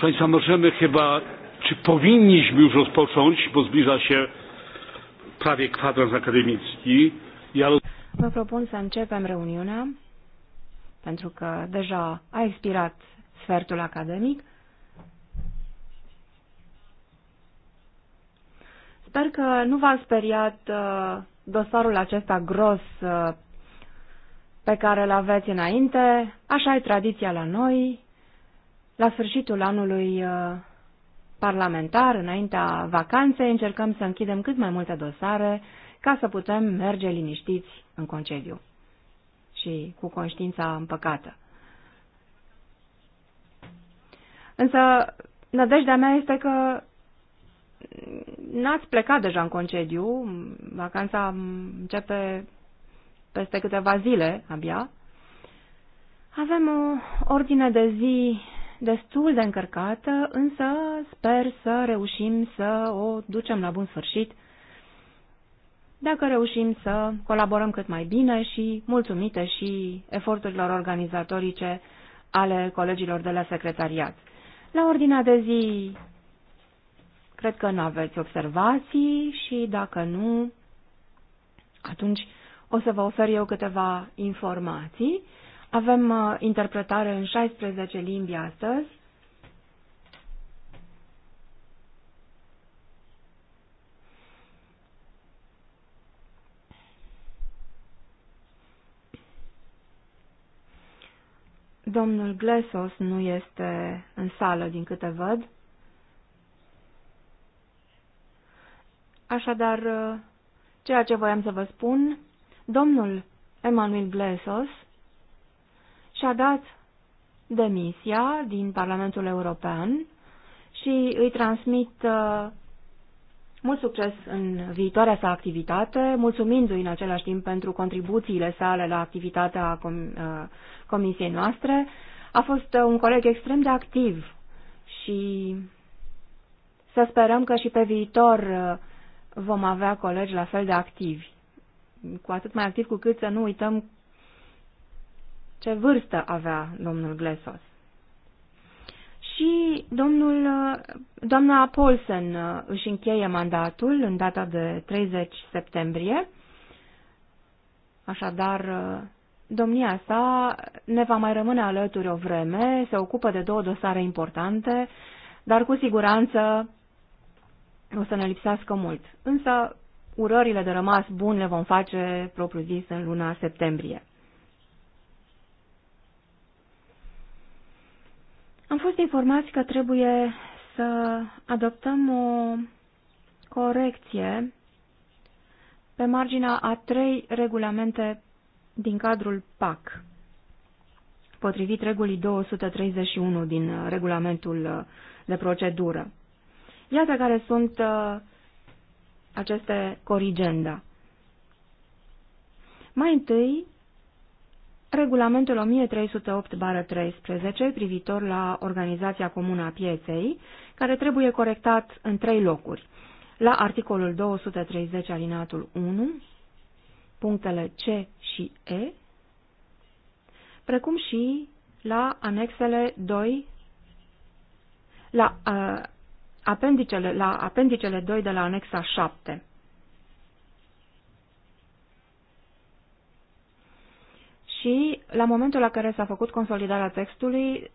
Państwa, możemy chyba, czy powinniśmy już rozpocząć, bo zbliża się prawie kwadrans akademicki. Ja... Vă propun să începem reuniunea, pentru că deja a expirat sfertul academic. Sper că nu v-a speriat uh, dosarul acesta gros uh, pe care îl aveți înainte. Așa e tradiția la noi. La sfârșitul anului uh, parlamentar, înaintea vacanței, încercăm să închidem cât mai multe dosare ca să putem merge liniștiți în concediu și cu conștiința împăcată. Însă, nădejdea mea este că n-ați plecat deja în concediu, vacanța începe peste câteva zile abia. Avem o ordine de zi destul de încărcată, însă sper să reușim să o ducem la bun sfârșit dacă reușim să colaborăm cât mai bine și mulțumite și eforturilor organizatorice ale colegilor de la secretariat. La ordinea de zi, cred că nu aveți observații și dacă nu, atunci o să vă ofer eu câteva informații. Avem uh, interpretare în 16 limbi astăzi. Domnul Glesos nu este în sală, din câte văd. Așadar, uh, ceea ce voiam să vă spun, domnul Emanuel Glesos și-a dat demisia din Parlamentul European și îi transmit uh, mult succes în viitoarea sa activitate, mulțumindu-i în același timp pentru contribuțiile sale la activitatea com uh, comisiei noastre. A fost uh, un coleg extrem de activ și să sperăm că și pe viitor vom avea colegi la fel de activi. Cu atât mai activ cu cât să nu uităm ce vârstă avea domnul Glesos. Și domnul, doamna Paulsen uh, își încheie mandatul în data de 30 septembrie, așadar uh, domnia sa ne va mai rămâne alături o vreme, se ocupă de două dosare importante, dar cu siguranță o să ne lipsească mult. Însă urările de rămas bun le vom face propriu-zis în luna septembrie. Am fost informați că trebuie să adoptăm o corecție pe marginea a trei regulamente din cadrul PAC, potrivit regulii 231 din uh, regulamentul uh, de procedură. Iată care sunt uh, aceste corigenda. Mai întâi, regulamentul 1308-13 privitor la Organizația Comună a Pieței, care trebuie corectat în trei locuri. La articolul 230 alinatul 1, punctele C și E, precum și la anexele 2, la uh, apendicele, la apendicele 2 de la anexa 7. și la momentul la care s-a făcut consolidarea textului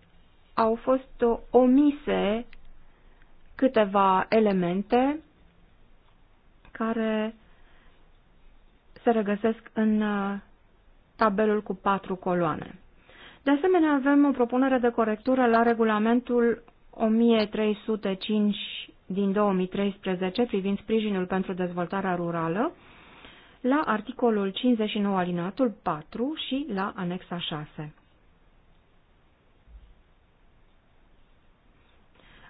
au fost uh, omise câteva elemente care se regăsesc în uh, tabelul cu patru coloane. De asemenea, avem o propunere de corectură la regulamentul 1305 din 2013 privind sprijinul pentru dezvoltarea rurală, la articolul 59 alinatul 4 și la anexa 6.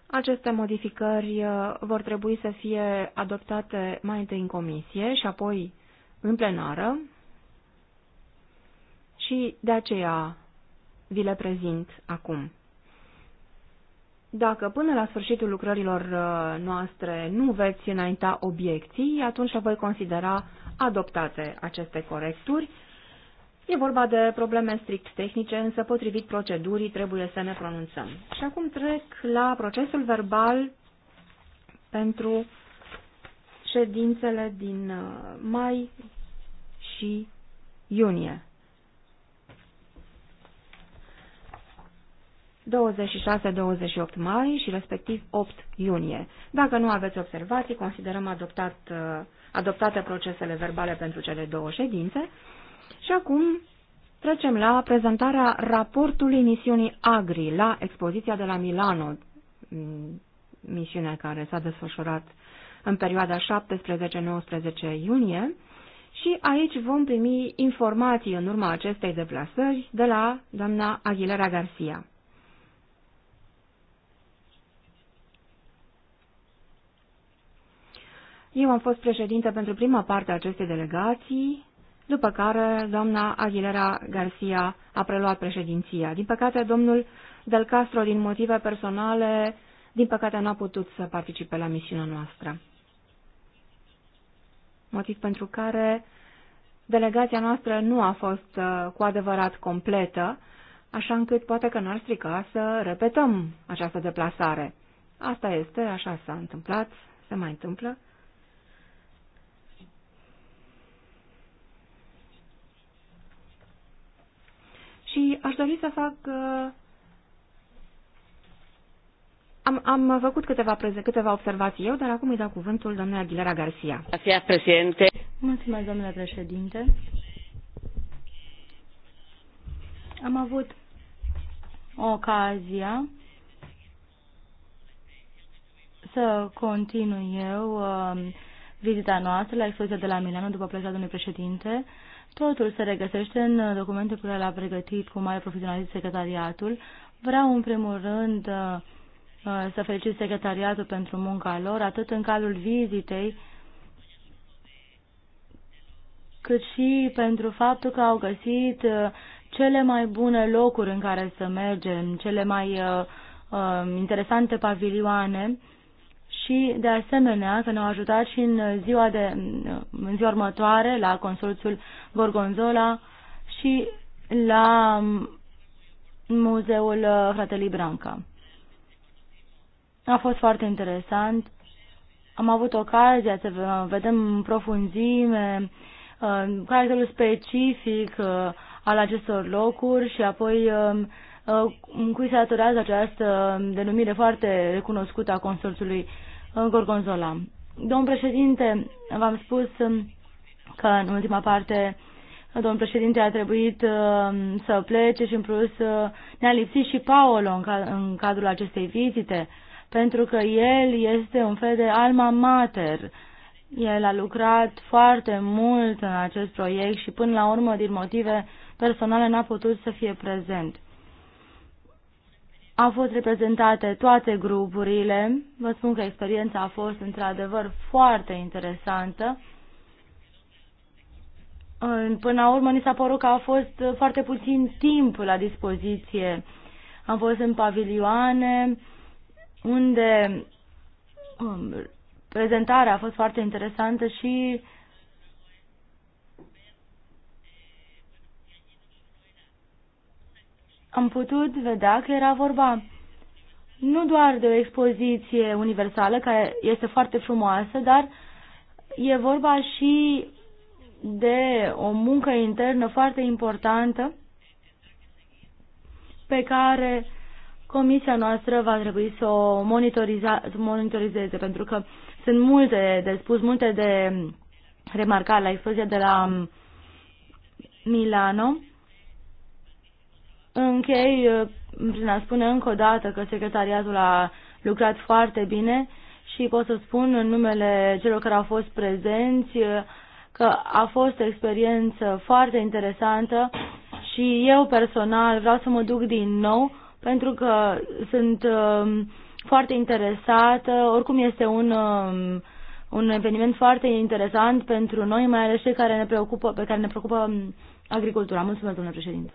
Aceste modificări uh, vor trebui să fie adoptate mai întâi în comisie și apoi în plenară și de aceea vi le prezint acum. Dacă până la sfârșitul lucrărilor uh, noastre nu veți înainta obiecții, atunci le voi considera adoptate aceste corecturi. E vorba de probleme strict tehnice, însă potrivit procedurii trebuie să ne pronunțăm. Și acum trec la procesul verbal pentru ședințele din uh, mai și iunie. 26-28 mai și respectiv 8 iunie. Dacă nu aveți observații, considerăm adoptat uh, adoptate procesele verbale pentru cele două ședințe. Și acum trecem la prezentarea raportului misiunii AGRI la expoziția de la Milano, mm, misiunea care s-a desfășurat în perioada 17-19 iunie. Și aici vom primi informații în urma acestei deplasări de la doamna Aguilera Garcia. Eu am fost președinte pentru prima parte a acestei delegații, după care doamna Aguilera Garcia a preluat președinția. Din păcate, domnul Del Castro, din motive personale, din păcate nu a putut să participe la misiunea noastră. Motiv pentru care delegația noastră nu a fost uh, cu adevărat completă, așa încât poate că n-ar strica să repetăm această deplasare. Asta este, așa s-a întâmplat, se mai întâmplă. și aș dori să fac... Uh, am, am făcut câteva, câteva observații eu, dar acum îi dau cuvântul doamnei Aguilera Garcia. Gracias, președinte. Mulțumesc, domnule președinte. Am avut ocazia să continui eu uh, vizita noastră la expoziția de la Milano după plecarea domnului președinte Totul se regăsește în documentul pe care l-a pregătit cu mare profesionalism secretariatul. Vreau, în primul rând, uh, uh, să felicit secretariatul pentru munca lor, atât în cadrul vizitei, cât și pentru faptul că au găsit uh, cele mai bune locuri în care să mergem, cele mai interesante pavilioane și, de asemenea, că ne-au ajutat și în ziua, de, în ziua următoare la consorțiul Gorgonzola și la Muzeul Fratelii Branca. A fost foarte interesant. Am avut ocazia să vedem în profunzime uh, caracterul specific uh, al acestor locuri și apoi uh, cui se datorează această denumire foarte recunoscută a consorțului Gorgonzola. Domnul președinte, v-am spus um, că în ultima parte domnul președinte a trebuit um, să plece și în plus uh, ne-a lipsit și Paolo în cadrul acestei vizite, pentru că el este un fel de alma mater. El a lucrat foarte mult în acest proiect și până la urmă, din motive personale, n-a putut să fie prezent. Au fost reprezentate toate grupurile. Vă spun că experiența a fost într-adevăr foarte interesantă. Până la urmă, ni s-a părut că a fost foarte puțin timp la dispoziție. Am fost în pavilioane, unde um, prezentarea a fost foarte interesantă și am putut vedea că era vorba nu doar de o expoziție universală, care este foarte frumoasă, dar e vorba și de o muncă internă foarte importantă pe care comisia noastră va trebui să o monitoriza, să monitorizeze, pentru că sunt multe de spus, multe de remarcat la expoziția de la Milano Închei uh, prin a spune încă o dată că secretariatul a lucrat foarte bine și pot să spun în numele celor care au fost prezenți uh, că a fost o experiență foarte interesantă și eu personal vreau să mă duc din nou pentru că sunt um, foarte interesată. Oricum este un, um, un eveniment foarte interesant pentru noi, mai ales cei care ne preocupă, pe care ne preocupă um, agricultura. Mulțumesc, domnule președinte.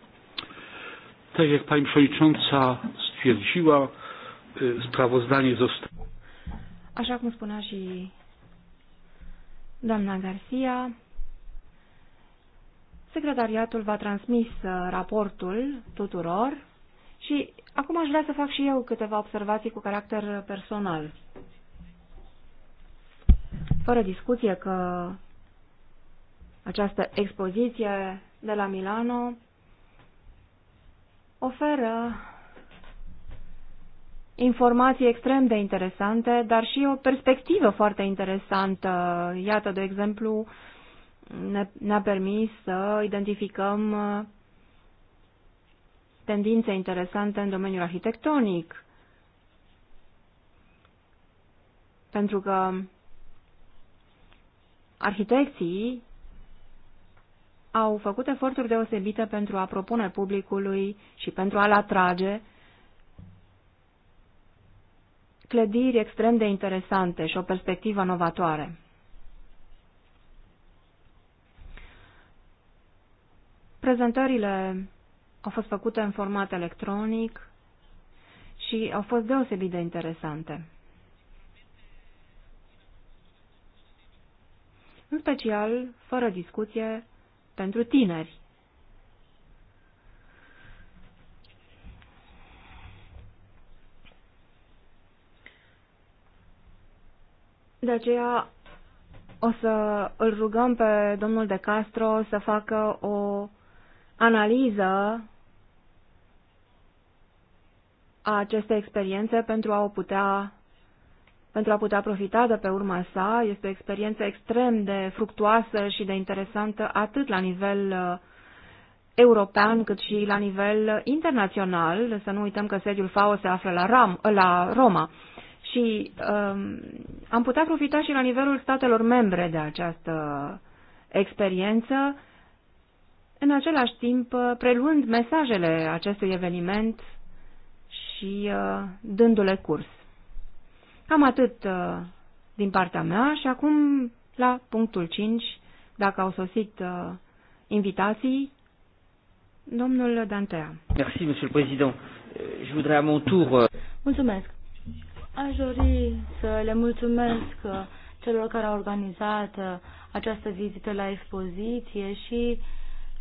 Tak jak pani przewodnicząca stwierdziła, sprawozdanie zostało. Așa cum spunea și doamna Garcia, secretariatul va transmis uh, raportul tuturor și acum aș vrea să fac și eu câteva observații cu caracter personal. Fără discuție că această expoziție de la Milano oferă informații extrem de interesante, dar și o perspectivă foarte interesantă. Iată, de exemplu, ne-a permis să identificăm uh, tendințe interesante în domeniul arhitectonic. Pentru că arhitecții au făcut eforturi deosebite pentru a propune publicului și pentru a-l atrage clădiri extrem de interesante și o perspectivă novatoare. Prezentările au fost făcute în format electronic și au fost deosebit de interesante. În special, fără discuție, pentru tineri. De aceea o să îl rugăm pe domnul De Castro să facă o analiză a acestei experiențe pentru a o putea pentru a putea profita de pe urma sa. Este o experiență extrem de fructuoasă și de interesantă atât la nivel uh, european cât și la nivel internațional. Să nu uităm că sediul FAO se află la, Ram, la Roma. Și um, am putea profita și la nivelul statelor membre de această experiență, în același timp uh, preluând mesajele acestui eveniment și uh, dându-le curs. Cam atât uh, din partea mea și acum la punctul 5, dacă au sosit uh, invitații, domnul Dantea. Merci, monsieur le président. Euh, je voudrais à mon tour... Euh, mulțumesc. Aș dori să le mulțumesc uh, celor care au organizat această vizită la expoziție și,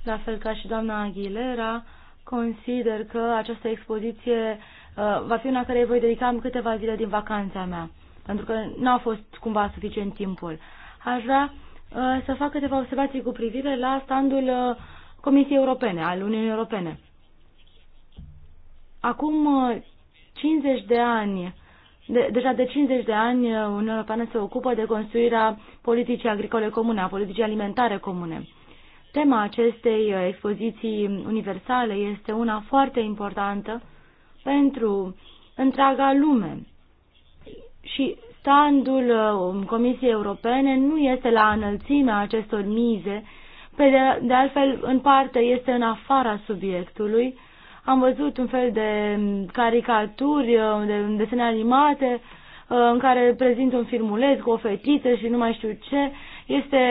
la fel ca și doamna Aguilera, consider că această expoziție Uh, va fi una care îi voi dedica câteva zile din vacanța mea, pentru că nu a fost cumva suficient timpul. Aș vrea uh, să fac câteva observații cu privire la standul uh, Comisiei Europene, al Uniunii Europene. Acum 50 de ani, de, deja de 50 de ani, Uniunea Europeană se ocupă de construirea politicii agricole comune, a politicii alimentare comune. Tema acestei expoziții universale este una foarte importantă pentru întreaga lume. Și standul uh, Comisiei Europene nu este la înălțimea acestor mize, pe de, de altfel, în parte, este în afara subiectului. Am văzut un fel de caricaturi, uh, de desene animate, uh, în care prezint un filmuleț cu o fetiță și nu mai știu ce, este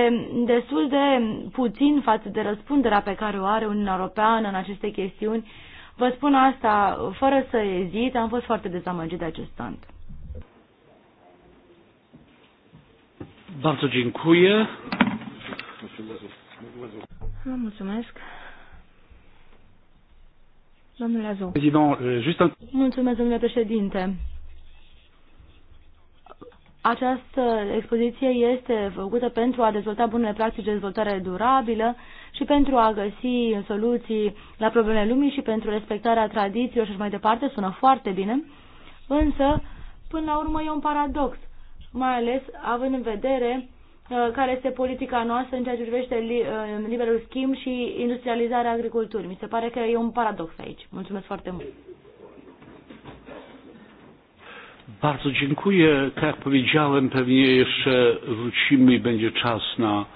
destul de puțin față de răspunderea pe care o are Uniunea Europeană în aceste chestiuni Vă spun asta fără să ezit, am fost foarte dezamăgit de acest stand. Bardzo dziękuję. Vă mulțumesc. Domnule Azou. Mulțumesc, domnule președinte. Această expoziție este făcută pentru a dezvolta bunele practici de dezvoltare durabilă și pentru a găsi soluții la problemele lumii și pentru respectarea tradițiilor și așa mai departe, sună foarte bine, însă, până la urmă, e un paradox, mai ales având în vedere uh, care este politica noastră în ceea ce privește uh, liberul schimb și industrializarea agriculturii. Mi se pare că e un paradox aici. Mulțumesc foarte mult. Bardzo dziękuję. Tak jak powiedziałem, pewnie jeszcze wrócimy i będzie czas na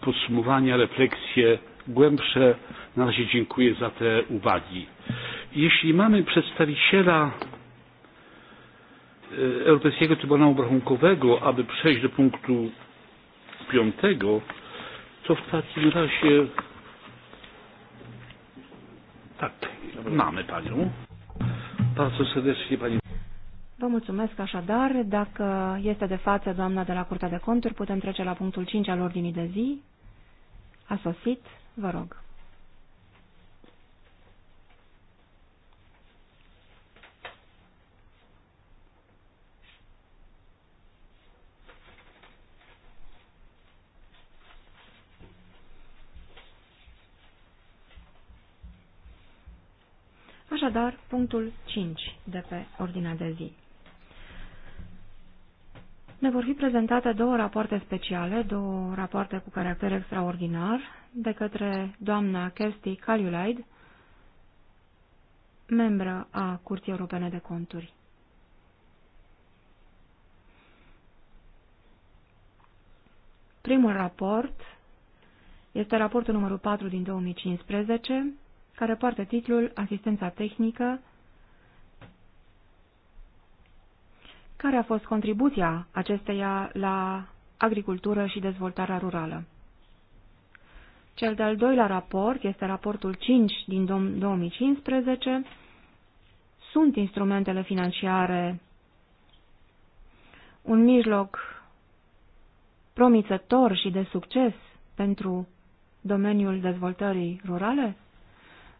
podsumowania, refleksje głębsze. Na razie dziękuję za te uwagi. Jeśli mamy przedstawiciela Europejskiego Trybunału Obrachunkowego, aby przejść do punktu piątego, to w takim razie tak, mamy panią. Bardzo serdecznie pani Vă mulțumesc așadar. Dacă este de față doamna de la Curtea de Conturi, putem trece la punctul 5 al ordinii de zi. A sosit, vă rog. Așadar, punctul 5 de pe ordinea de zi. Ne vor fi prezentate două rapoarte speciale, două rapoarte cu caracter extraordinar, de către doamna Kirsty Kaliulaid, membră a Curții Europene de Conturi. Primul raport este raportul numărul 4 din 2015, care poartă titlul Asistența tehnică care a fost contribuția acesteia la agricultură și dezvoltarea rurală. Cel de-al doilea raport este raportul 5 din 2015. Sunt instrumentele financiare un mijloc promițător și de succes pentru domeniul dezvoltării rurale?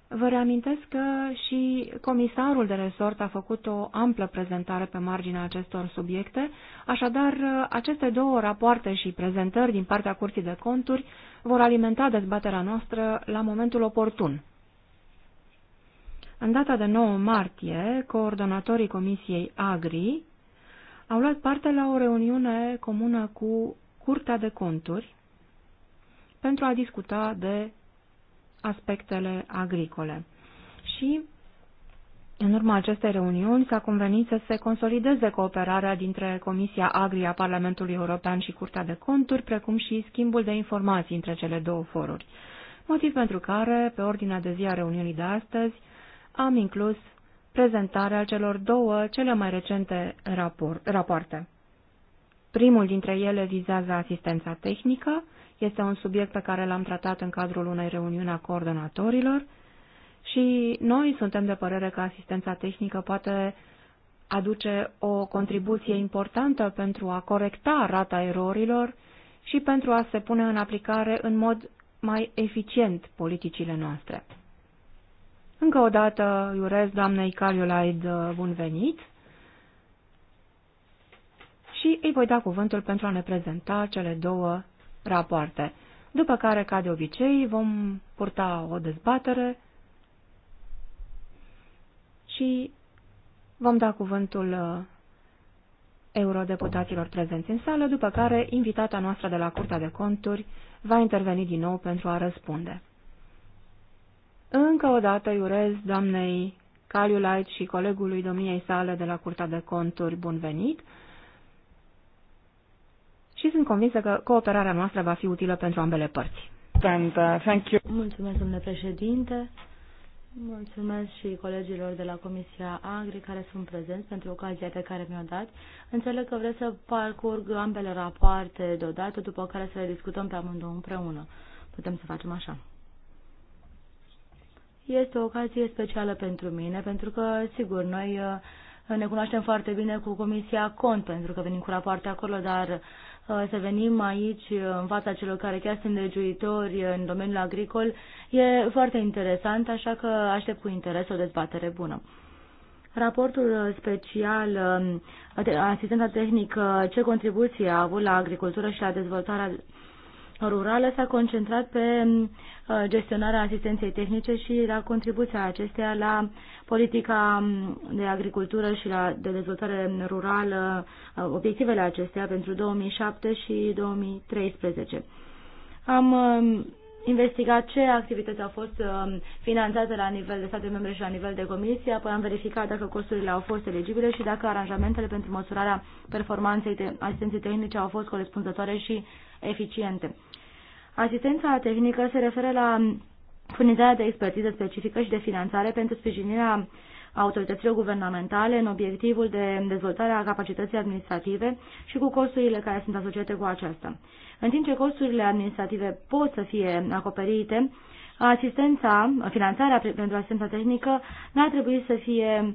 Vă reamintesc că și comisarul de resort a făcut o amplă prezentare pe marginea acestor subiecte, așadar aceste două rapoarte și prezentări din partea Curții de Conturi vor alimenta dezbaterea noastră la momentul oportun. În data de 9 martie, coordonatorii Comisiei Agri au luat parte la o reuniune comună cu Curtea de Conturi pentru a discuta de aspectele agricole. Și în urma acestei reuniuni s-a convenit să se consolideze cooperarea dintre Comisia Agri a Parlamentului European și Curtea de Conturi, precum și schimbul de informații între cele două foruri. Motiv pentru care, pe ordinea de zi a reuniunii de astăzi, am inclus prezentarea celor două cele mai recente rapor, rapoarte. Primul dintre ele vizează asistența tehnică, este un subiect pe care l-am tratat în cadrul unei reuniuni a coordonatorilor și noi suntem de părere că asistența tehnică poate aduce o contribuție importantă pentru a corecta rata erorilor și pentru a se pune în aplicare în mod mai eficient politicile noastre. Încă o dată îi urez doamnei Caliulaid uh, bun venit și îi voi da cuvântul pentru a ne prezenta cele două rapoarte. După care, ca de obicei, vom purta o dezbatere și vom da cuvântul uh, eurodeputaților prezenți în sală, după care invitata noastră de la Curtea de Conturi va interveni din nou pentru a răspunde. Încă o dată îi urez doamnei Caliulait și colegului domniei sale de la Curtea de Conturi bun venit sunt convinsă că cooperarea noastră va fi utilă pentru ambele părți. And, uh, thank you. Mulțumesc, domnule președinte. Mulțumesc și colegilor de la Comisia Agri care sunt prezenți pentru ocazia pe care mi-o dat. Înțeleg că vreți să parcurg ambele rapoarte deodată, după care să le discutăm pe amândouă împreună. Putem să facem așa. Este o ocazie specială pentru mine, pentru că, sigur, noi uh, ne cunoaștem foarte bine cu Comisia Cont, pentru că venim cu rapoarte acolo, dar Uh, să venim aici uh, în fața celor care chiar sunt legiuitori uh, în domeniul agricol e foarte interesant, așa că aștept cu interes o dezbatere bună. Raportul special, um, asistența tehnică, ce contribuție a avut la agricultură și la dezvoltarea rurală s-a concentrat pe mm, uh, gestionarea asistenței tehnice și la contribuția acesteia la politica mm, de agricultură și la de dezvoltare rurală, uh, obiectivele acestea pentru 2007 și 2013. Am mm, investigat ce activități au fost finanțate la nivel de state membre și la nivel de comisie, apoi am verificat dacă costurile au fost eligibile și dacă aranjamentele pentru măsurarea performanței de asistenței tehnice au fost corespunzătoare și eficiente. Asistența tehnică se referă la furnizarea de expertiză specifică și de finanțare pentru sprijinirea autorităților guvernamentale în obiectivul de dezvoltare a capacității administrative și cu costurile care sunt asociate cu aceasta. În timp ce costurile administrative pot să fie acoperite, asistența, finanțarea pentru asistența tehnică nu ar trebui să fie,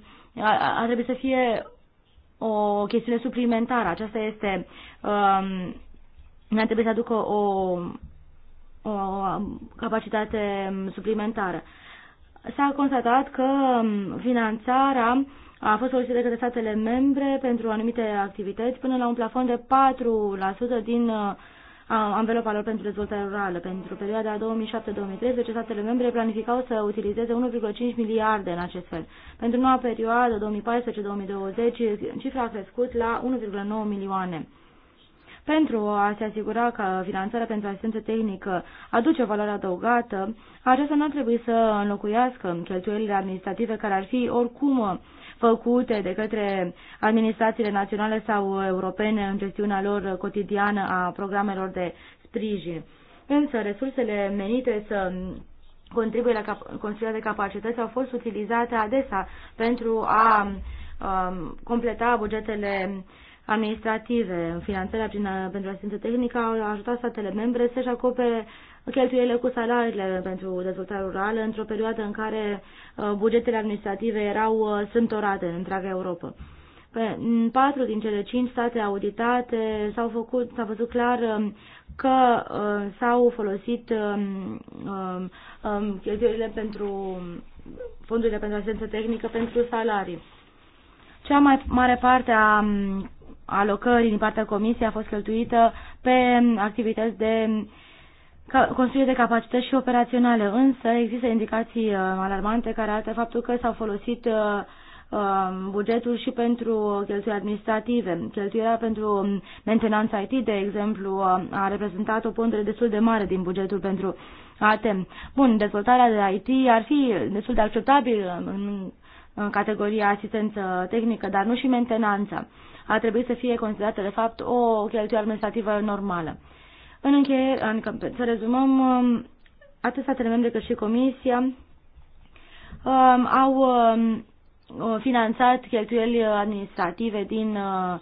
ar trebui să fie o chestiune suplimentară. Aceasta este, um, ar trebui să aducă o o capacitate suplimentară. S-a constatat că finanțarea a fost folosită de către statele membre pentru anumite activități până la un plafon de 4% din uh, anvelopa lor pentru dezvoltare rurală. Pentru perioada 2007-2013, statele membre planificau să utilizeze 1,5 miliarde în acest fel. Pentru noua perioadă 2014-2020, cifra a crescut la 1,9 milioane. Pentru a se asigura că finanțarea pentru asistență tehnică aduce o valoare adăugată, aceasta nu ar trebui să înlocuiască cheltuielile administrative care ar fi oricum făcute de către administrațiile naționale sau europene în gestiunea lor cotidiană a programelor de sprijin. Însă, resursele menite să contribuie la cap- construirea de capacități au fost utilizate adesea pentru a um, completa bugetele administrative, finanțarea prin, pentru asistență tehnică au ajutat statele membre să-și acopere cheltuielile cu salariile pentru dezvoltare rurală într-o perioadă în care uh, bugetele administrative erau uh, sântorate în întreaga Europa. Pe, în patru din cele cinci state auditate s-au făcut, s-a văzut clar um, că uh, s-au folosit um, um, um, cheltuielile pentru fondurile pentru asistență tehnică pentru salarii. Cea mai mare parte a alocării din partea comisiei a fost cheltuită pe activități de construire de capacități și operaționale, însă există indicații uh, alarmante care arată faptul că s-au folosit uh, uh, bugetul și pentru cheltuieli administrative. Cheltuirea pentru mentenanța IT, de exemplu, a reprezentat o pondere destul de mare din bugetul pentru ATM. Bun, dezvoltarea de IT ar fi destul de acceptabilă în, în categoria asistență tehnică, dar nu și mentenanța a trebuit să fie considerată de fapt o cheltuială administrativă normală. În încheiere, adică, să rezumăm, um, atât statele membre cât și Comisia um, au um, uh, finanțat cheltuieli administrative din uh,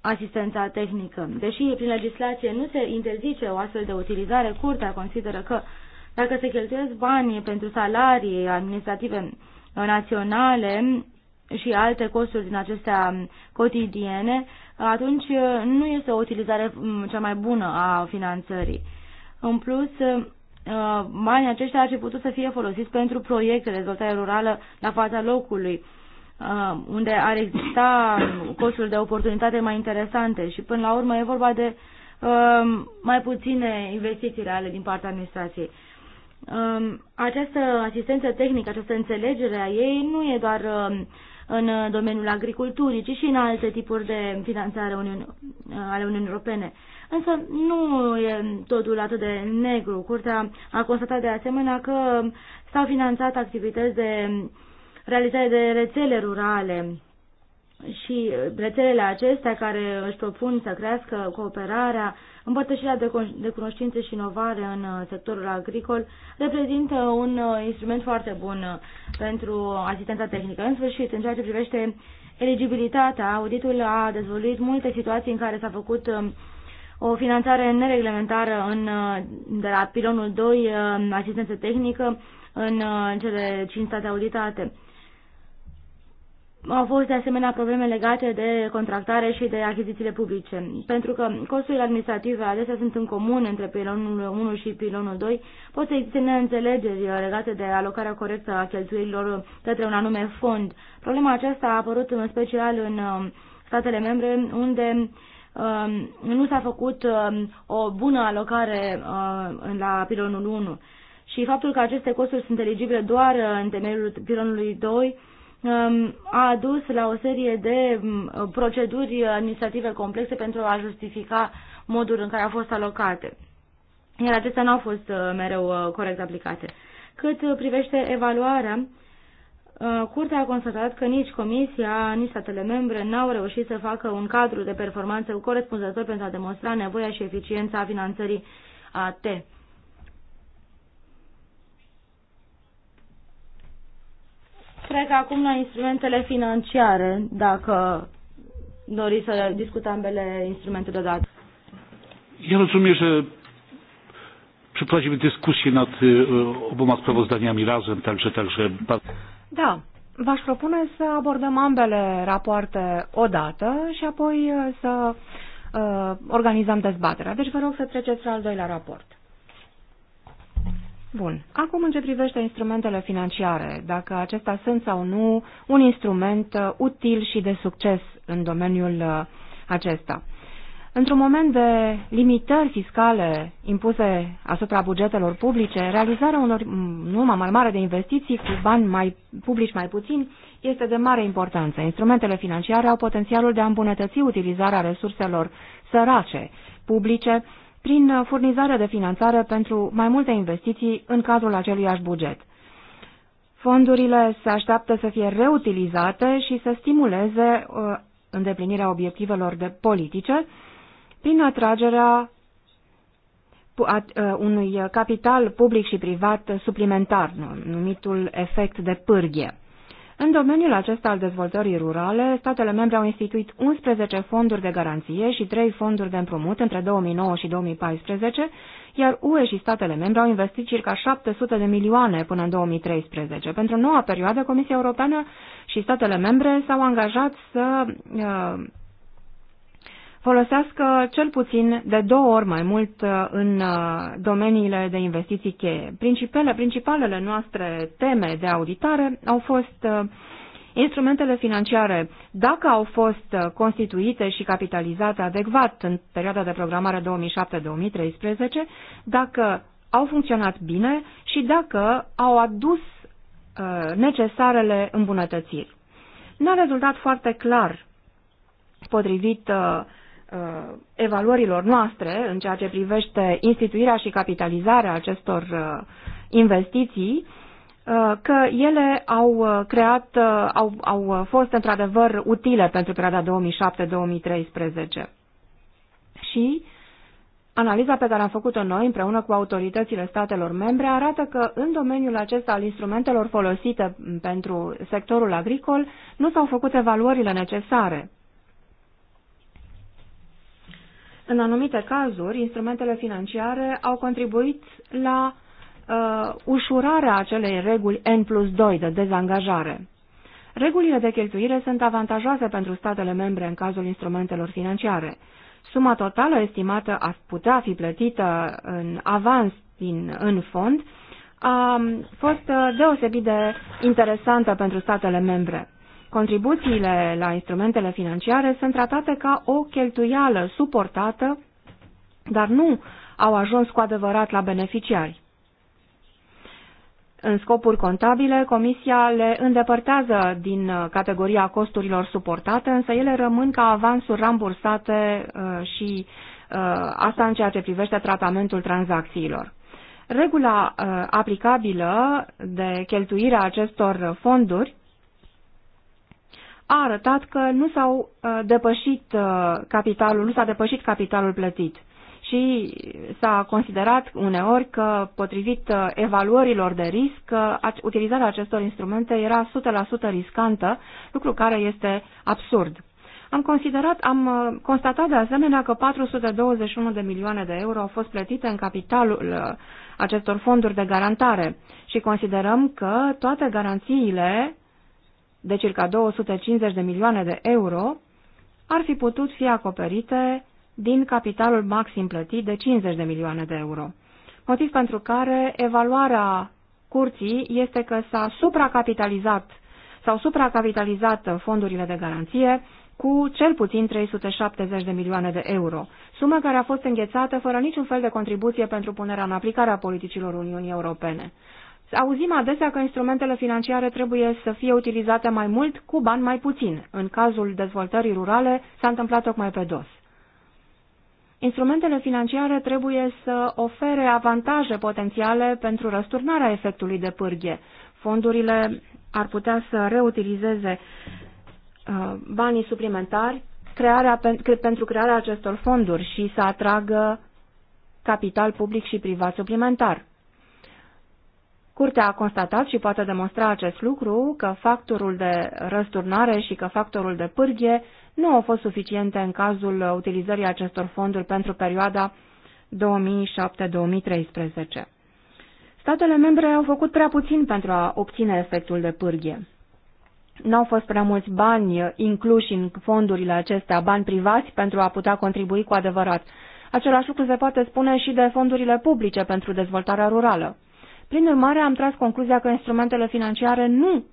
asistența tehnică. Deși prin legislație nu se interzice o astfel de utilizare, Curtea consideră că dacă se cheltuiesc banii pentru salarii administrative naționale, și alte costuri din acestea cotidiene, atunci uh, nu este o utilizare mm, cea mai bună a finanțării. În plus, uh, banii aceștia ar fi putut să fie folosiți pentru proiecte de dezvoltare rurală la fața locului, uh, unde ar exista costuri de oportunitate mai interesante și până la urmă e vorba de mai puține investiții reale din partea administrației um, această asistență tehnică, această înțelegere a ei nu e doar um, în uh, domeniul agriculturii, ci și în alte tipuri de finanțare uh, ale Uniunii Europene. Însă nu e totul atât de negru. Curtea a constatat de asemenea că s-au finanțat activități de realizare de rețele rurale și rețelele acestea care își propun să crească cooperarea, împărtășirea de, de cunoștințe și inovare în uh, sectorul agricol, reprezintă un uh, instrument foarte bun uh, pentru asistența tehnică. În sfârșit, în ceea ce privește eligibilitatea, auditul a dezvoluit multe situații în care s-a făcut um, o finanțare nereglementară în, de la pilonul 2, asistență tehnică, în cele 5 state auditate. Au fost de asemenea probleme legate de contractare și de achizițiile publice, pentru că costurile administrative adesea sunt în comun între pilonul 1 și pilonul 2, pot să existe neînțelegeri legate de alocarea corectă a cheltuielilor către un anume fond. Problema aceasta a apărut în special în um, statele membre, unde um, nu s-a făcut um, o bună alocare uh, la pilonul 1 și faptul că aceste costuri sunt eligibile doar în temeiul pilonului 2 Um, a adus la o serie de um, proceduri administrative complexe pentru a justifica modul în care au fost alocate. Iar acestea nu au fost uh, mereu uh, corect aplicate. Cât privește evaluarea, uh, Curtea a constatat că nici Comisia, nici statele membre n-au reușit să facă un cadru de performanță corespunzător pentru a demonstra nevoia și eficiența finanțării AT. Trec acum la instrumentele financiare, dacă doriți să discutăm ambele instrumente deodată. Ja rozumiem, że przeprowadzimy dyskusję nad oboma sprawozdaniami razem, także, także... Da, v-aș propune să abordăm ambele rapoarte odată și apoi să uh, organizăm dezbaterea. Deci vă rog să treceți la al doilea raport. Bun. Acum, în ce privește instrumentele financiare, dacă acestea sunt sau nu un instrument uh, util și de succes în domeniul uh, acesta. Într-un moment de limitări fiscale impuse asupra bugetelor publice, realizarea unor mm, număr mai mare de investiții cu bani mai publici mai puțin este de mare importanță. Instrumentele financiare au potențialul de a îmbunătăți utilizarea resurselor sărace publice prin furnizarea de finanțare pentru mai multe investiții în cadrul aceluiași buget. Fondurile se așteaptă să fie reutilizate și să stimuleze uh, îndeplinirea obiectivelor de politice prin atragerea uh, unui capital public și privat suplimentar, numitul efect de pârghie. În domeniul acesta al dezvoltării rurale, statele membre au instituit 11 fonduri de garanție și 3 fonduri de împrumut între 2009 și 2014, iar UE și statele membre au investit circa 700 de milioane până în 2013. Pentru noua perioadă, Comisia Europeană și statele membre s-au angajat să uh, folosească cel puțin de două ori mai mult uh, în uh, domeniile de investiții cheie. Principele, principalele noastre teme de auditare au fost uh, instrumentele financiare, dacă au fost constituite și capitalizate adecvat în perioada de programare 2007-2013, dacă au funcționat bine și dacă au adus necesarele îmbunătățiri. n a rezultat foarte clar, potrivit uh, uh, evaluărilor noastre în ceea ce privește instituirea și capitalizarea acestor uh, investiții, uh, că ele au uh, creat, uh, au, au fost într-adevăr utile pentru perioada 2007-2013. Și analiza pe care am făcut-o noi împreună cu autoritățile statelor membre arată că în domeniul acesta al instrumentelor folosite pentru sectorul agricol nu s-au făcut evaluările necesare în anumite cazuri, instrumentele financiare au contribuit la uh, ușurarea acelei reguli N plus 2 de dezangajare. Regulile de cheltuire sunt avantajoase pentru statele membre în cazul instrumentelor financiare. Suma totală estimată a putea fi plătită în avans din, în fond a fost uh, deosebit de interesantă pentru statele membre. Contribuțiile la instrumentele financiare sunt tratate ca o cheltuială suportată, dar nu au ajuns cu adevărat la beneficiari. În scopuri contabile, Comisia le îndepărtează din uh, categoria costurilor suportate, însă ele rămân ca avansuri rambursate uh, și uh, asta în ceea ce privește tratamentul tranzacțiilor. Regula aplicabilă de cheltuire a acestor fonduri a arătat că nu s-au uh, depășit uh, capitalul, nu s-a depășit capitalul plătit și s-a considerat uneori că, potrivit uh, evaluărilor de risc, utilizarea acestor instrumente era 100% riscantă, lucru care este absurd. Am, considerat, am constatat de asemenea că 421 de milioane de euro au fost plătite în capitalul acestor fonduri de garantare și considerăm că toate garanțiile de circa 250 de milioane de euro ar fi putut fi acoperite din capitalul maxim plătit de 50 de milioane de euro. Motiv pentru care evaluarea curții este că s-a supracapitalizat sau supracapitalizat fondurile de garanție cu cel puțin 370 de milioane de euro, sumă care a fost înghețată fără niciun fel de contribuție pentru punerea în aplicare a politicilor Uniunii Europene. Auzim adesea că instrumentele financiare trebuie să fie utilizate mai mult cu bani mai puțin. În cazul dezvoltării rurale s-a întâmplat tocmai pe dos. Instrumentele financiare trebuie să ofere avantaje potențiale pentru răsturnarea efectului de pârghie. Fondurile ar putea să reutilizeze uh, banii suplimentari crearea, pentru crearea acestor fonduri și să atragă capital public și privat suplimentar. Curtea a constatat și poate demonstra acest lucru că factorul de răsturnare și că factorul de pârghie nu au fost suficiente în cazul utilizării acestor fonduri pentru perioada 2007-2013. Statele membre au făcut prea puțin pentru a obține efectul de pârghie. Nu au fost prea mulți bani incluși în fondurile acestea, bani privați, pentru a putea contribui cu adevărat. Același lucru se poate spune și de fondurile publice pentru dezvoltarea rurală. Prin urmare, am tras concluzia că instrumentele financiare nu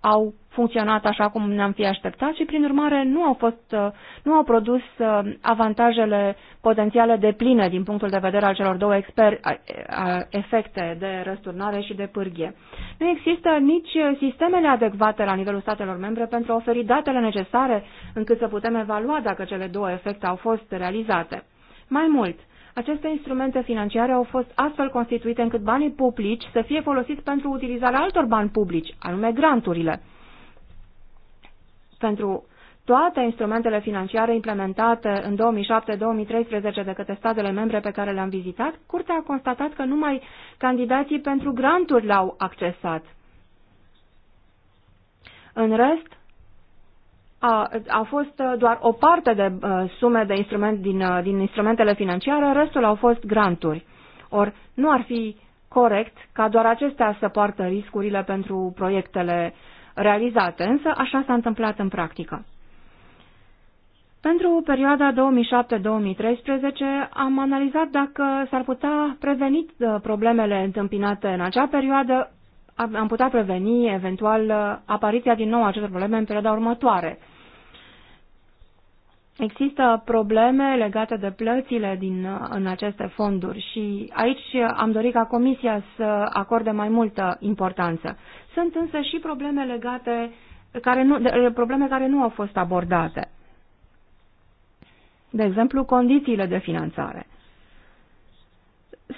au funcționat așa cum ne-am fi așteptat și, prin urmare, nu au, fost, uh, nu au produs uh, avantajele potențiale de pline din punctul de vedere al celor două exper- efecte de răsturnare și de pârghie. Nu există nici sistemele adecvate la nivelul statelor membre pentru a oferi datele necesare încât să putem evalua dacă cele două efecte au fost realizate. Mai mult, aceste instrumente financiare au fost astfel constituite încât banii publici să fie folosiți pentru utilizarea altor bani publici, anume granturile. Pentru toate instrumentele financiare implementate în 2007-2013 de către statele membre pe care le-am vizitat, Curtea a constatat că numai candidații pentru granturi l-au accesat. În rest, a, a fost uh, doar o parte de uh, sume de instrument din, uh, din instrumentele financiare, restul au fost granturi. Or, nu ar fi corect ca doar acestea să poartă riscurile pentru proiectele realizate, însă așa s-a întâmplat în practică. Pentru perioada 2007-2013 am analizat dacă s-ar putea preveni uh, problemele întâmpinate în acea perioadă am putea preveni eventual uh, apariția din nou a acestor probleme în perioada următoare. Există probleme legate de plățile din, uh, în aceste fonduri și aici uh, am dorit ca Comisia să acorde mai multă importanță. Sunt însă și probleme legate care nu, de, probleme care nu au fost abordate. De exemplu, condițiile de finanțare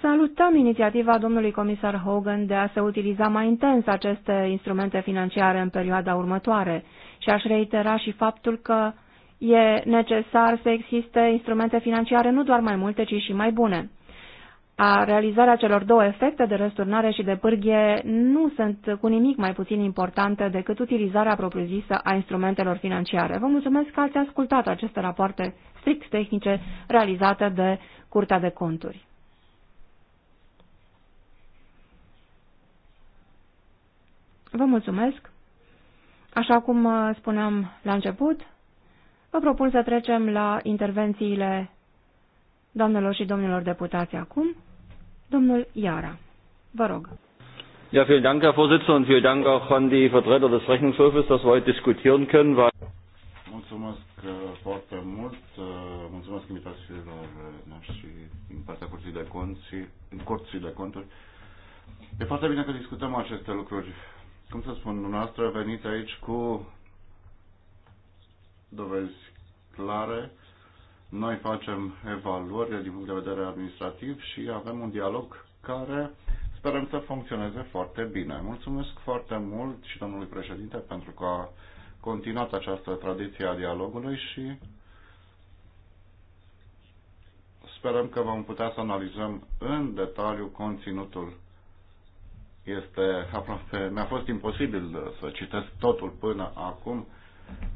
salutăm inițiativa domnului comisar Hogan de a se utiliza mai intens aceste instrumente financiare în perioada următoare și aș reitera și faptul că e necesar să existe instrumente financiare nu doar mai multe, ci și mai bune. A realizarea celor două efecte de răsturnare și de pârghie nu sunt cu nimic mai puțin importante decât utilizarea propriu-zisă a instrumentelor financiare. Vă mulțumesc că ați ascultat aceste rapoarte strict tehnice realizate de Curtea de Conturi. Vă mulțumesc. Așa cum uh, spuneam la început, vă propun să trecem la intervențiile doamnelor și domnilor deputați acum. Domnul Iara, vă rog. Ja, vielen Dank, Herr Vorsitzender, und vielen Dank auch an die Vertreter des Rechnungshofes, dass wir heute diskutieren können. Weil mulțumesc uh, foarte mult, uh, mulțumesc invitațiilor noștri din partea Curții de Conturi. E foarte bine că discutăm aceste lucruri cum să spun, dumneavoastră venit aici cu dovezi clare. Noi facem evaluări din punct de vedere administrativ și avem un dialog care sperăm să funcționeze foarte bine. Mulțumesc foarte mult și domnului președinte pentru că a continuat această tradiție a dialogului și sperăm că vom putea să analizăm în detaliu conținutul este aproape, mi-a fost imposibil să citesc totul până acum,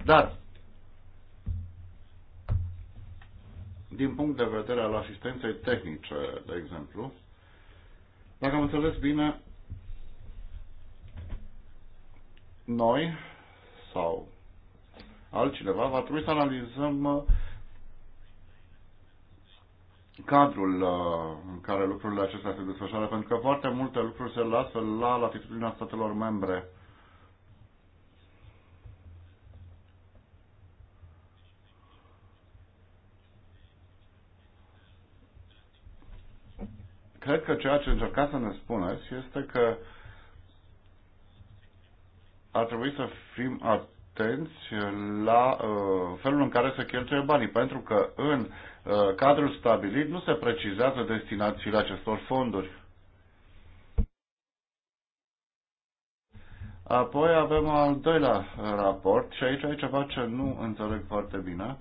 dar din punct de vedere al asistenței tehnice, de exemplu, dacă am înțeles bine, noi sau altcineva va trebui să analizăm uh, cadrul uh, în care lucrurile acestea se desfășoară, pentru că foarte multe lucruri se lasă la latitudinea statelor membre. Cred că ceea ce încercați să ne spuneți este că ar trebui să fim atenți la uh, felul în care se cheltuie banii, pentru că în uh, Uh, cadrul stabilit nu se precizează destinațiile acestor fonduri. Apoi avem al doilea raport și aici ai ceva ce nu înțeleg foarte bine.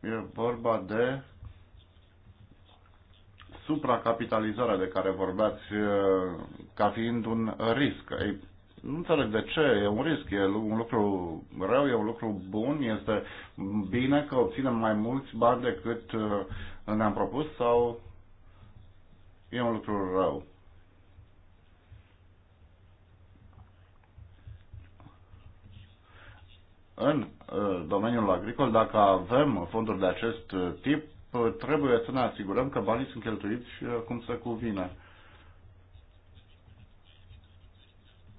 E vorba de supracapitalizarea de care vorbeați uh, ca fiind un risc. Ei, nu înțeleg de ce, e un risc, e un lucru rău, e un lucru bun, este bine că obținem mai mulți bani decât uh, ne-am propus sau e un lucru rău? În uh, domeniul agricol, dacă avem fonduri de acest tip, uh, trebuie să ne asigurăm că banii sunt cheltuiți cum se cuvine.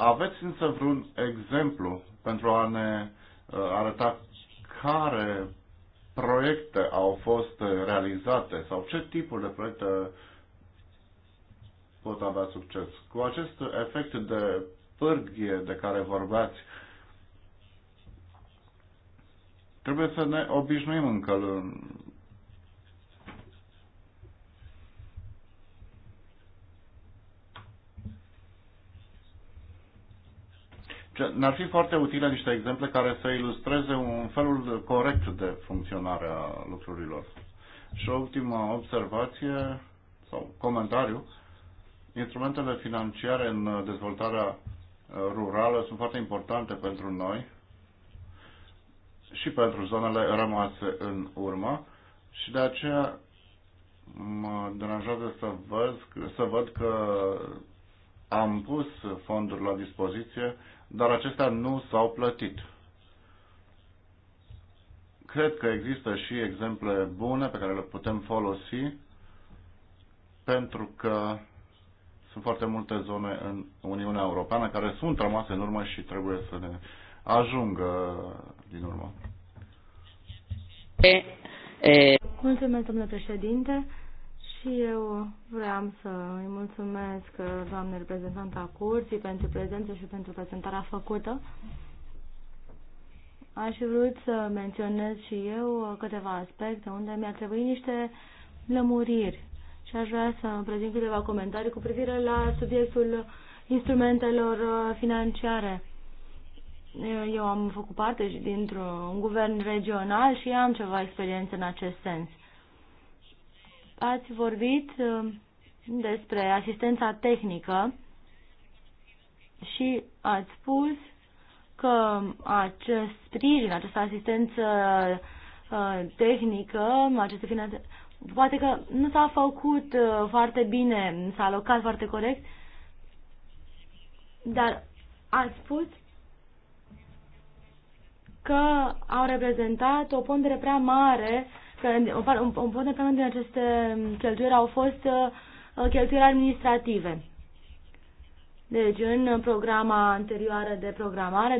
Aveți însă vreun exemplu pentru a ne uh, arăta care proiecte au fost realizate sau ce tipuri de proiecte pot avea succes. Cu acest efect de pârghie de care vorbeați, trebuie să ne obișnuim încă n ar fi foarte utile niște exemple care să ilustreze un felul corect de funcționare a lucrurilor. Și o ultimă observație sau comentariu. Instrumentele financiare în dezvoltarea uh, rurală sunt foarte importante pentru noi și pentru zonele rămase în urmă și de aceea mă deranjează să văd, să văd că am pus fonduri la dispoziție dar acestea nu s-au plătit. Cred că există și exemple bune pe care le putem folosi pentru că sunt foarte multe zone în Uniunea Europeană care sunt rămase în urmă și trebuie să ne ajungă din urmă. Mulțumesc, domnule președinte. Și eu vreau să îi mulțumesc uh, doamnei reprezentanta curții pentru prezență și pentru prezentarea făcută. Aș vrut să menționez și eu uh, câteva aspecte unde mi-ar trebui niște lămuriri și aș vrea să prezint câteva comentarii cu privire la subiectul instrumentelor uh, financiare. Eu am făcut parte și dintr-un guvern regional și am ceva experiență în acest sens. Ați vorbit um, despre asistența tehnică și ați spus că acest sprijin, această asistență uh, tehnică, aceste finanțe, poate că nu s-a făcut uh, foarte bine, s-a alocat foarte corect, dar ați spus că au reprezentat o pondere prea mare că o o parte din aceste cheltuieli au fost uh, uh, cheltuieli administrative. Deci, în programa anterioară de programare, 2007-2013,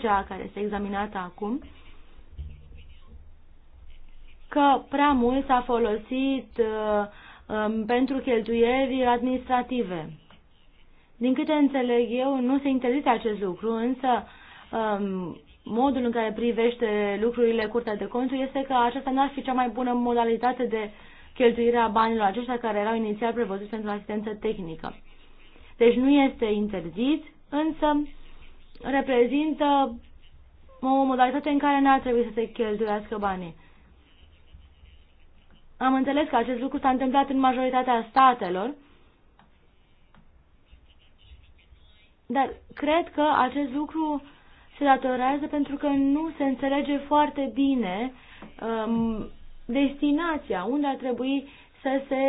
cea care este examinată acum, că prea mult s-a folosit uh, um, pentru cheltuieli administrative. Din câte înțeleg eu, nu se interzice acest lucru, însă um, modul în care privește lucrurile Curtea de Conturi este că aceasta n-ar fi cea mai bună modalitate de cheltuire a banilor aceștia care erau inițial prevăzuți pentru asistență tehnică. Deci nu este interzis, însă reprezintă o modalitate în care n-ar trebui să se cheltuiască banii. Am înțeles că acest lucru s-a întâmplat în majoritatea statelor, dar cred că acest lucru se datorează pentru că nu se înțelege foarte bine um, destinația, unde ar trebui să se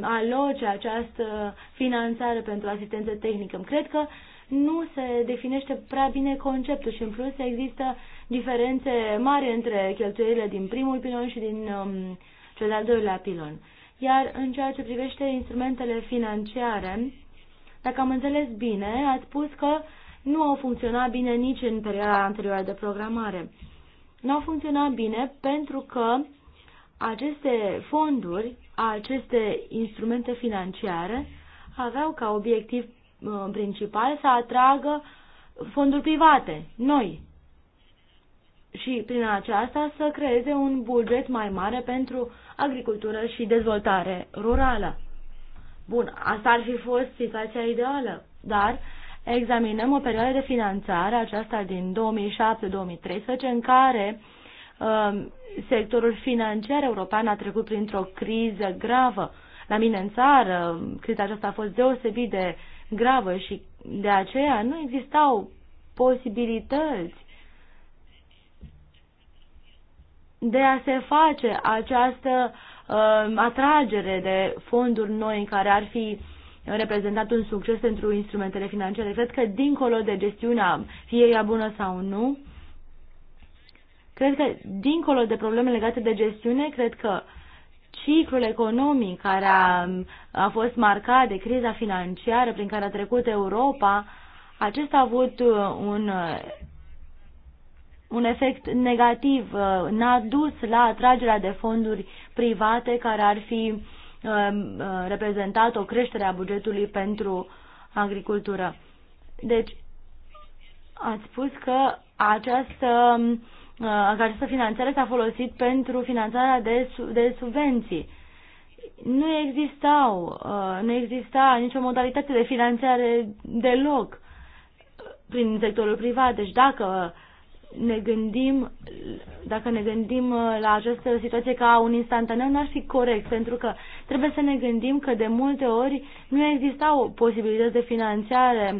aloce această finanțare pentru asistență tehnică. Cred că nu se definește prea bine conceptul și în plus există diferențe mari între cheltuielile din primul pilon și din um, cel de-al doilea pilon. Iar în ceea ce privește instrumentele financiare, dacă am înțeles bine, ați spus că nu au funcționat bine nici în perioada anterioară de programare. Nu au funcționat bine pentru că aceste fonduri, aceste instrumente financiare, aveau ca obiectiv uh, principal să atragă fonduri private, noi, și prin aceasta să creeze un buget mai mare pentru agricultură și dezvoltare rurală. Bun, asta ar fi fost situația ideală, dar examinăm o perioadă de finanțare, aceasta din 2007-2013, în care um, sectorul financiar european a trecut printr-o criză gravă. La mine în țară, criza aceasta a fost deosebit de gravă și de aceea nu existau posibilități de a se face această uh, atragere de fonduri noi în care ar fi uh, reprezentat un succes pentru instrumentele financiare. Cred că dincolo de gestiunea, fie ea bună sau nu, cred că dincolo de probleme legate de gestiune, cred că ciclul economic care a, a fost marcat de criza financiară prin care a trecut Europa, acesta a avut uh, un, uh, un efect negativ, uh, n-a dus la atragerea de fonduri private care ar fi Um, uh, reprezentat o creștere a bugetului pentru agricultură. Deci, ați spus că această, uh, această finanțare s-a folosit pentru finanțarea de, de subvenții. Nu existau, uh, nu exista nicio modalitate de finanțare deloc prin sectorul privat. Deci dacă uh, ne gândim, dacă ne gândim uh, la această situație ca un instantaneu, n-ar fi corect, pentru că trebuie să ne gândim că de multe ori nu existau posibilități de finanțare,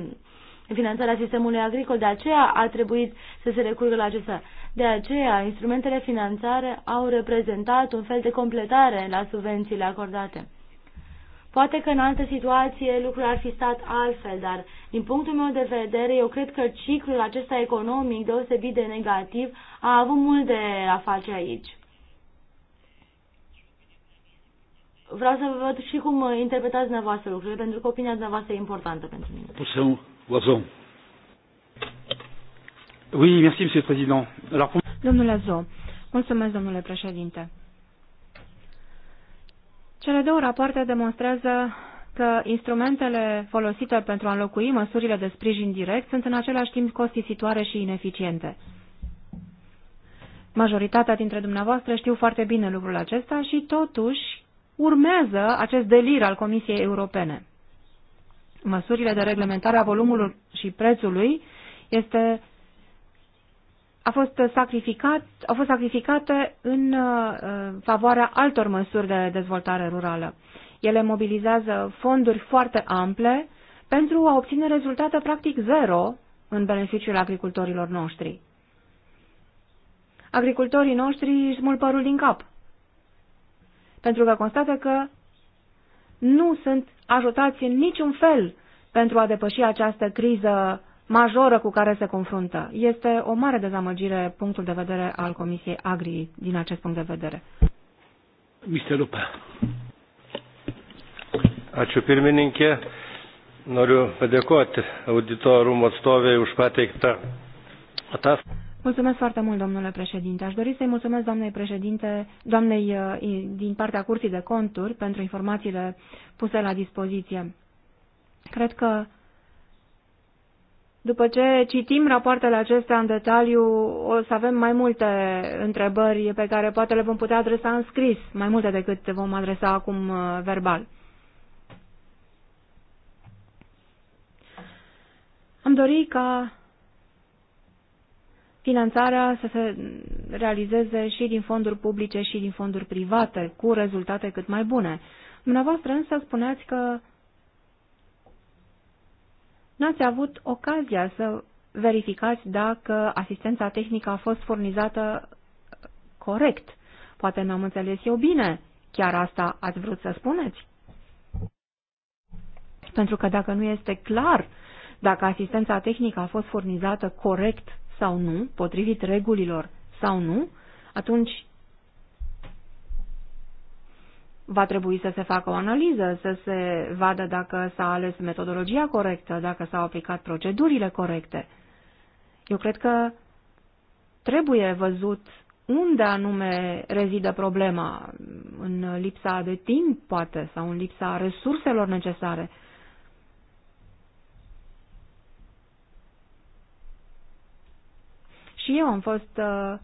finanțarea sistemului agricol, de aceea a trebuit să se recurgă la acesta. De aceea, instrumentele finanțare au reprezentat un fel de completare la subvențiile acordate. Poate că în altă situație lucrurile ar fi stat altfel, dar din punctul meu de vedere, eu cred că ciclul acesta economic deosebit de negativ a avut mult de a face aici. Vreau să văd și cum interpretați dumneavoastră lucrurile, pentru că opinia dumneavoastră e importantă pentru mine. Oui, merci, monsieur le président. Alors, pour... Domnule Zo, mulțumesc, domnule președinte. Cele două rapoarte demonstrează că instrumentele folosite pentru a înlocui măsurile de sprijin direct sunt în același timp costisitoare și ineficiente. Majoritatea dintre dumneavoastră știu foarte bine lucrul acesta și totuși urmează acest delir al Comisiei Europene. Măsurile de reglementare a volumului și prețului este a fost sacrificat, au fost sacrificate în uh, favoarea altor măsuri de dezvoltare rurală. Ele mobilizează fonduri foarte ample pentru a obține rezultate practic zero în beneficiul agricultorilor noștri. Agricultorii noștri își smulg părul din cap, pentru că constată că nu sunt ajutați în niciun fel pentru a depăși această criză majoră cu care se confruntă. Este o mare dezamăgire punctul de vedere al Comisiei Agri din acest punct de vedere. Mr. Lupa. Ačiū pirmininkė. Noriu padėkoti auditorumo atstoviai už pateiktą ataskaitą. Mulțumesc foarte mult, domnule președinte. Aș dori să-i mulțumesc doamnei președinte, doamnei ă, din partea Curții de Conturi pentru informațiile puse la dispoziție. Cred că după ce citim rapoartele acestea în detaliu, o să avem mai multe întrebări pe care poate le vom putea adresa în scris, mai multe decât vom adresa acum uh, verbal. Am dorit ca finanțarea să se realizeze și din fonduri publice și din fonduri private, cu rezultate cât mai bune. Dumneavoastră însă spuneați că n-ați avut ocazia să verificați dacă asistența tehnică a fost furnizată uh, corect. Poate n-am înțeles eu bine. Chiar asta ați vrut să spuneți? Pentru că dacă nu este clar dacă asistența tehnică a fost furnizată corect sau nu, potrivit regulilor sau nu, atunci va trebui să se facă o analiză, să se vadă dacă s-a ales metodologia corectă, dacă s-au aplicat procedurile corecte. Eu cred că trebuie văzut unde anume rezidă problema, în lipsa de timp, poate, sau în lipsa resurselor necesare. Și eu am fost uh,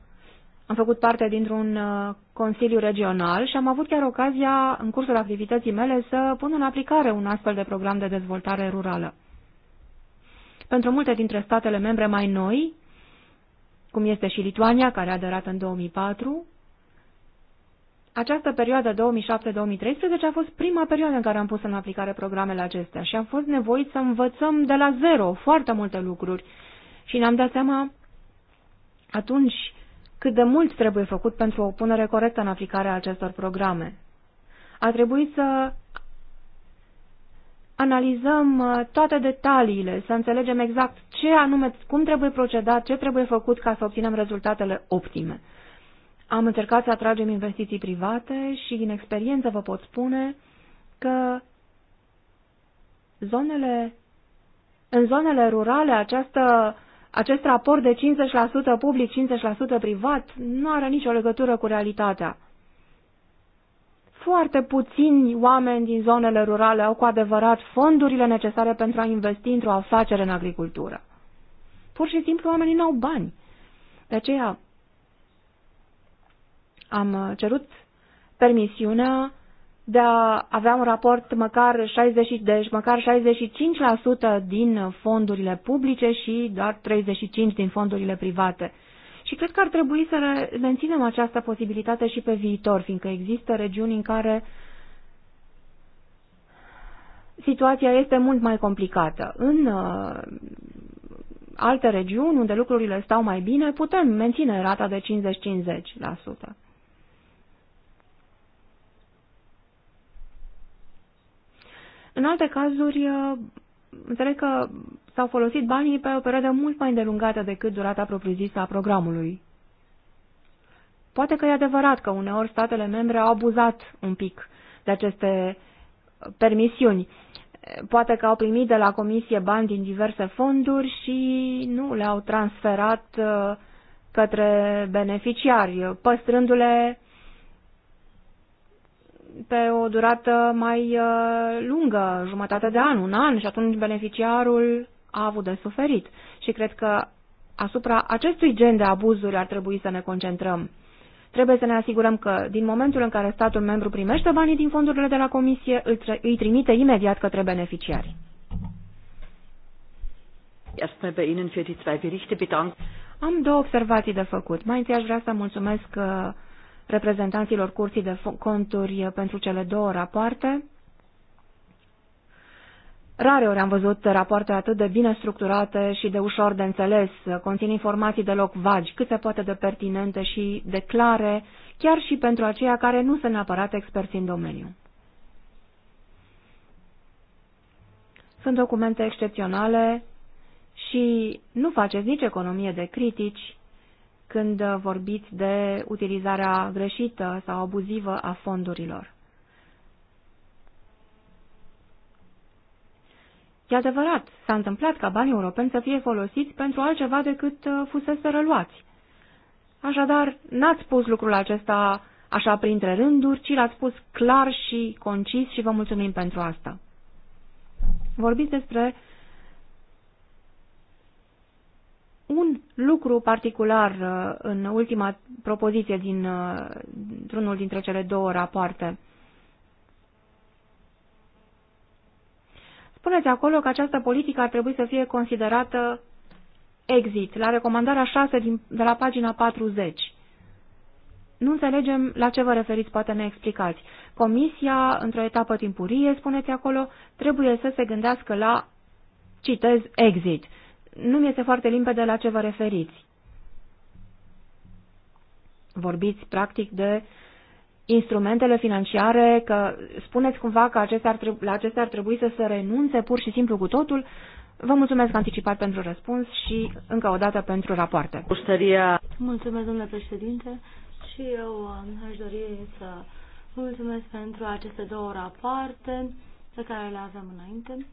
am făcut parte dintr-un uh, consiliu regional și am avut chiar ocazia, în cursul activității mele, să pun în aplicare un astfel de program de dezvoltare rurală. Pentru multe dintre statele membre mai noi, cum este și Lituania, care a aderat în 2004, această perioadă 2007-2013 a fost prima perioadă în care am pus în aplicare programele acestea și am fost nevoit să învățăm de la zero foarte multe lucruri și ne-am dat seama atunci cât de mult trebuie făcut pentru o punere corectă în aplicare a acestor programe. A trebuit să analizăm uh, toate detaliile, să înțelegem exact ce anume, cum trebuie procedat, ce trebuie făcut ca să obținem rezultatele optime. Am încercat să atragem investiții private și din experiență vă pot spune că zonele, în zonele rurale această uh, acest raport de 50% public, 50% privat nu are nicio legătură cu realitatea. Foarte puțini oameni din zonele rurale au cu adevărat fondurile necesare pentru a investi într-o afacere în agricultură. Pur și simplu oamenii nu au bani. De aceea am cerut permisiunea de a avea un raport măcar 60, deci măcar 65% din fondurile publice și doar 35% din fondurile private. Și cred că ar trebui să menținem această posibilitate și pe viitor, fiindcă există regiuni în care situația este mult mai complicată. În uh, alte regiuni unde lucrurile stau mai bine, putem menține rata de 50-50%. În alte cazuri, uh, înțeleg că s-au folosit banii pe o perioadă mult mai îndelungată decât durata propriu-zisă a programului. Poate că e adevărat că uneori statele membre au abuzat un pic de aceste uh, permisiuni. Poate că au primit de la comisie bani din diverse fonduri și nu le-au transferat uh, către beneficiari, păstrându-le pe o durată mai uh, lungă, jumătate de an, un an, și atunci beneficiarul a avut de suferit. Și cred că asupra acestui gen de abuzuri ar trebui să ne concentrăm. Trebuie să ne asigurăm că, din momentul în care statul membru primește banii din fondurile de la Comisie, îi trimite imediat către beneficiari. Am două observații de făcut. Mai întâi aș vrea să mulțumesc uh, reprezentanților Curții de Conturi pentru cele două rapoarte. Rare ori am văzut rapoarte atât de bine structurate și de ușor de înțeles, conțin informații deloc vagi, cât se poate de pertinente și de clare, chiar și pentru aceia care nu sunt neapărat experți în domeniu. Sunt documente excepționale și nu faceți nici economie de critici, când vorbiți de utilizarea greșită sau abuzivă a fondurilor. E adevărat, s-a întâmplat ca banii europeni să fie folosiți pentru altceva decât uh, fusese răluați. Așadar, n-ați spus lucrul acesta așa printre rânduri, ci l-ați spus clar și concis și vă mulțumim pentru asta. Vorbiți despre un lucru particular uh, în ultima propoziție din, uh, unul dintre cele două rapoarte. Spuneți acolo că această politică ar trebui să fie considerată exit, la recomandarea 6 din, de la pagina 40. Nu înțelegem la ce vă referiți, poate ne explicați. Comisia, într-o etapă timpurie, spuneți acolo, trebuie să se gândească la, citez, exit nu mi este foarte limpede la ce vă referiți. Vorbiți, practic, de instrumentele financiare, că spuneți cumva că acestea ar trebui, la acestea ar trebui să se renunțe pur și simplu cu totul. Vă mulțumesc anticipat pentru răspuns și încă o dată pentru rapoarte. Ustăria. Mulțumesc, domnule președinte, și eu uh, aș dori să mulțumesc pentru aceste două rapoarte pe care le aveam înainte.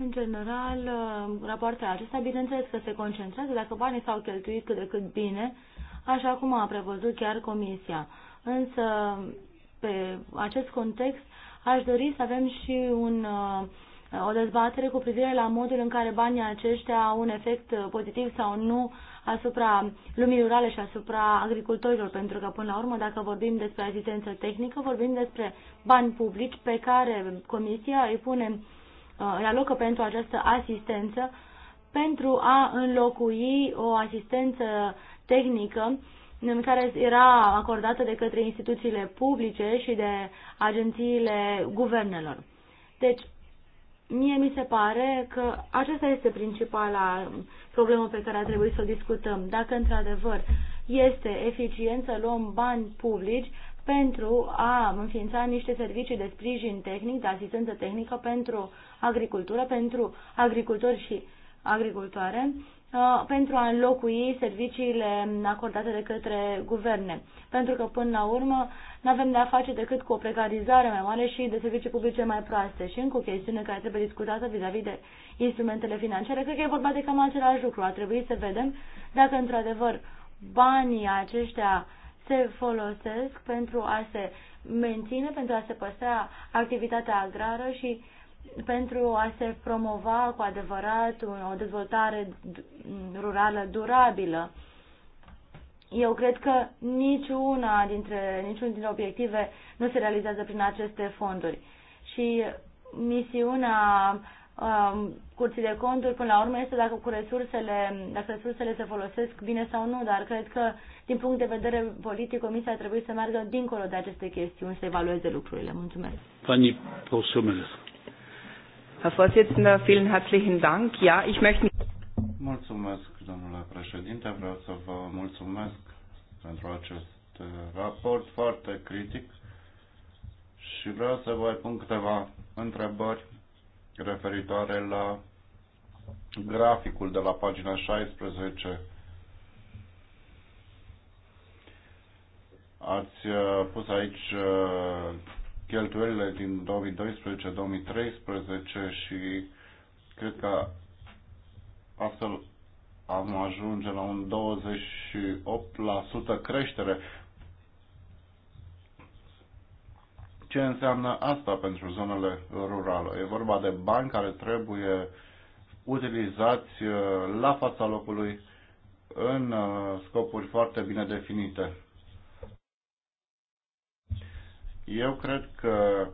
În general, uh, rapoartele acestea, bineînțeles că se concentrează dacă banii s-au cheltuit cât de cât bine, așa cum a prevăzut chiar Comisia. Însă, pe acest context, aș dori să avem și un, uh, o dezbatere cu privire la modul în care banii aceștia au un efect uh, pozitiv sau nu asupra lumii rurale și asupra agricultorilor, pentru că, până la urmă, dacă vorbim despre asistență tehnică, vorbim despre bani publici pe care Comisia îi pune Uh, la alocă pentru această asistență pentru a înlocui o asistență tehnică în care era acordată de către instituțiile publice și de agențiile guvernelor. Deci, mie mi se pare că aceasta este principala problemă pe care ar trebui să o discutăm. Dacă într-adevăr este eficient să luăm bani publici pentru a înființa niște servicii de sprijin tehnic, de asistență tehnică pentru agricultură, pentru agricultori și agricultoare, uh, pentru a înlocui serviciile acordate de către guverne. Pentru că, până la urmă, nu avem de-a face decât cu o precarizare mai mare și de servicii publice mai proaste. Și încă o chestiune care trebuie discutată vis-a-vis -vis de instrumentele financiare, cred că e vorba de cam același lucru. A trebuit să vedem dacă, într-adevăr, banii aceștia se folosesc pentru a se menține, pentru a se păstra activitatea agrară și pentru a se promova cu adevărat o dezvoltare rurală durabilă. Eu cred că niciuna dintre, niciun dintre obiective nu se realizează prin aceste fonduri. Și misiunea um, curții de conturi până la urmă este dacă cu resursele, dacă resursele se folosesc bine sau nu, dar cred că din punct de vedere politic Comisia trebuie să meargă dincolo de aceste chestiuni, să evalueze lucrurile. Mulțumesc. Pani Herr Vorsitzender, vielen herzlichen Dank. Ja, ich möchte... Mulțumesc, domnule președinte. Vreau să vă mulțumesc pentru acest uh, raport foarte critic și vreau să vă pun câteva întrebări referitoare la graficul de la pagina 16. Ați uh, pus aici uh, cheltuielile din 2012-2013 și cred că astfel am ajunge la un 28% creștere. ce înseamnă asta pentru zonele rurale. E vorba de bani care trebuie utilizați uh, la fața locului în uh, scopuri foarte bine definite. Eu cred că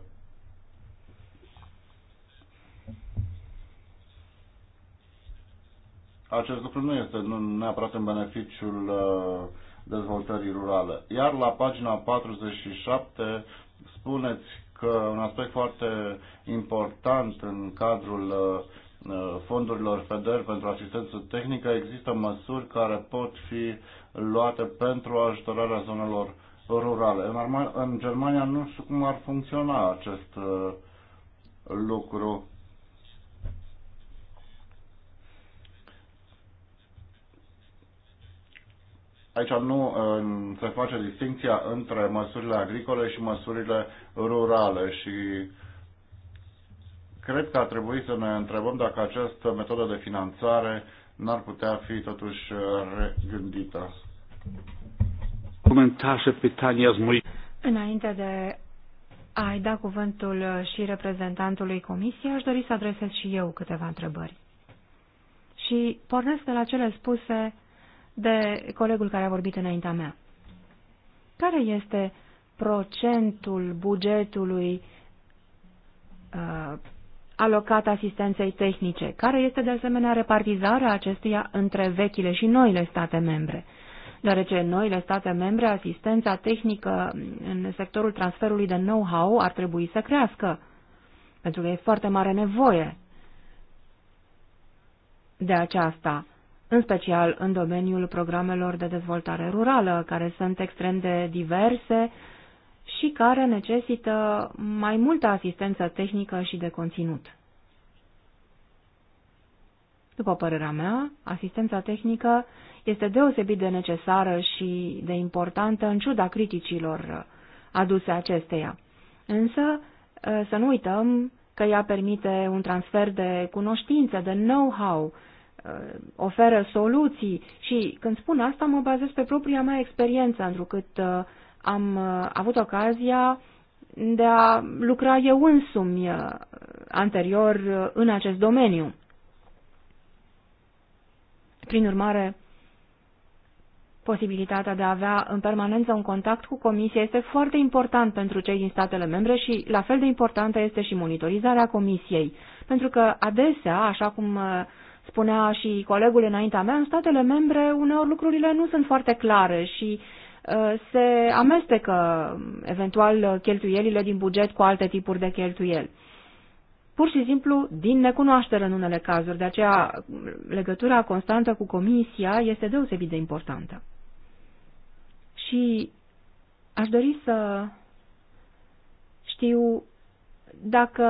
acest lucru nu este neapărat în beneficiul uh, dezvoltării rurale. Iar la pagina 47 spuneți că un aspect foarte important în cadrul uh, fondurilor FEDER pentru asistență tehnică există măsuri care pot fi luate pentru ajutorarea zonelor rurale. În, Germania nu știu cum ar funcționa acest uh, lucru. Aici nu se face distinția între măsurile agricole și măsurile rurale și cred că ar trebui să ne întrebăm dacă această metodă de finanțare n-ar putea fi totuși regândită. Înainte de a-i da cuvântul și reprezentantului Comisiei, aș dori să adresez și eu câteva întrebări. Și pornesc de la cele spuse de colegul care a vorbit înaintea mea. Care este procentul bugetului uh, alocat asistenței tehnice? Care este de asemenea repartizarea acestuia între vechile și noile state membre? deoarece în noile state membre asistența tehnică în sectorul transferului de know-how ar trebui să crească, pentru că e foarte mare nevoie de aceasta în special în domeniul programelor de dezvoltare rurală, care sunt extrem de diverse și care necesită mai multă asistență tehnică și de conținut. După părerea mea, asistența tehnică este deosebit de necesară și de importantă în ciuda criticilor aduse acesteia. Însă, să nu uităm că ea permite un transfer de cunoștințe, de know-how, Uh, oferă soluții și când spun asta mă bazez pe propria mea experiență, întrucât uh, am uh, avut ocazia de a lucra eu însumi anterior în acest domeniu. Prin urmare, posibilitatea de a avea în permanență un contact cu Comisia este foarte important pentru cei din statele membre și la fel de importantă este și monitorizarea Comisiei, pentru că adesea, așa cum spunea și colegul înaintea mea, în statele membre uneori lucrurile nu sunt foarte clare și uh, se amestecă um, eventual uh, cheltuielile din buget cu alte tipuri de cheltuieli. Pur și simplu din necunoaștere în unele cazuri, de aceea legătura constantă cu comisia este deosebit de importantă. Și aș dori să știu dacă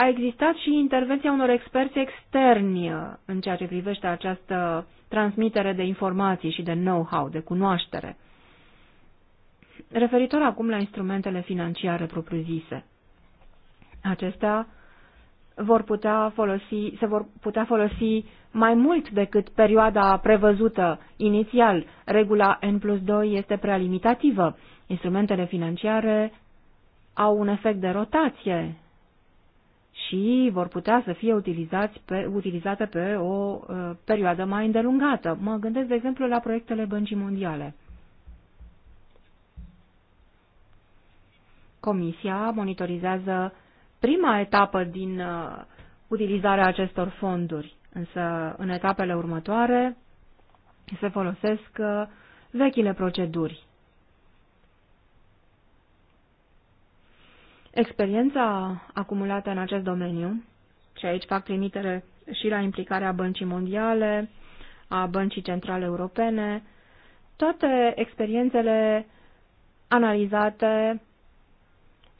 a existat și intervenția unor experți externi uh, în ceea ce privește această transmitere de informații și de know-how, de cunoaștere. Referitor acum la instrumentele financiare propriu-zise. Acestea vor putea folosi, se vor putea folosi mai mult decât perioada prevăzută inițial. Regula N plus 2 este prea limitativă. Instrumentele financiare au un efect de rotație și vor putea să fie utilizați pe, utilizate pe o uh, perioadă mai îndelungată. Mă gândesc, de exemplu, la proiectele Băncii Mondiale. Comisia monitorizează prima etapă din uh, utilizarea acestor fonduri, însă în etapele următoare se folosesc uh, vechile proceduri Experiența acumulată în acest domeniu, și aici fac trimitere și la implicarea Băncii Mondiale, a Băncii Centrale Europene, toate experiențele analizate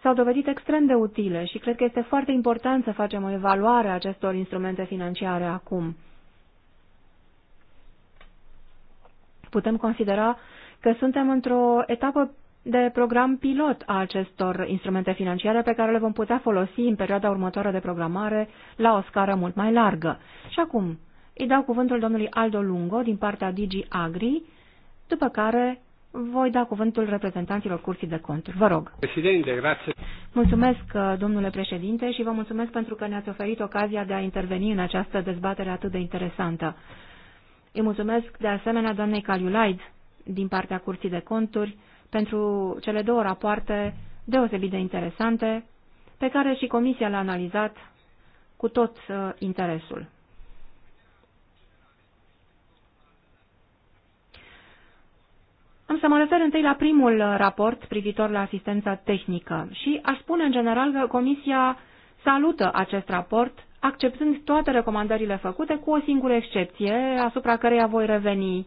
s-au dovedit extrem de utile și cred că este foarte important să facem o evaluare a acestor instrumente financiare acum. Putem considera că suntem într-o etapă de program pilot a acestor instrumente financiare pe care le vom putea folosi în perioada următoare de programare la o scară mult mai largă. Și acum îi dau cuvântul domnului Aldo Lungo din partea Digi Agri, după care voi da cuvântul reprezentanților Curții de Conturi. Vă rog. Președinte, grație. Mulțumesc, uh, domnule președinte, și vă mulțumesc pentru că ne-ați oferit ocazia de a interveni în această dezbatere atât de interesantă. Îi mulțumesc de asemenea doamnei Caliulaid din partea Curții de Conturi, pentru cele două rapoarte deosebit de interesante, pe care și Comisia le-a analizat cu tot uh, interesul. Am să mă refer întâi la primul uh, raport privitor la asistența tehnică și aș spune în general că Comisia salută acest raport, acceptând toate recomandările făcute, cu o singură excepție, asupra căreia voi reveni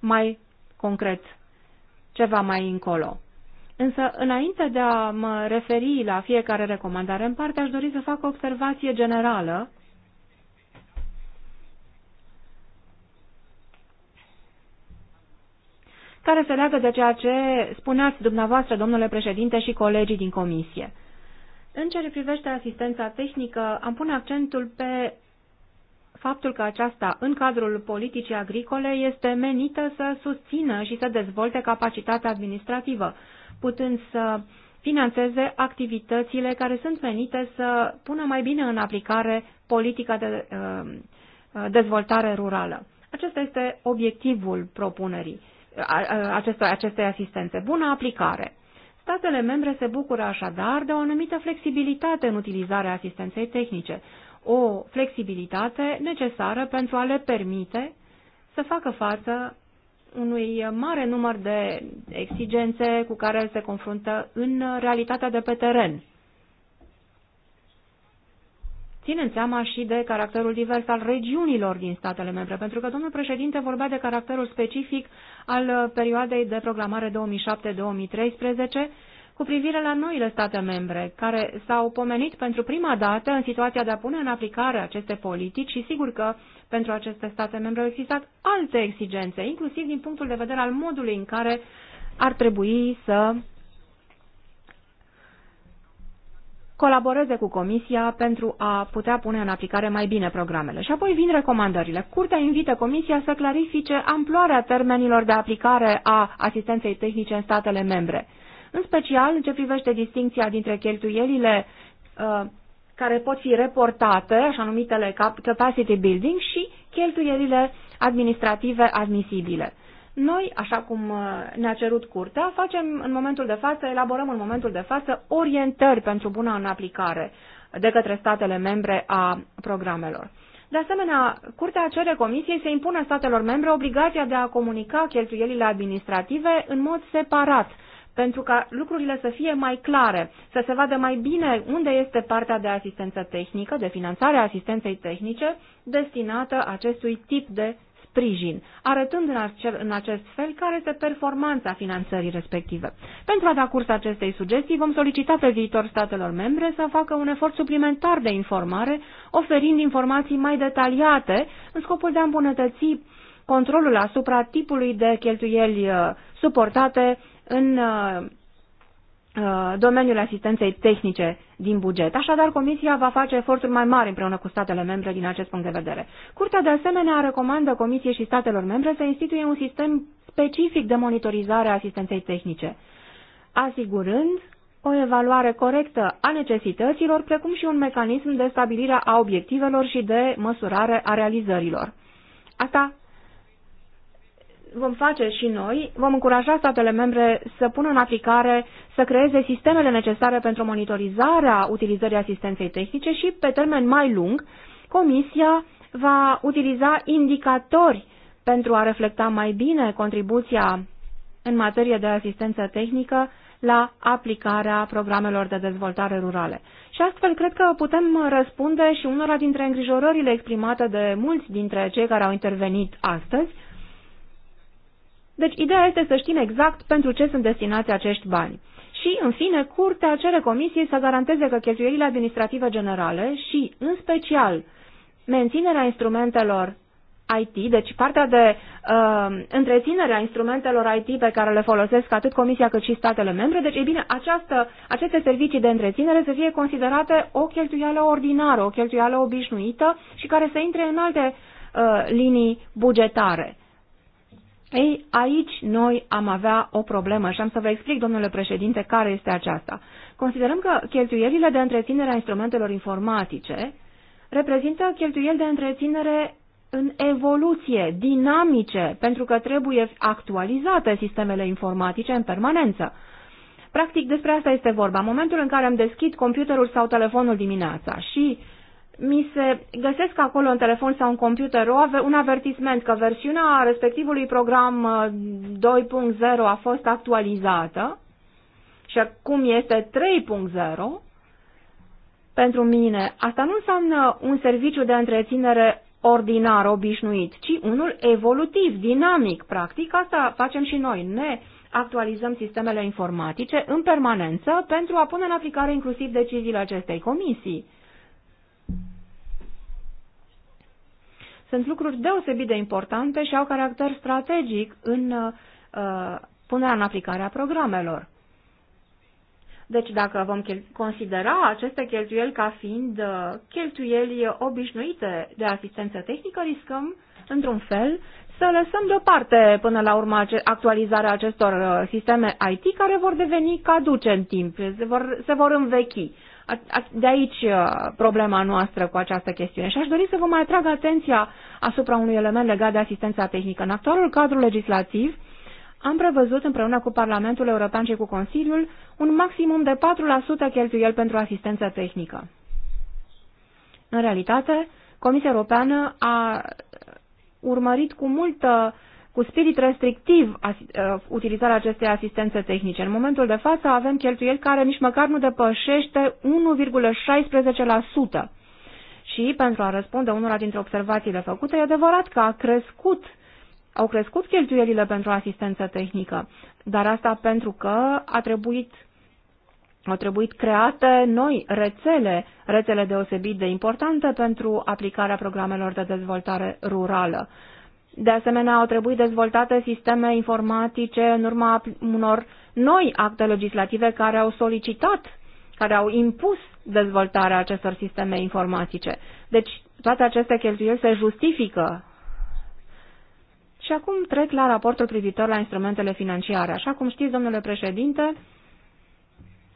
mai concret ceva mai încolo. Însă, înainte de a mă referi la fiecare recomandare în parte, aș dori să fac o observație generală care se leagă de ceea ce spuneați dumneavoastră, domnule președinte, și colegii din comisie. În ce privește asistența tehnică, am pune accentul pe faptul că aceasta, în cadrul politicii agricole, este menită să susțină și să dezvolte capacitatea administrativă, putând să financeze activitățile care sunt venite să pună mai bine în aplicare politica de uh, dezvoltare rurală. Acesta este obiectivul propunerii acestei, acestei asistențe, bună aplicare. Statele membre se bucură așadar de o anumită flexibilitate în utilizarea asistenței tehnice o flexibilitate necesară pentru a le permite să facă față unui mare număr de exigențe cu care se confruntă în realitatea de pe teren. Ținând seama și de caracterul divers al regiunilor din statele membre, pentru că domnul președinte vorbea de caracterul specific al perioadei de programare 2007-2013, cu privire la noile state membre, care s-au pomenit pentru prima dată în situația de a pune în aplicare aceste politici și sigur că pentru aceste state membre au existat alte exigențe, inclusiv din punctul de vedere al modului în care ar trebui să colaboreze cu Comisia pentru a putea pune în aplicare mai bine programele. Și apoi vin recomandările. Curtea invită Comisia să clarifice amploarea termenilor de aplicare a asistenței tehnice în statele membre în special în ce privește distinția dintre cheltuielile uh, care pot fi reportate, așa numitele capacity building, și cheltuielile administrative admisibile. Noi, așa cum uh, ne-a cerut curtea, facem în momentul de față, elaborăm în momentul de față orientări pentru buna în aplicare de către statele membre a programelor. De asemenea, Curtea cere Comisiei să impună statelor membre obligația de a comunica cheltuielile administrative în mod separat pentru ca lucrurile să fie mai clare, să se vadă mai bine unde este partea de asistență tehnică, de finanțare a asistenței tehnice destinată acestui tip de sprijin, arătând în, acel, în acest fel care este performanța finanțării respective. Pentru a da curs acestei sugestii, vom solicita pe viitor statelor membre să facă un efort suplimentar de informare, oferind informații mai detaliate în scopul de a îmbunătăți controlul asupra tipului de cheltuieli uh, suportate în uh, uh, domeniul asistenței tehnice din buget. Așadar, Comisia va face eforturi mai mari împreună cu statele membre din acest punct de vedere. Curtea, de asemenea, recomandă Comisiei și statelor membre să instituie un sistem specific de monitorizare a asistenței tehnice, asigurând o evaluare corectă a necesităților, precum și un mecanism de stabilire a obiectivelor și de măsurare a realizărilor. Asta vom face și noi, vom încuraja statele membre să pună în aplicare, să creeze sistemele necesare pentru monitorizarea utilizării asistenței tehnice și, pe termen mai lung, Comisia va utiliza indicatori pentru a reflecta mai bine contribuția în materie de asistență tehnică la aplicarea programelor de dezvoltare rurale. Și astfel cred că putem răspunde și unora dintre îngrijorările exprimate de mulți dintre cei care au intervenit astăzi, deci, ideea este să știm exact pentru ce sunt destinați acești bani. Și, în fine, curtea cere comisiei să garanteze că cheltuielile administrative generale și, în special, menținerea instrumentelor IT, deci partea de uh, întreținere a instrumentelor IT pe care le folosesc atât Comisia cât și statele membre, deci, e bine, această, aceste servicii de întreținere să fie considerate o cheltuială ordinară, o cheltuială obișnuită și care să intre în alte uh, linii bugetare. Ei, aici noi am avea o problemă și am să vă explic, domnule președinte, care este aceasta. Considerăm că cheltuielile de întreținere a instrumentelor informatice reprezintă cheltuieli de întreținere în evoluție, dinamice, pentru că trebuie actualizate sistemele informatice în permanență. Practic despre asta este vorba. În momentul în care îmi deschid computerul sau telefonul dimineața și mi se găsesc acolo în telefon sau în computer o, un avertisment că versiunea respectivului program 2.0 uh, a fost actualizată și acum este 3.0, pentru mine asta nu înseamnă un serviciu de întreținere ordinar, obișnuit, ci unul evolutiv, dinamic, practic. Asta facem și noi. Ne actualizăm sistemele informatice în permanență pentru a pune în aplicare inclusiv deciziile acestei comisii. sunt lucruri deosebit de importante și au caracter strategic în uh, punerea în aplicare a programelor. Deci dacă vom considera aceste cheltuieli ca fiind uh, cheltuieli obișnuite de asistență tehnică, riscăm, într-un fel, să lăsăm deoparte până la urmă actualizarea acestor uh, sisteme IT care vor deveni caduce în timp, se vor, se vor învechi. De aici uh, problema noastră cu această chestiune. Și aș dori să vă mai atrag atenția asupra unui element legat de asistența tehnică. În actualul cadru legislativ am prevăzut împreună cu Parlamentul European și cu Consiliul un maximum de 4% cheltuiel pentru asistență tehnică. În realitate, Comisia Europeană a urmărit cu multă uh, cu spirit restrictiv as, uh, utilizarea acestei asistențe tehnice. În momentul de față avem cheltuieli care nici măcar nu depășește 1,16%. Și pentru a răspunde unora dintre observațiile făcute, e adevărat că a crescut au crescut cheltuielile pentru asistență tehnică, dar asta pentru că a trebuit, au trebuit create noi rețele, rețele deosebit de importante pentru aplicarea programelor de dezvoltare rurală. De asemenea, au trebuit dezvoltate sisteme informatice în urma unor noi acte legislative care au solicitat, care au impus dezvoltarea acestor sisteme informatice. Deci, toate aceste cheltuieli se justifică. Și acum trec la raportul privitor la instrumentele financiare. Așa cum știți, domnule președinte,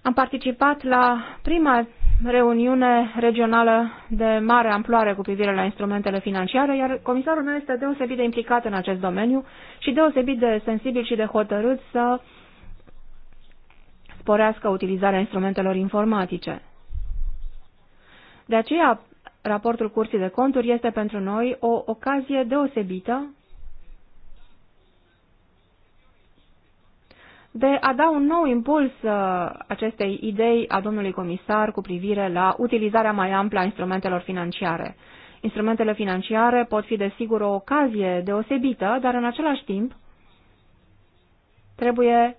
am participat la prima reuniune regională de mare amploare cu privire la instrumentele financiare, iar comisarul meu este deosebit de implicat în acest domeniu și deosebit de sensibil și de hotărât să sporească utilizarea instrumentelor informatice. De aceea, raportul Curții de Conturi este pentru noi o ocazie deosebită de a da un nou impuls uh, acestei idei a domnului comisar cu privire la utilizarea mai amplă a instrumentelor financiare. Instrumentele financiare pot fi desigur o ocazie deosebită, dar în același timp trebuie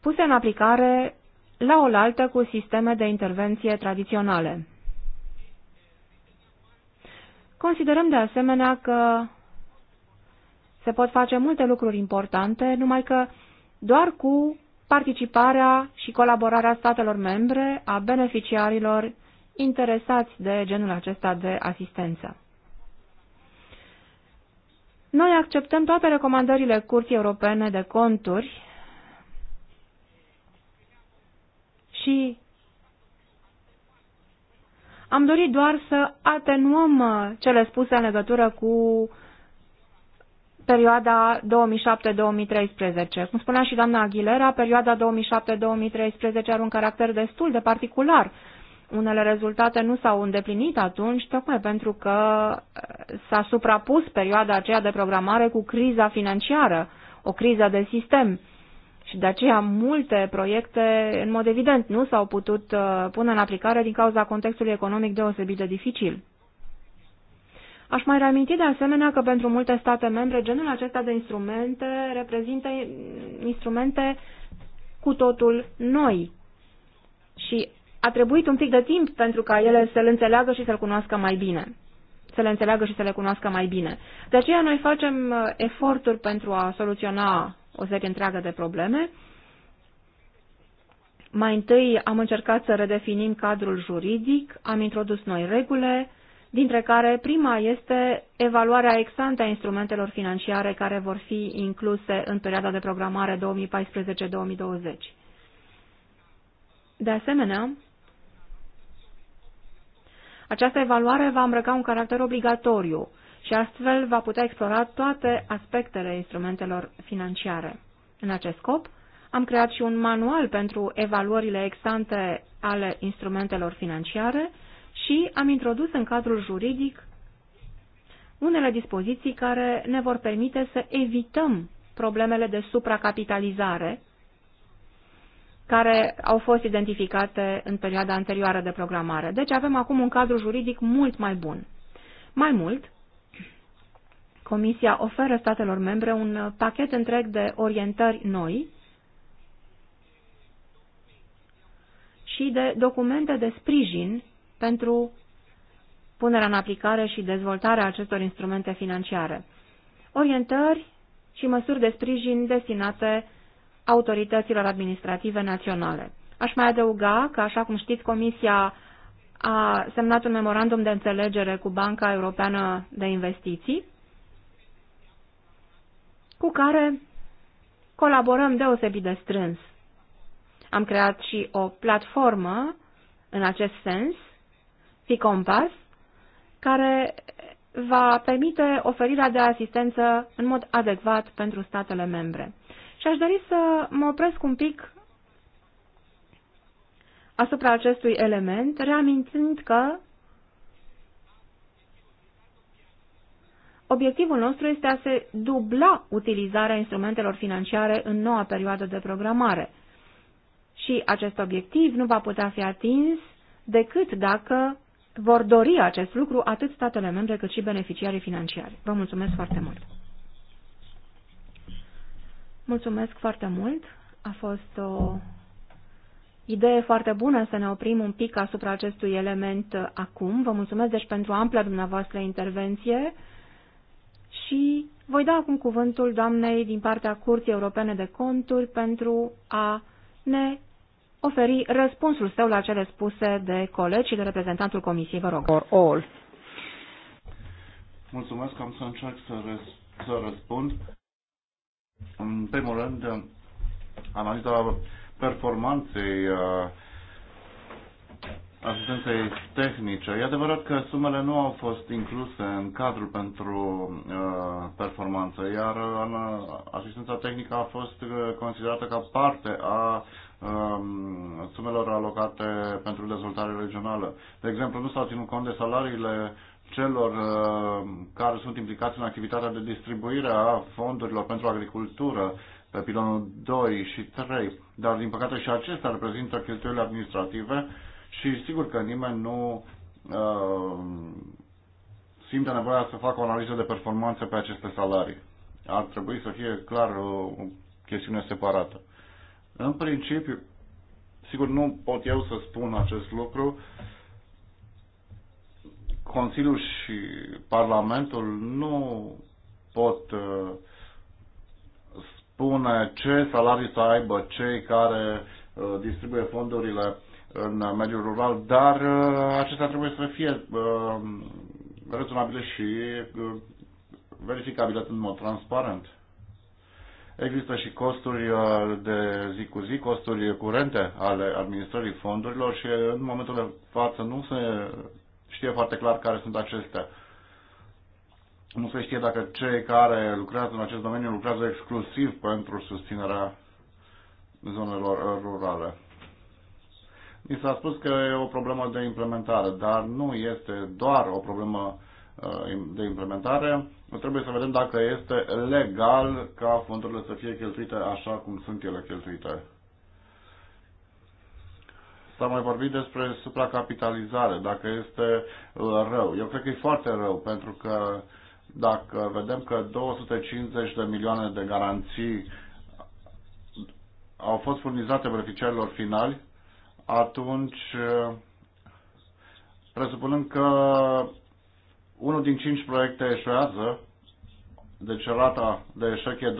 puse în aplicare la oaltă cu sisteme de intervenție tradiționale. Considerăm de asemenea că se pot face multe lucruri importante, numai că doar cu participarea și colaborarea statelor membre a beneficiarilor interesați de genul acesta de asistență. Noi acceptăm toate recomandările Curții Europene de Conturi și am dorit doar să atenuăm cele spuse în legătură cu perioada 2007-2013. Cum spunea și doamna Aguilera, perioada 2007-2013 are un caracter destul de particular. Unele rezultate nu s-au îndeplinit atunci, tocmai pentru că eh, s-a suprapus perioada aceea de programare cu criza financiară, o criză de sistem. Și de aceea multe proiecte, în mod evident, nu s-au putut eh, pune în aplicare din cauza contextului economic deosebit de dificil. Aș mai reaminti de asemenea că pentru multe state membre genul acesta de instrumente reprezintă instrumente cu totul noi și a trebuit un pic de timp pentru ca ele să-l înțeleagă și să-l cunoască mai bine. Să le înțeleagă și să le cunoască mai bine. De aceea noi facem uh, eforturi pentru a soluționa o serie întreagă de probleme. Mai întâi am încercat să redefinim cadrul juridic, am introdus noi regule, dintre care prima este evaluarea exantă a instrumentelor financiare care vor fi incluse în perioada de programare 2014-2020. De asemenea, această evaluare va îmbrăca un caracter obligatoriu și astfel va putea explora toate aspectele instrumentelor financiare. În acest scop, am creat și un manual pentru evaluările exante ale instrumentelor financiare, și am introdus în cadrul juridic unele dispoziții care ne vor permite să evităm problemele de supracapitalizare care au fost identificate în perioada anterioară de programare. Deci avem acum un cadru juridic mult mai bun. Mai mult, Comisia oferă statelor membre un pachet întreg de orientări noi și de documente de sprijin pentru punerea în aplicare și dezvoltarea acestor instrumente financiare, orientări și măsuri de sprijin destinate autorităților administrative naționale. Aș mai adăuga că, așa cum știți, Comisia a semnat un memorandum de înțelegere cu Banca Europeană de Investiții, cu care colaborăm deosebit de strâns. Am creat și o platformă în acest sens, fi compas, care va permite oferirea de asistență în mod adecvat pentru statele membre. Și aș dori să mă opresc un pic asupra acestui element, reamintind că obiectivul nostru este a se dubla utilizarea instrumentelor financiare în noua perioadă de programare. Și acest obiectiv nu va putea fi atins decât dacă vor dori acest lucru atât statele membre cât și beneficiarii financiari. Vă mulțumesc foarte mult! Mulțumesc foarte mult! A fost o idee foarte bună să ne oprim un pic asupra acestui element acum. Vă mulțumesc deci pentru ampla dumneavoastră intervenție și voi da acum cuvântul doamnei din partea Curții Europene de Conturi pentru a ne oferi răspunsul său la cele spuse de colegi și de reprezentantul comisiei, vă rog. For all. Mulțumesc, am să încerc să, răs- să răspund. În primul rând, analiza performanței uh, asistenței tehnice. E adevărat că sumele nu au fost incluse în cadrul pentru uh, performanță, iar uh, asistența tehnică a fost uh, considerată ca parte a Um, sumelor alocate pentru dezvoltare regională. De exemplu, nu s-au ținut cont de salariile celor uh, care sunt implicați în activitatea de distribuire a fondurilor pentru agricultură pe pilonul 2 și 3, dar din păcate și acestea reprezintă cheltuielile administrative și sigur că nimeni nu uh, simte nevoia să facă o analiză de performanță pe aceste salarii. Ar trebui să fie clar o, o chestiune separată. În principiu, sigur nu pot eu să spun acest lucru, Consiliul și Parlamentul nu pot uh, spune ce salarii să aibă cei care uh, distribuie fondurile în mediul rural, dar uh, acestea trebuie să fie rezonabile și verificabile în mod transparent. Există și costuri uh, de zi cu zi, costuri curente ale administrării fondurilor și uh, în momentul de față nu se știe foarte clar care sunt acestea. Nu se știe dacă cei care lucrează în acest domeniu lucrează exclusiv pentru susținerea zonelor rurale. Mi s-a spus că e o problemă de implementare, dar nu este doar o problemă Uh, de implementare, trebuie să vedem dacă este legal ca fondurile să fie cheltuite așa cum sunt ele cheltuite. S-a mai vorbit despre supracapitalizare, dacă este uh, rău. Eu cred că e foarte rău, pentru că dacă vedem că 250 de milioane de garanții au fost furnizate beneficiarilor finali, atunci uh, presupunând că unul din cinci proiecte eșuează, deci rata de eșec e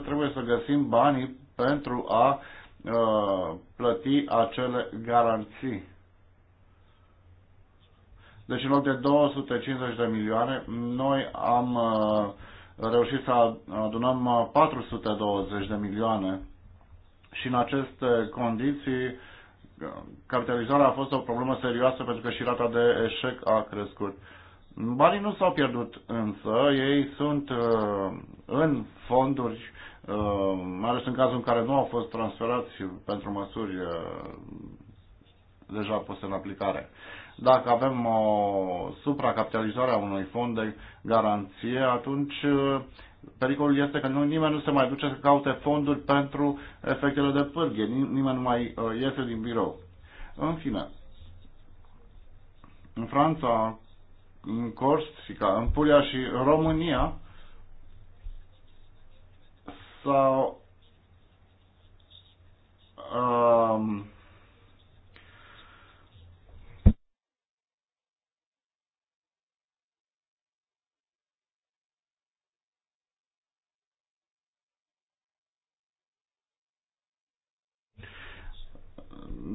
20%, trebuie să găsim banii pentru a uh, plăti acele garanții. Deci în loc de 250 de milioane, noi am uh, reușit să adunăm 420 uh, de milioane și în aceste condiții uh, cartelizarea a fost o problemă serioasă pentru că și rata de eșec a crescut. Banii nu s-au pierdut, însă ei sunt uh, în fonduri, uh, mai ales în cazul în care nu au fost transferați pentru măsuri uh, deja puse în aplicare. Dacă avem o supracapitalizare a unui fond de garanție, atunci pericolul este că nu, nimeni nu se mai duce să caute fonduri pentru efectele de pârghie, nimeni nu mai iese din birou. În fine, în Franța în Corsica, în Puglia și România sau um,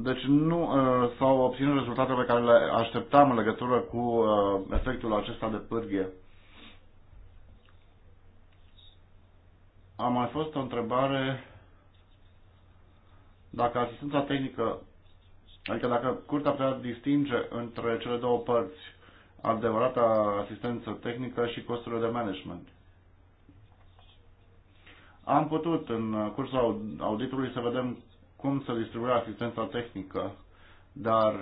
Deci nu uh, s-au obținut rezultatele pe care le așteptam în legătură cu uh, efectul acesta de pârghie. A mai fost o întrebare dacă asistența tehnică, adică dacă curtea putea distinge între cele două părți, adevărata asistență tehnică și costurile de management. Am putut în cursul auditului să vedem cum să distribuie asistența tehnică, dar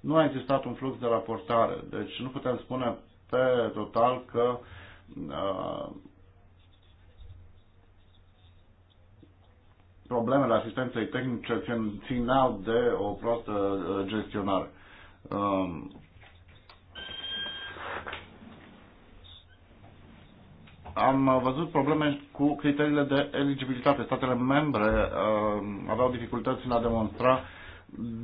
nu a existat un flux de raportare. Deci nu putem spune pe total că uh, problemele asistenței tehnice țineau de o proastă uh, gestionare. Um, am uh, văzut probleme cu criteriile de eligibilitate. Statele membre uh, aveau dificultăți în a demonstra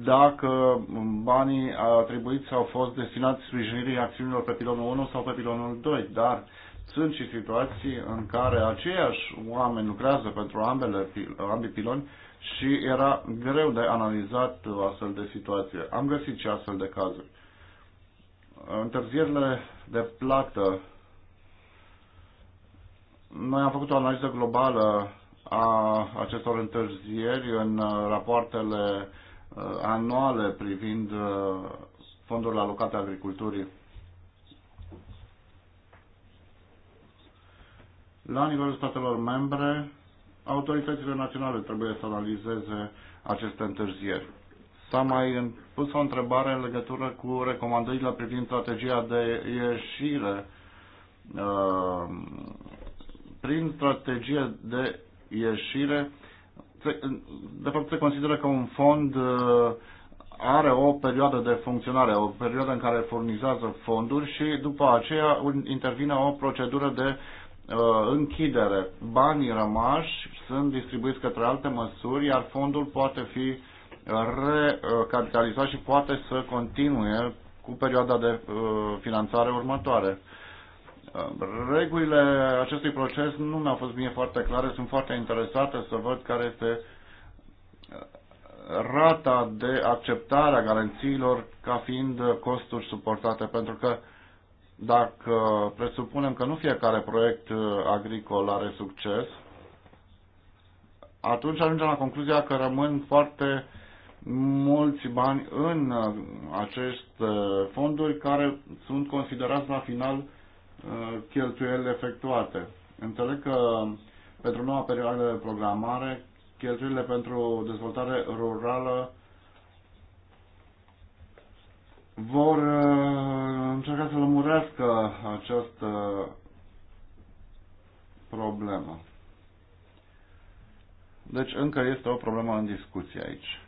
dacă banii atribuiți au fost destinați sprijinirii acțiunilor pe pilonul 1 sau pe pilonul 2, dar sunt și situații în care aceiași oameni lucrează pentru ambele, ambii piloni și era greu de analizat o astfel de situație. Am găsit și astfel de cazuri. Întârzierile de plată noi am făcut o analiză globală a acestor întârzieri în uh, rapoartele uh, anuale privind uh, fondurile alocate agriculturii. La nivelul statelor membre, autoritățile naționale trebuie să analizeze aceste întârzieri. S-a mai pus o întrebare în legătură cu recomandările privind strategia de ieșire prin strategie de ieșire, de fapt se consideră că un fond uh, are o perioadă de funcționare, o perioadă în care furnizează fonduri și după aceea intervine o procedură de uh, închidere. Banii rămași sunt distribuiți către alte măsuri, iar fondul poate fi uh, recapitalizat și poate să continue cu perioada de uh, finanțare următoare. Regulile acestui proces nu mi-au fost bine foarte clare, sunt foarte interesate să văd care este uh, rata de acceptare a garanțiilor ca fiind costuri suportate, pentru că dacă presupunem că nu fiecare proiect uh, agricol are succes, atunci ajungem la concluzia că rămân foarte mulți bani în uh, aceste fonduri care sunt considerați la final Uh, cheltuielile efectuate. Înțeleg că pentru noua perioadă de programare, cheltuielile pentru dezvoltare rurală vor uh, încerca să lămurească această problemă. Deci încă este o problemă în discuție aici.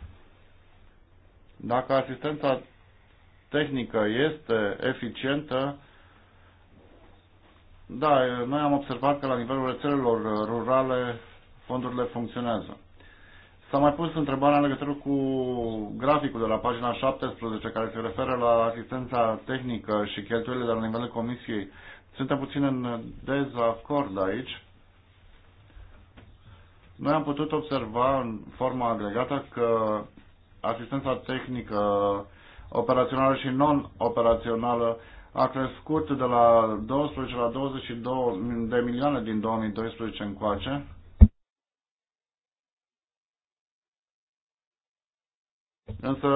Dacă asistența tehnică este eficientă, da, noi am observat că la nivelul rețelelor uh, rurale fondurile funcționează. S-a mai pus întrebarea în legătură cu graficul de la pagina 17 care se referă la asistența tehnică și cheltuielile de la nivelul comisiei. Suntem puțin în dezacord aici. Noi am putut observa în forma agregată că asistența tehnică operațională și non-operațională a crescut de la 12 la 22 de milioane din 2012 încoace. Însă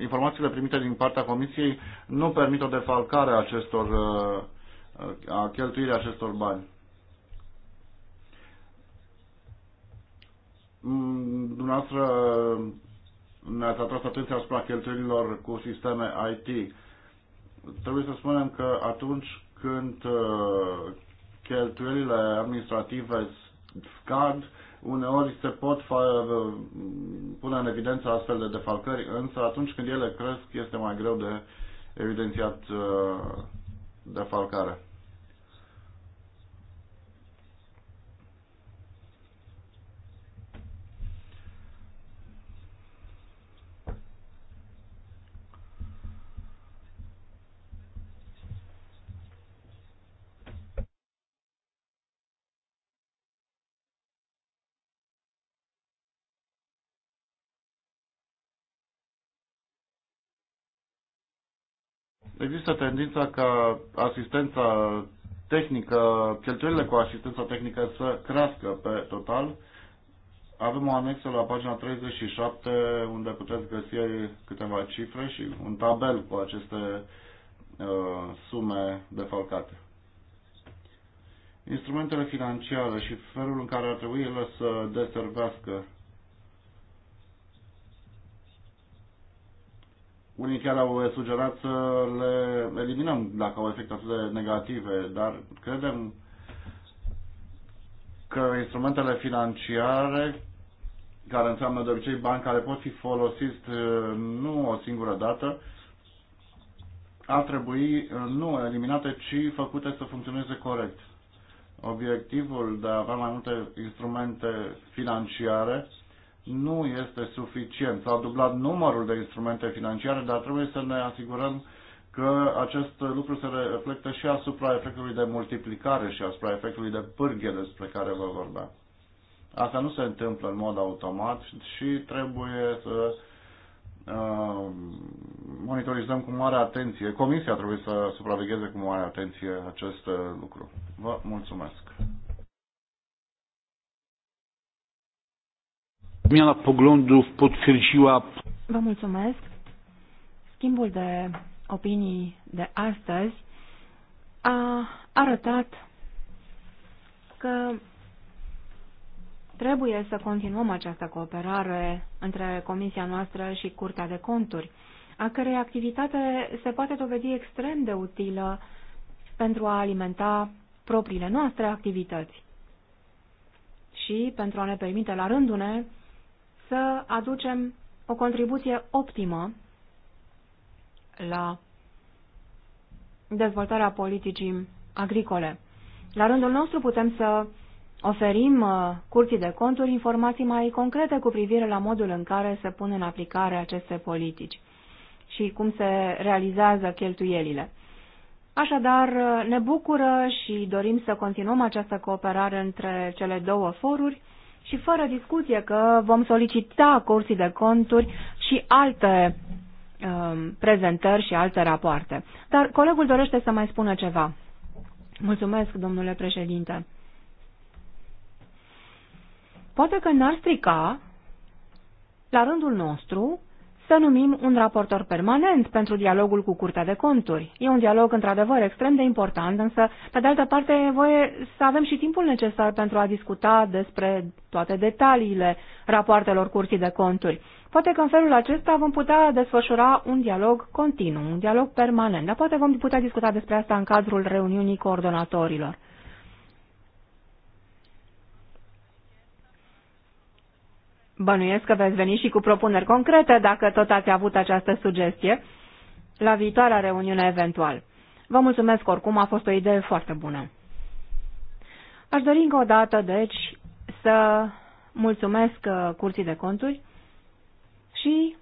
informațiile primite din partea Comisiei nu permit o defalcare a acestor uh, uh, a cheltuirii acestor bani. Mm, dumneavoastră uh, ne-ați atras atenția asupra cheltuielilor cu sisteme IT trebuie să spunem că atunci când uh, cheltuielile administrative scad, uneori se pot pune în evidență astfel de defalcări, însă atunci când ele cresc este mai greu de evidențiat uh, defalcarea. Există tendința ca asistența tehnică, cheltuielile cu asistența tehnică să crească pe total. Avem o anexă la pagina 37 unde puteți găsi câteva cifre și un tabel cu aceste uh, sume defalcate. Instrumentele financiare și felul în care ar trebui ele să deservească Unii chiar au sugerat să le eliminăm dacă au efecte atât de negative, dar credem că instrumentele financiare, care înseamnă de obicei bani care pot fi folosiți uh, nu o singură dată, ar trebui uh, nu eliminate, ci făcute să funcționeze corect. Obiectivul de a avea mai multe instrumente financiare nu este suficient. S-a dublat numărul de instrumente financiare, dar trebuie să ne asigurăm că acest lucru se reflectă și asupra efectului de multiplicare și asupra efectului de pârghie despre care vă vorbeam. Asta nu se întâmplă în mod automat și trebuie să uh, monitorizăm cu mare atenție. Comisia trebuie să supravegheze cu mare atenție acest uh, lucru. Vă mulțumesc. Zmiana poglądów potwierdziła... Vă mulțumesc. Schimbul de opinii de astăzi a arătat că trebuie să continuăm această cooperare între Comisia noastră și Curtea de Conturi, a cărei activitate se poate dovedi extrem de utilă pentru a alimenta propriile noastre activități și pentru a ne permite la rândul rândune să aducem o contribuție optimă la dezvoltarea politicii agricole. La rândul nostru putem să oferim uh, curții de conturi informații mai concrete cu privire la modul în care se pun în aplicare aceste politici și cum se realizează cheltuielile. Așadar, uh, ne bucură și dorim să continuăm această cooperare între cele două foruri și fără discuție că vom solicita cursii de Conturi și alte um, prezentări și alte rapoarte. Dar colegul dorește să mai spună ceva. Mulțumesc, domnule președinte. Poate că n-ar strica, la rândul nostru, să numim un raportor permanent pentru dialogul cu Curtea de Conturi. E un dialog într-adevăr extrem de important, însă, pe de altă parte, e voie să avem și timpul necesar pentru a discuta despre toate detaliile rapoartelor Curții de Conturi. Poate că în felul acesta vom putea desfășura un dialog continuu, un dialog permanent, dar poate vom putea discuta despre asta în cadrul reuniunii coordonatorilor. Bănuiesc că veți veni și cu propuneri concrete dacă tot ați avut această sugestie la viitoarea reuniune eventual. Vă mulțumesc oricum, a fost o idee foarte bună. Aș dori încă o dată, deci, să mulțumesc uh, curții de conturi și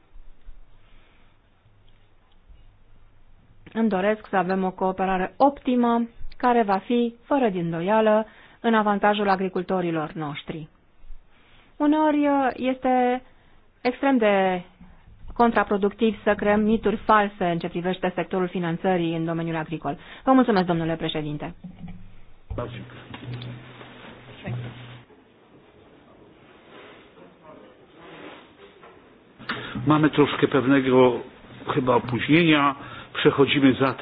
îmi doresc să avem o cooperare optimă care va fi, fără din doială, în avantajul agricultorilor noștri uneori uh, este extrem de contraproductiv să creăm mituri false în ce privește sectorul finanțării în domeniul agricol. Vă mulțumesc, domnule președinte. Mamy troszkę pewnego chyba opóźnienia. Przechodzimy za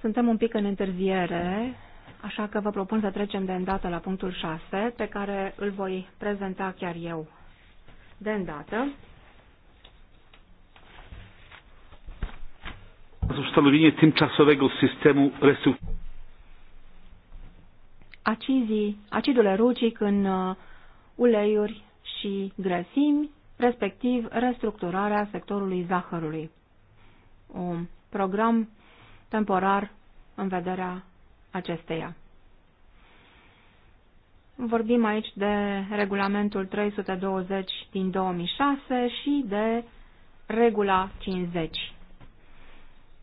Suntem un pic în întârziere. Așa că vă propun să trecem de îndată la punctul 6, pe care îl voi prezenta chiar eu de îndată. Ustanowienie tymczasowego systemu restrukturyzacji. Acizii, acidul erucic în uh, uleiuri și grăsimi, respectiv restructurarea sectorului zahărului. Un program temporar în vederea acesteia. Vorbim aici de regulamentul 320 din 2006 și de regula 50.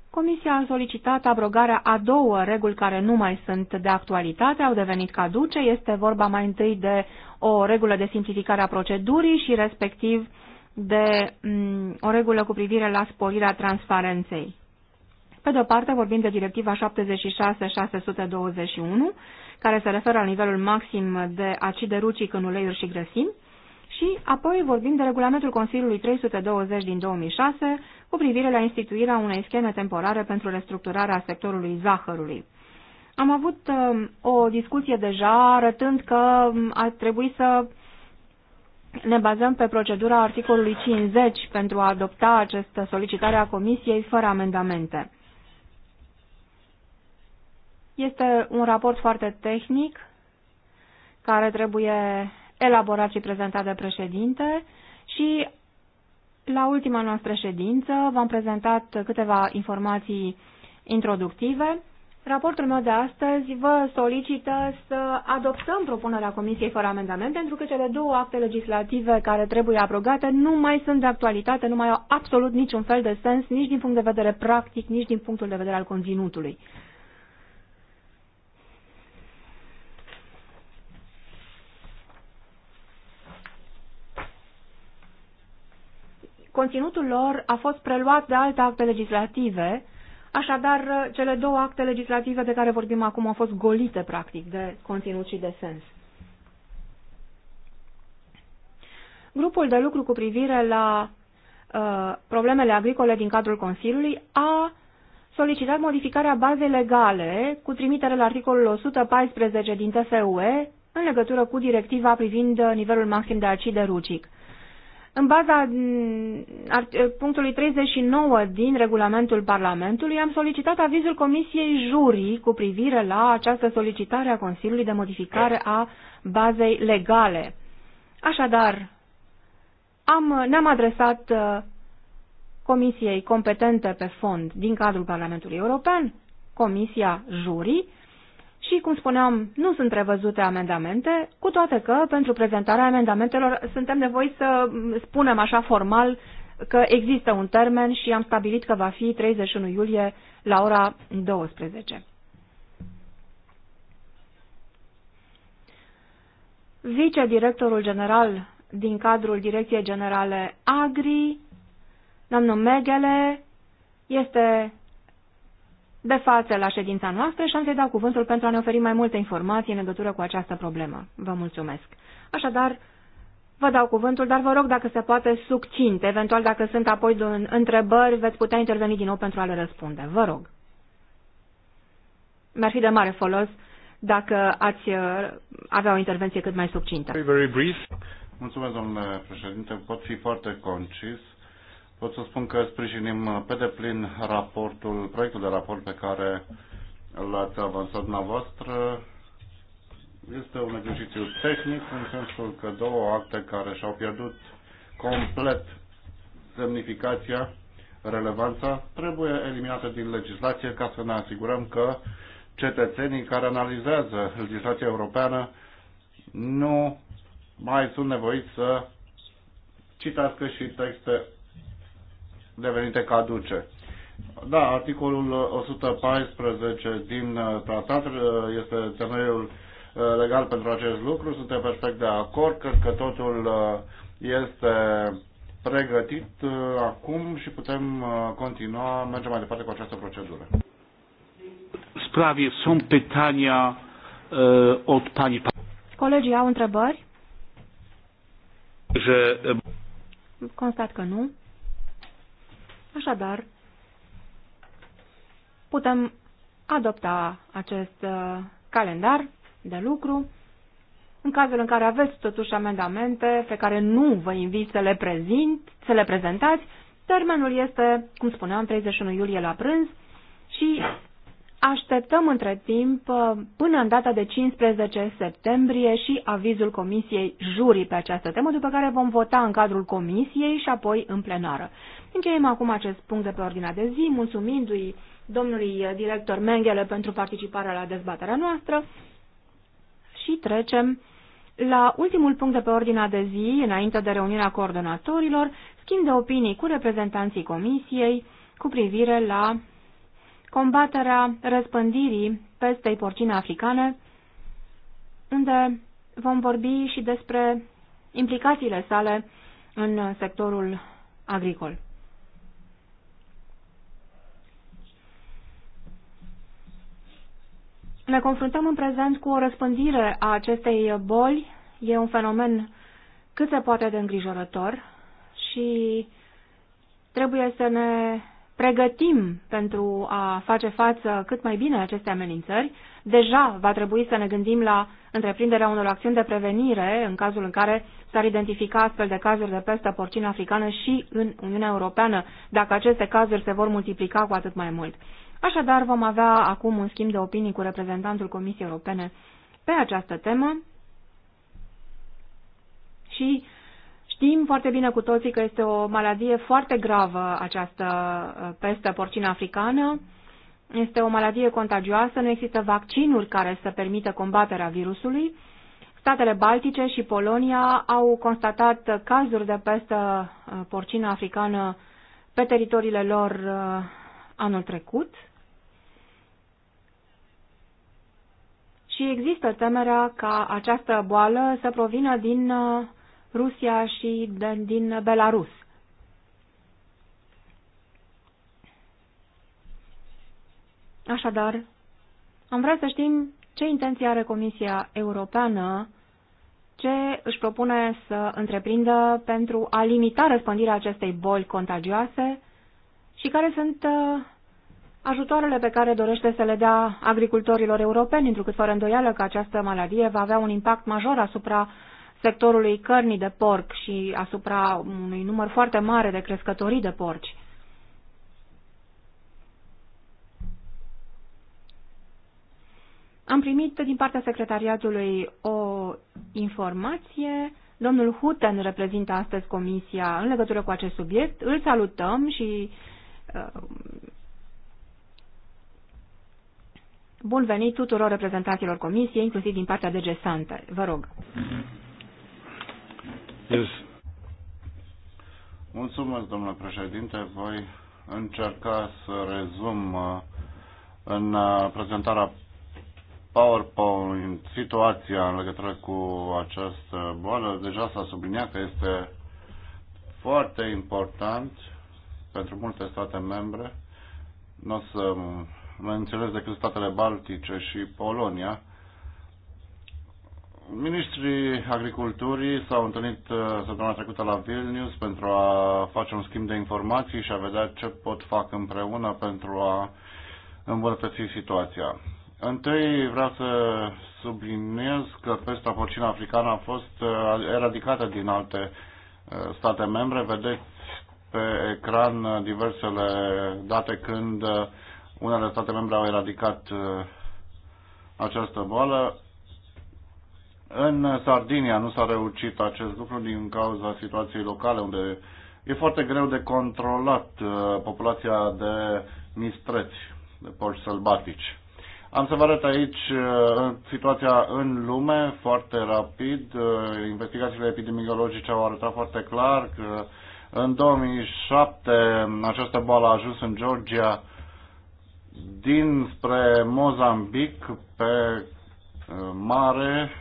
Comisia a solicitat abrogarea a două reguli care nu mai sunt de actualitate, au devenit caduce. Este vorba mai întâi de o regulă de simplificare a procedurii și respectiv de mm, o regulă cu privire la sporirea transparenței. Pe de o parte vorbim de directiva 76-621, care se referă la nivelul maxim de acide rucic în uleiuri și grăsimi, și apoi vorbim de regulamentul Consiliului 320 din 2006 cu privire la instituirea unei scheme temporare pentru restructurarea sectorului zahărului. Am avut um, o discuție deja arătând că um, ar trebui să ne bazăm pe procedura articolului 50 pentru a adopta această solicitare a Comisiei fără amendamente. Este un raport foarte tehnic care trebuie elaborat și prezentat de președinte și la ultima noastră ședință v-am prezentat câteva informații introductive. Raportul meu de astăzi vă solicită să adoptăm propunerea Comisiei fără amendament, pentru că cele două acte legislative care trebuie abrogate nu mai sunt de actualitate, nu mai au absolut niciun fel de sens, nici din punct de vedere practic, nici din punctul de vedere al conținutului. Conținutul lor a fost preluat de alte acte legislative, așadar cele două acte legislative de care vorbim acum au fost golite, practic, de conținut și de sens. Grupul de lucru cu privire la uh, problemele agricole din cadrul Consiliului a solicitat modificarea bazei legale cu trimitere la articolul 114 din TFUE în legătură cu directiva privind nivelul maxim de acid de rucic. În baza mm, eh, punctului 39 din regulamentul Parlamentului, am solicitat avizul Comisiei Jurii cu privire la această solicitare a Consiliului de modificare a bazei legale. Așadar, am, ne-am adresat eh, Comisiei competente pe fond din cadrul Parlamentului European, Comisia Jurii, și, cum spuneam, nu sunt prevăzute amendamente, cu toate că, pentru prezentarea amendamentelor, suntem nevoiți să spunem așa formal că există un termen și am stabilit că va fi 31 iulie la ora 12. Vicedirectorul general din cadrul Direcției Generale Agri, doamnul Megele, este de față la ședința noastră și am să-i dau cuvântul pentru a ne oferi mai multe informații în legătură cu această problemă. Vă mulțumesc. Așadar, vă dau cuvântul, dar vă rog dacă se poate succint. Eventual, dacă sunt apoi întrebări, veți putea interveni din nou pentru a le răspunde. Vă rog. Mi-ar fi de mare folos dacă ați uh, avea o intervenție cât mai succintă. Very, very brief. Mulțumesc, domnule președinte. Pot fi foarte concis pot să spun că sprijinim uh, pe deplin raportul, proiectul de raport pe care l-ați avansat dumneavoastră. Este un exercițiu tehnic în sensul că două acte care și-au pierdut complet semnificația, relevanța, trebuie eliminate din legislație ca să ne asigurăm că cetățenii care analizează legislația europeană nu mai sunt nevoiți să citească și texte devenite caduce. Da, articolul 114 din uh, tratat uh, este temeiul uh, legal pentru acest lucru. Suntem perfect de acord. Cred că totul este pregătit acum și putem continua, mergem mai departe cu această procedură. Sprawie sunt pytania od pani. Colegii au întrebări? Constat că nu. Așadar, putem adopta acest uh, calendar de lucru. În cazul în care aveți totuși amendamente pe care nu vă invit să le, prezint, să le prezentați, termenul este, cum spuneam, 31 iulie la prânz și Așteptăm între timp uh, până în data de 15 septembrie și avizul Comisiei Jurii pe această temă, după care vom vota în cadrul Comisiei și apoi în plenară. Încheiem acum acest punct de pe ordinea de zi, mulțumindu-i domnului uh, director Mengele pentru participarea la dezbaterea noastră și trecem la ultimul punct de pe ordinea de zi, înainte de reuniunea coordonatorilor, schimb de opinii cu reprezentanții Comisiei cu privire la combaterea răspândirii pestei porcine africane, unde vom vorbi și despre implicațiile sale în sectorul agricol. Ne confruntăm în prezent cu o răspândire a acestei boli. E un fenomen cât se poate de îngrijorător și trebuie să ne pregătim pentru a face față cât mai bine aceste amenințări, deja va trebui să ne gândim la întreprinderea unor acțiuni de prevenire în cazul în care s-ar identifica astfel de cazuri de peste porcină africană și în Uniunea Europeană, dacă aceste cazuri se vor multiplica cu atât mai mult. Așadar, vom avea acum un schimb de opinii cu reprezentantul Comisiei Europene pe această temă și Știm foarte bine cu toții că este o maladie foarte gravă această uh, peste porcină africană. Este o maladie contagioasă, nu există vaccinuri care să permită combaterea virusului. Statele Baltice și Polonia au constatat cazuri de peste uh, porcină africană pe teritoriile lor uh, anul trecut. Și există temerea ca această boală să provină din Rusia și din Belarus. Așadar, am vrea să știm ce intenție are Comisia Europeană, ce își propune să întreprindă pentru a limita răspândirea acestei boli contagioase și care sunt uh, ajutoarele pe care dorește să le dea agricultorilor europeni, pentru că fără îndoială că această maladie va avea un impact major asupra sectorului cărnii de porc și asupra unui număr foarte mare de crescătorii de porci. Am primit din partea secretariatului o informație. Domnul Huten reprezintă astăzi comisia în legătură cu acest subiect. Îl salutăm și uh, bun venit tuturor reprezentanților comisiei, inclusiv din partea de Sante. Vă rog is... Mulțumesc, domnule președinte. Voi încerca să rezum uh, în uh, prezentarea PowerPoint situația în legătură cu această boală. Deja s-a subliniat că este foarte important pentru multe state membre. Nu o să înțeles decât statele Baltice și Polonia, Ministrii Agriculturii s-au întâlnit uh, săptămâna trecută la Vilnius pentru a face un schimb de informații și a vedea ce pot fac împreună pentru a îmbunătăți situația. Întâi vreau să subliniez că pesta porcină africană a fost uh, eradicată din alte uh, state membre. Vedeți pe ecran diversele date când unele state membre au eradicat această boală. În Sardinia nu s-a reușit acest lucru din cauza situației locale, unde e foarte greu de controlat uh, populația de mistreți, de porci sălbatici. Am să vă arăt aici uh, situația în lume foarte rapid. Uh, investigațiile epidemiologice au arătat foarte clar că în 2007 această boală a ajuns în Georgia dinspre Mozambic pe mare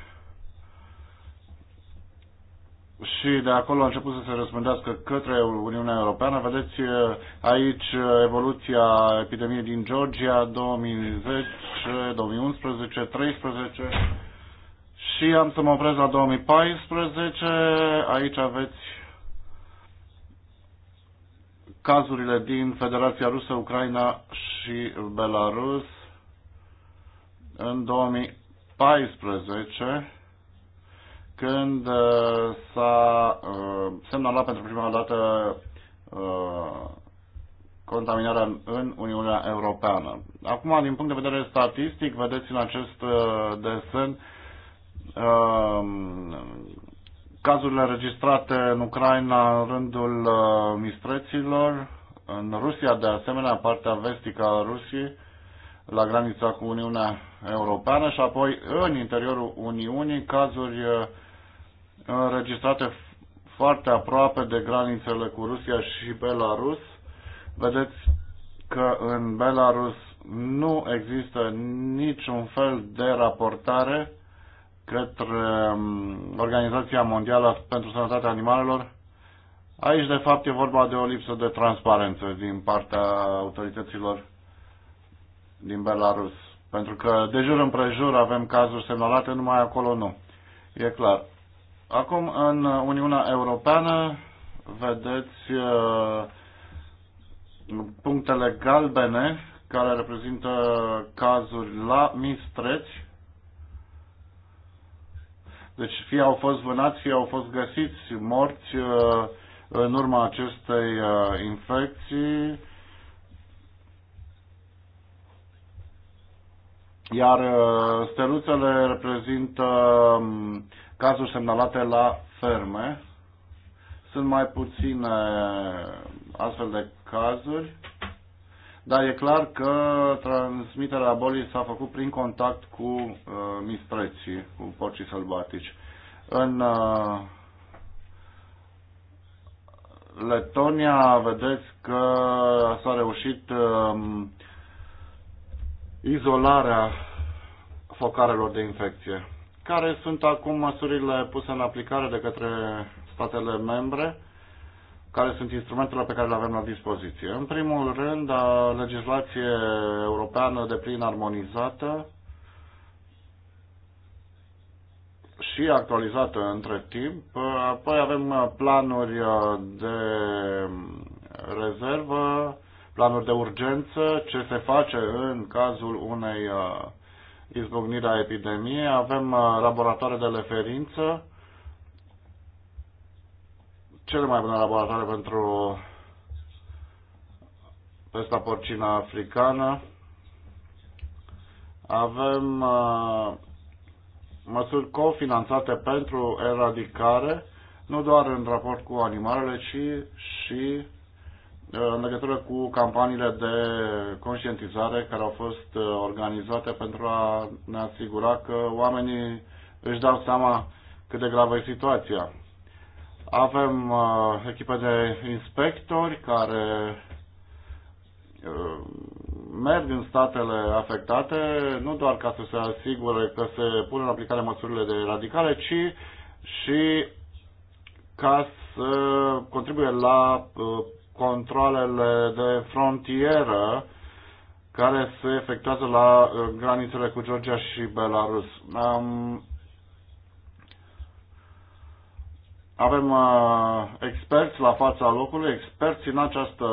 și de acolo a început să se răspândească către Uniunea Europeană. Vedeți uh, aici uh, evoluția epidemiei din Georgia 2010, 2011, 13 și am să mă opresc la 2014. Aici aveți cazurile din Federația Rusă, Ucraina și Belarus în 2014 când uh, s-a uh, semnalat pentru prima dată uh, contaminarea în Uniunea Europeană. Acum, din punct de vedere statistic, vedeți în acest desen cazurile registrate în Ucraina în rândul mistreților, în Rusia, de asemenea, partea vestică a Rusiei, la granița cu Uniunea Europeană și apoi în interiorul Uniunii cazuri înregistrate foarte aproape de granițele cu Rusia și Belarus. Vedeți că în Belarus nu există niciun fel de raportare către um, Organizația Mondială pentru Sănătatea Animalelor. Aici, de fapt, e vorba de o lipsă de transparență din partea autorităților din Belarus. Pentru că de jur împrejur avem cazuri semnalate, numai acolo nu. E clar. Acum, în Uniunea Europeană, vedeți uh, punctele galbene care reprezintă cazuri la mistreți. Deci fie au fost vânați, fie au fost găsiți morți uh, în urma acestei uh, infecții. Iar steluțele reprezintă um, cazuri semnalate la ferme. Sunt mai puține astfel de cazuri, dar e clar că transmiterea bolii s-a făcut prin contact cu uh, mistreții, cu porcii sălbatici. În uh, Letonia, vedeți că s-a reușit uh, izolarea focarelor de infecție care sunt acum măsurile puse în aplicare de către statele membre, care sunt instrumentele pe care le avem la dispoziție. În primul rând, a legislație europeană de plin armonizată și actualizată între timp. Apoi avem planuri de rezervă, planuri de urgență, ce se face în cazul unei izbucnirea epidemiei, avem uh, laboratoare de referință, cele mai bune laboratoare pentru pesta porcina africană, avem uh, măsuri cofinanțate pentru eradicare, nu doar în raport cu animalele, ci și în legătură cu campaniile de conștientizare care au fost uh, organizate pentru a ne asigura că oamenii își dau seama cât de gravă e situația. Avem uh, echipe de inspectori care uh, merg în statele afectate, nu doar ca să se asigure că se pun în aplicare măsurile de eradicare, ci și ca să contribuie la uh, controlele de frontieră care se efectuează la uh, granițele cu Georgia și Belarus. Um, avem uh, experți la fața locului, experți în această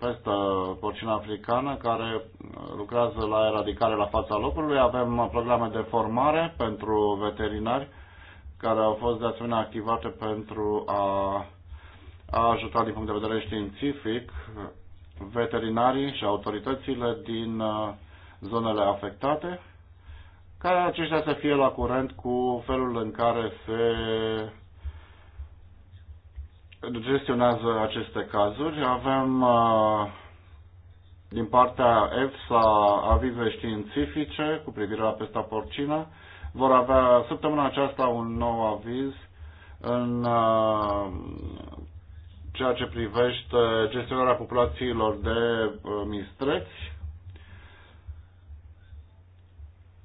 pestă porcină africană care uh, lucrează la eradicare la fața locului. Avem uh, programe de formare pentru veterinari care au fost de asemenea activate pentru a a ajutat din punct de vedere științific veterinarii și autoritățile din uh, zonele afectate, ca aceștia să fie la curent cu felul în care se gestionează aceste cazuri. Avem uh, din partea EFSA avize științifice cu privire la pesta porcină. Vor avea săptămâna aceasta un nou aviz în uh, ceea ce privește gestionarea populațiilor de uh, mistreți.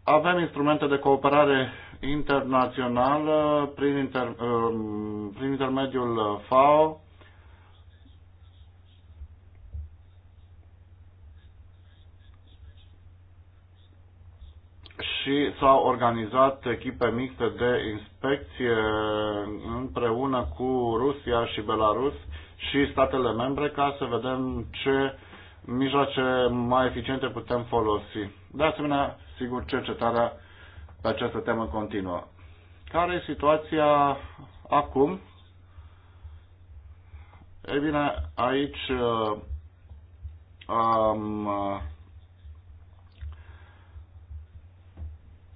Avem instrumente de cooperare internațională prin, inter, um, prin intermediul FAO, și s-au organizat echipe mixte de inspecție împreună cu Rusia și Belarus și statele membre ca să vedem ce mijloace mai eficiente putem folosi. De asemenea, sigur, cercetarea pe această temă continuă. Care e situația acum? Ei bine, aici uh, am uh,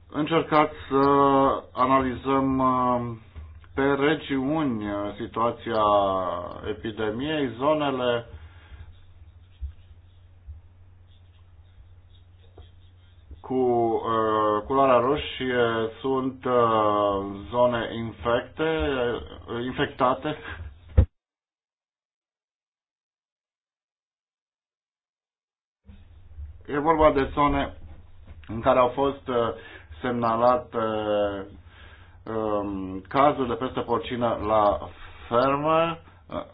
încercat să analizăm uh, pe regiuni uh, situația epidemiei, zonele cu uh, culoarea roșie sunt uh, zone infecte, uh, infectate. E vorba de zone în care au fost uh, semnalat uh, um, cazuri de peste porcină la fermă, uh, uh,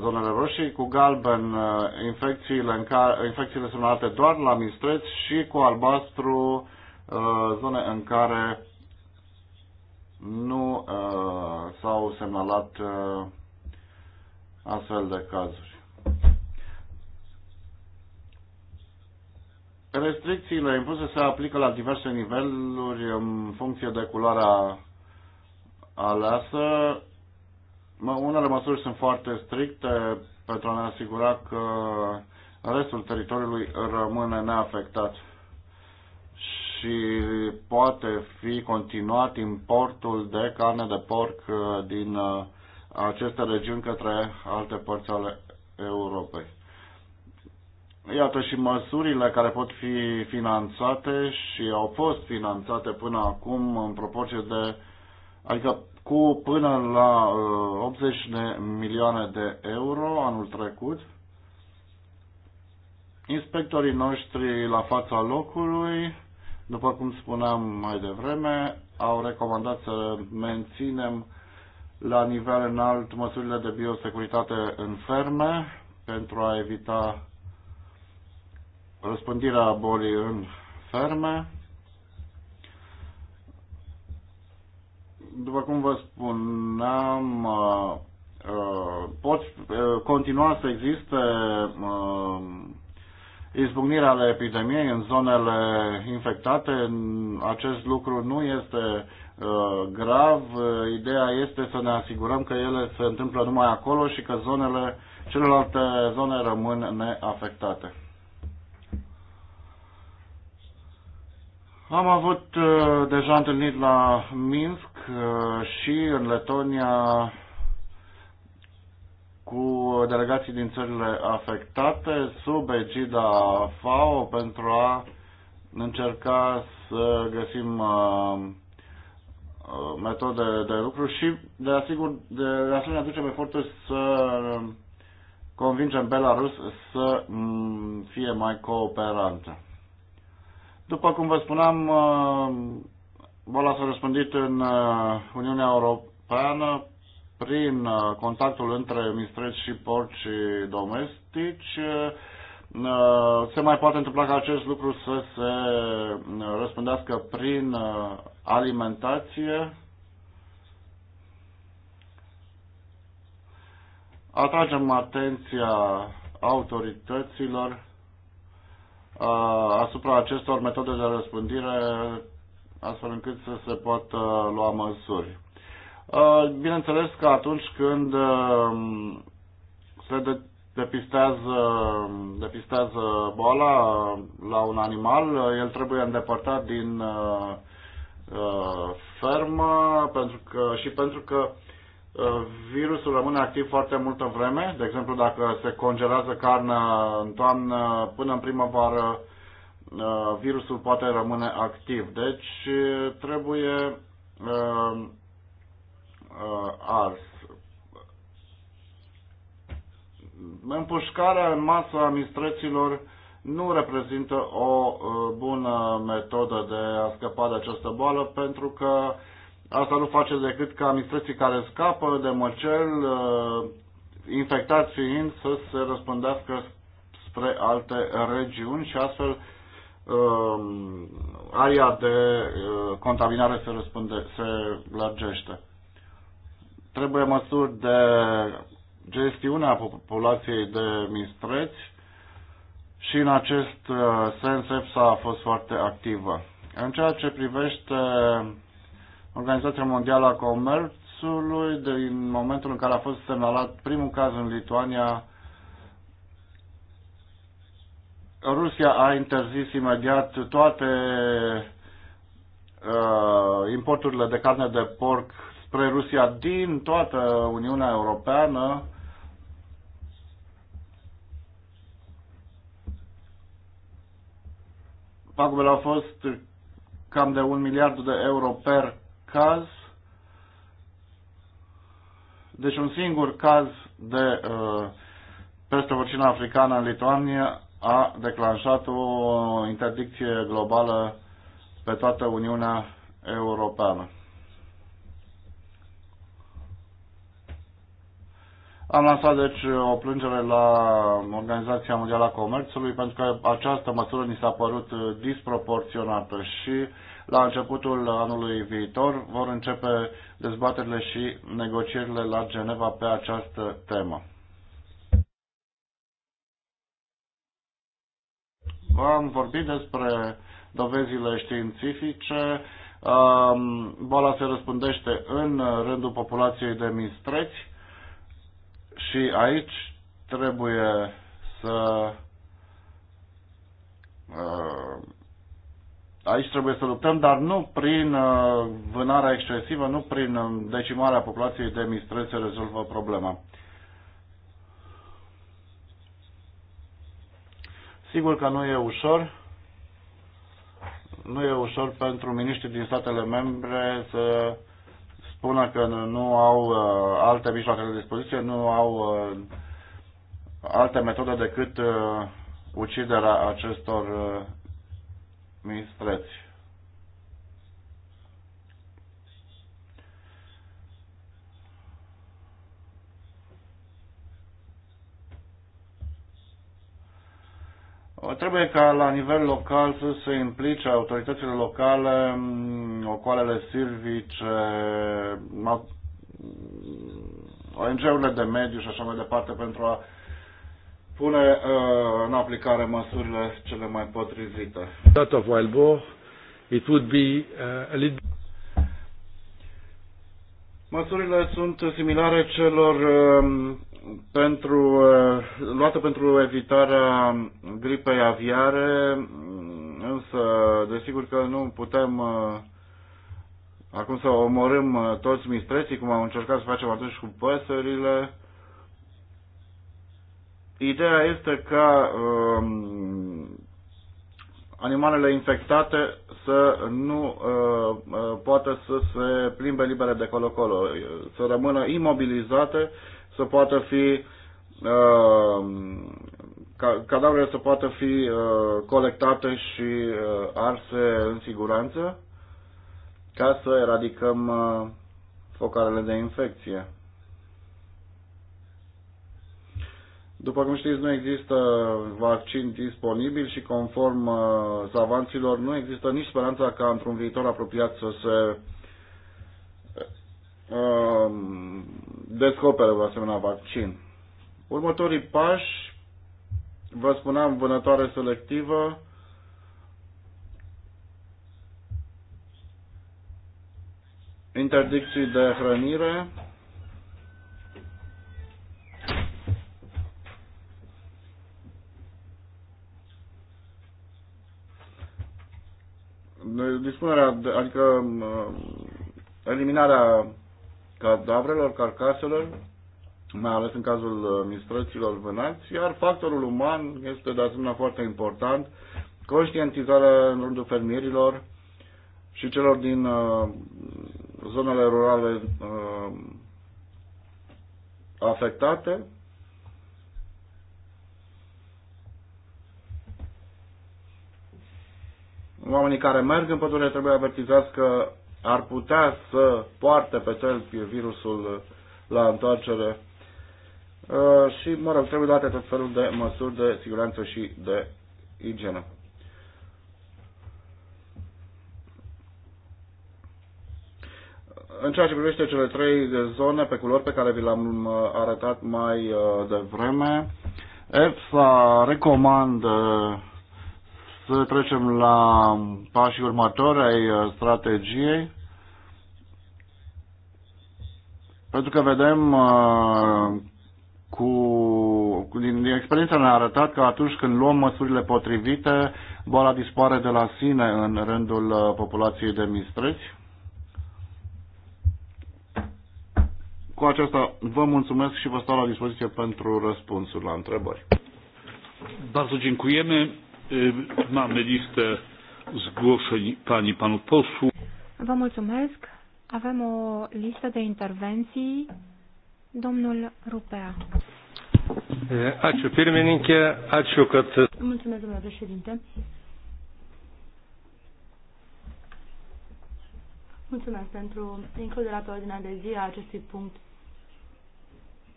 zonele roșii, cu galben uh, infecțiile, în care, infecțiile semnalate doar la mistreți și cu albastru zone în care nu uh, s-au semnalat uh, astfel de cazuri. Restricțiile impuse se aplică la diverse niveluri în funcție de culoarea aleasă. Unele măsuri sunt foarte stricte pentru a ne asigura că restul teritoriului rămâne neafectat și poate fi continuat importul de carne de porc uh, din uh, aceste regiuni către alte părți ale Europei. Iată și măsurile care pot fi finanțate și au fost finanțate până acum în proporție de, adică cu până la 80 uh, de milioane de euro anul trecut. Inspectorii noștri la fața locului, după cum spuneam mai devreme, au recomandat să menținem la nivel înalt măsurile de biosecuritate în ferme pentru a evita răspândirea bolii în ferme. După cum vă spuneam, uh, uh, pot uh, continua să existe izbucnirea ale epidemiei în zonele infectate. Acest lucru nu este grav. Ideea este să ne asigurăm că ele se întâmplă numai acolo și că zonele, celelalte zone rămân neafectate. Am avut uh, deja întâlnit la Minsk uh, și în Letonia cu delegații din țările afectate sub egida FAO pentru a încerca să găsim uh, metode de lucru și de, asigur, de, de asemenea ducem eforturi să convingem Belarus să mm, fie mai cooperantă. După cum vă spuneam, uh, boala s-a răspândit în uh, Uniunea Europeană prin uh, contactul între mistreți și porci domestici. Se mai poate întâmpla ca acest lucru să se răspândească prin alimentație. Atragem atenția autorităților asupra acestor metode de răspândire astfel încât să se poată lua măsuri. Bineînțeles că atunci când se depistează, depistează boala la un animal, el trebuie îndepărtat din fermă pentru că, și pentru că uh, Uh, virusul rămâne activ foarte multă vreme, de exemplu dacă se congelează carnea în toamnă până în primăvară, uh, virusul poate rămâne activ. Deci trebuie uh, ars. Împușcarea în masă a mistreților nu reprezintă o bună metodă de a scăpa de această boală pentru că uh, Asta nu face decât ca mistreții care scapă de măcel, uh, infectați fiind, să se răspândească spre alte regiuni și astfel um, aria de uh, contaminare se, răspunde se largește. Trebuie măsuri de gestiune a populației de mistreți și în acest uh, sens EFSA a fost foarte activă. În ceea ce privește Organizația Mondială a Comerțului, din momentul în care a fost semnalat primul caz în Lituania, Rusia a interzis imediat toate uh, importurile de carne de porc spre Rusia din toată Uniunea Europeană. Pagubele au fost cam de un miliard de euro per caz, deci un singur caz de uh, peste vârcina africană în Lituania a declanșat o interdicție globală pe toată Uniunea Europeană. Am lansat deci o plângere la Organizația Mondială a Comerțului pentru că această măsură ni s-a părut disproporționată și la începutul anului viitor vor începe dezbaterile și negocierile la Geneva pe această temă. Am vorbit despre dovezile științifice. Um, boala se răspândește în rândul populației de mistreți și aici trebuie să uh, aici trebuie să luptăm, dar nu prin uh, vânarea excesivă, nu prin um, decimarea populației de se rezolvă problema. Sigur că nu e ușor. Nu e ușor pentru miniștrii din statele membre să spună că nu au uh, alte mijloace de dispoziție, nu au uh, alte metode decât uh, uciderea acestor uh, mistreți. Trebuie ca la nivel local să se implice autoritățile locale, mm, ocoalele silvice, mm, ONG-urile de mediu și așa mai departe pentru a uh, pune uh, în aplicare măsurile cele mai potrivite. Data of it would be uh, a little... Măsurile sunt similare celor uh, pentru, uh, luate pentru evitarea gripei aviare, însă desigur că nu putem uh, acum să omorâm uh, toți mistreții, cum am încercat să facem atunci cu păsările Ideea este ca um, animalele infectate să nu uh, uh, poată să se plimbe libere de colo-colo, să rămână imobilizate, să poată fi uh, cadavrele să poată fi uh, colectate și uh, arse în siguranță ca să eradicăm uh, focarele de infecție. După cum știți, nu există vaccin disponibil și conform savanților uh, nu există nici speranța ca într-un viitor apropiat să se uh, descopere asemenea vaccin. Următorii pași, vă spuneam, vânătoare selectivă, interdicții de hrănire, dispunerea, adică uh, eliminarea cadavrelor, carcaselor, mai ales în cazul uh, mistrăților vânați, iar factorul uman este de asemenea foarte important, conștientizarea în rândul fermierilor și celor din uh, zonele rurale uh, afectate, Oamenii care merg în pădure trebuie avertizați că ar putea să poarte pe tălpi virusul la întoarcere uh, și, mă rog, trebuie date tot felul de măsuri de siguranță și de igienă. În ceea ce privește cele trei zone pe culori pe care vi le-am uh, arătat mai uh, devreme, EFSA recomandă să trecem la pașii următori ai uh, strategiei. Pentru că vedem uh, cu, din experiența ne-a arătat că atunci când luăm măsurile potrivite, boala dispare de la sine în rândul uh, populației de mistreți. Cu aceasta vă mulțumesc și vă stau la dispoziție pentru răspunsuri la întrebări. Bardzo dziękujemy. Mamy listę zgłoszeń pani, panu posłu. Vă mulțumesc. Avem o listă de intervenții. Domnul Rupea. Ačiū pirmininkė, ačiū, kad. Mulțumesc, domnule președinte. Mulțumesc pentru includerea pe ordinea de zi a acestui punct.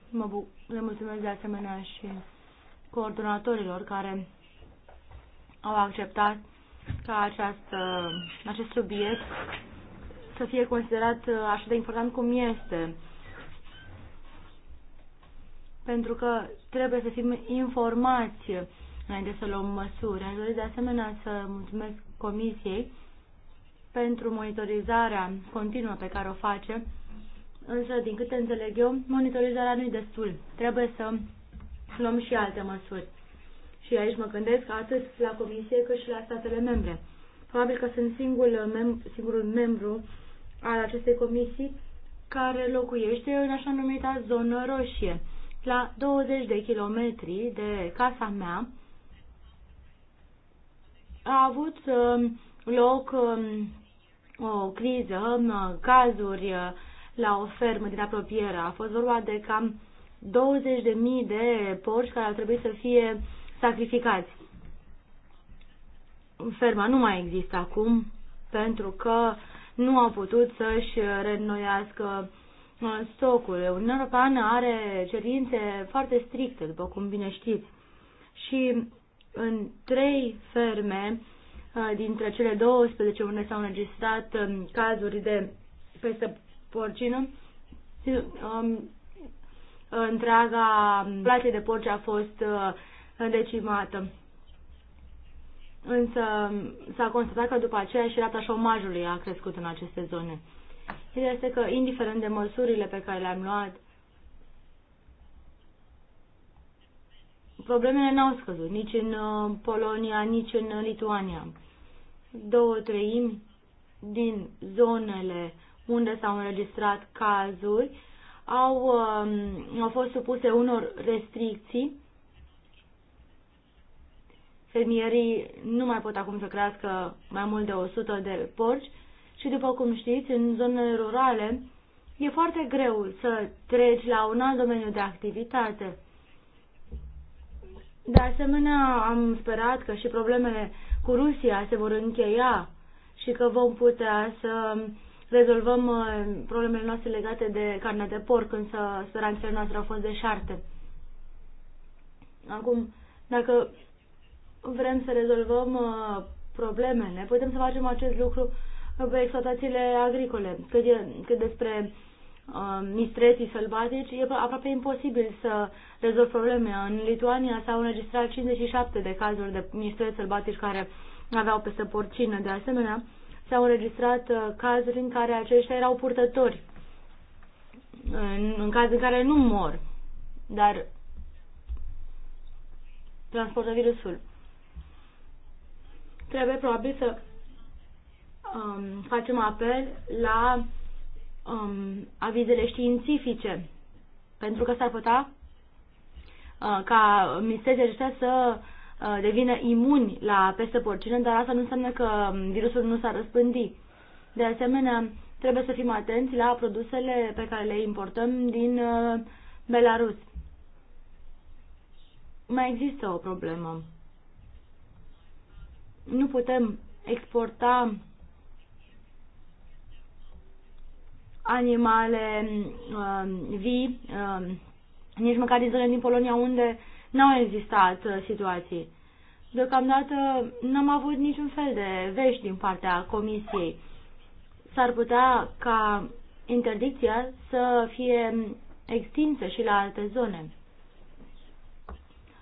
Mă bu- le mulțumesc de asemenea și coordonatorilor care au acceptat ca această, uh, acest subiect să fie considerat uh, așa de important cum este. Pentru că trebuie să fim informați înainte să luăm măsuri. Aș dori de asemenea să mulțumesc Comisiei pentru monitorizarea continuă pe care o face, însă, din câte înțeleg eu, monitorizarea nu e destul. Trebuie să luăm și alte măsuri. Și aici mă gândesc atât la Comisie cât și la statele membre. Probabil că sunt singurul, uh, mem- singurul membru al acestei comisii care locuiește în așa numita zonă roșie. La 20 de kilometri de casa mea a avut um, loc um, o criză, um, cazuri uh, la o fermă din apropiere. A fost vorba de cam 20.000 de porci care au trebuit să fie sacrificați. Ferma nu mai există acum pentru că nu au putut să-și reînnoiască uh, stocul. Uniunea Europeană are cerințe foarte stricte, după cum bine știți. Și în trei ferme, uh, dintre cele 12 unde s-au înregistrat um, cazuri de peste porcină, um, întreaga um, plație de porci a fost uh, decimată. Însă s-a constatat că după aceea și rata șomajului a crescut în aceste zone. Ideea este că, indiferent de măsurile pe care le-am luat, problemele n-au scăzut, nici în uh, Polonia, nici în Lituania. Două treimi din zonele unde s-au înregistrat cazuri au, um, au fost supuse unor restricții fermierii nu mai pot acum să crească mai mult de 100 de porci și după cum știți, în zonele rurale e foarte greu să treci la un alt domeniu de activitate. De asemenea, am sperat că și problemele cu Rusia se vor încheia și că vom putea să rezolvăm uh, problemele noastre legate de carne de porc, însă speranțele noastre au fost deșarte. Acum, dacă vrem să rezolvăm uh, problemele, putem să facem acest lucru uh, pe exploatațiile agricole. Cât, e, cât despre uh, mistreții sălbatici, e aproape imposibil să rezolv probleme. În Lituania s-au înregistrat 57 de cazuri de mistreți sălbatici care aveau peste porcină. De asemenea, s-au înregistrat uh, cazuri în care aceștia erau purtători, în, în caz în care nu mor, dar transportă virusul. Trebuie probabil să um, facem apel la um, avizele științifice, pentru că s-ar putea uh, ca mistezii acestea să uh, devină imuni la peste porcine, dar asta nu înseamnă că um, virusul nu s-ar răspândi. De asemenea, trebuie să fim atenți la produsele pe care le importăm din uh, Belarus. Mai există o problemă. Nu putem exporta animale uh, vii, uh, nici măcar din zone din Polonia unde n-au existat uh, situații. Deocamdată n-am avut niciun fel de vești din partea Comisiei. S-ar putea ca interdicția să fie extinsă și la alte zone.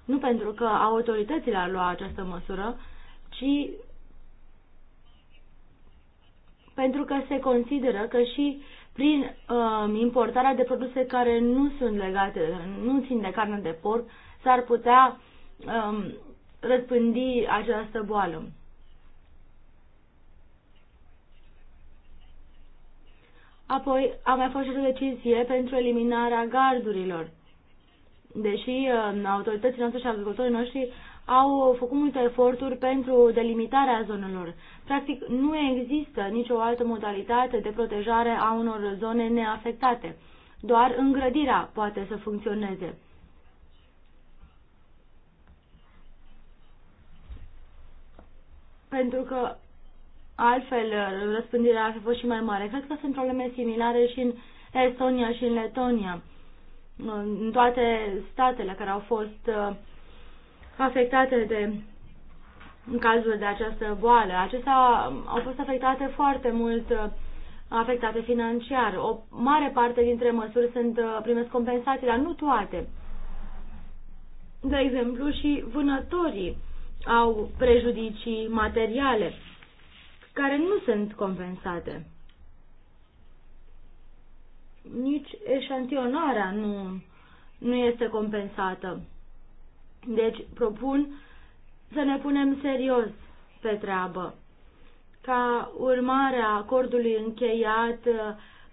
Nu pentru că autoritățile ar lua această măsură, ci pentru că se consideră că și prin uh, importarea de produse care nu sunt legate, nu țin de carne de porc, s-ar putea um, răspândi această boală. Apoi a mai fost și o decizie pentru eliminarea gardurilor. Deși uh, autoritățile noastre și agricultorii noștri au făcut multe eforturi pentru delimitarea zonelor. Practic, nu există nicio altă modalitate de protejare a unor zone neafectate. Doar îngrădirea poate să funcționeze. Pentru că altfel răspândirea ar fi fost și mai mare. Cred că sunt probleme similare și în Estonia și în Letonia. În toate statele care au fost uh, afectate de în cazul de această boală. Acestea au fost afectate foarte mult, uh, afectate financiar. O mare parte dintre măsuri sunt uh, primesc compensații, dar nu toate. De exemplu, și vânătorii au prejudicii materiale care nu sunt compensate. Nici eșantionarea nu, nu este compensată. Deci propun să ne punem serios pe treabă. Ca urmare a acordului încheiat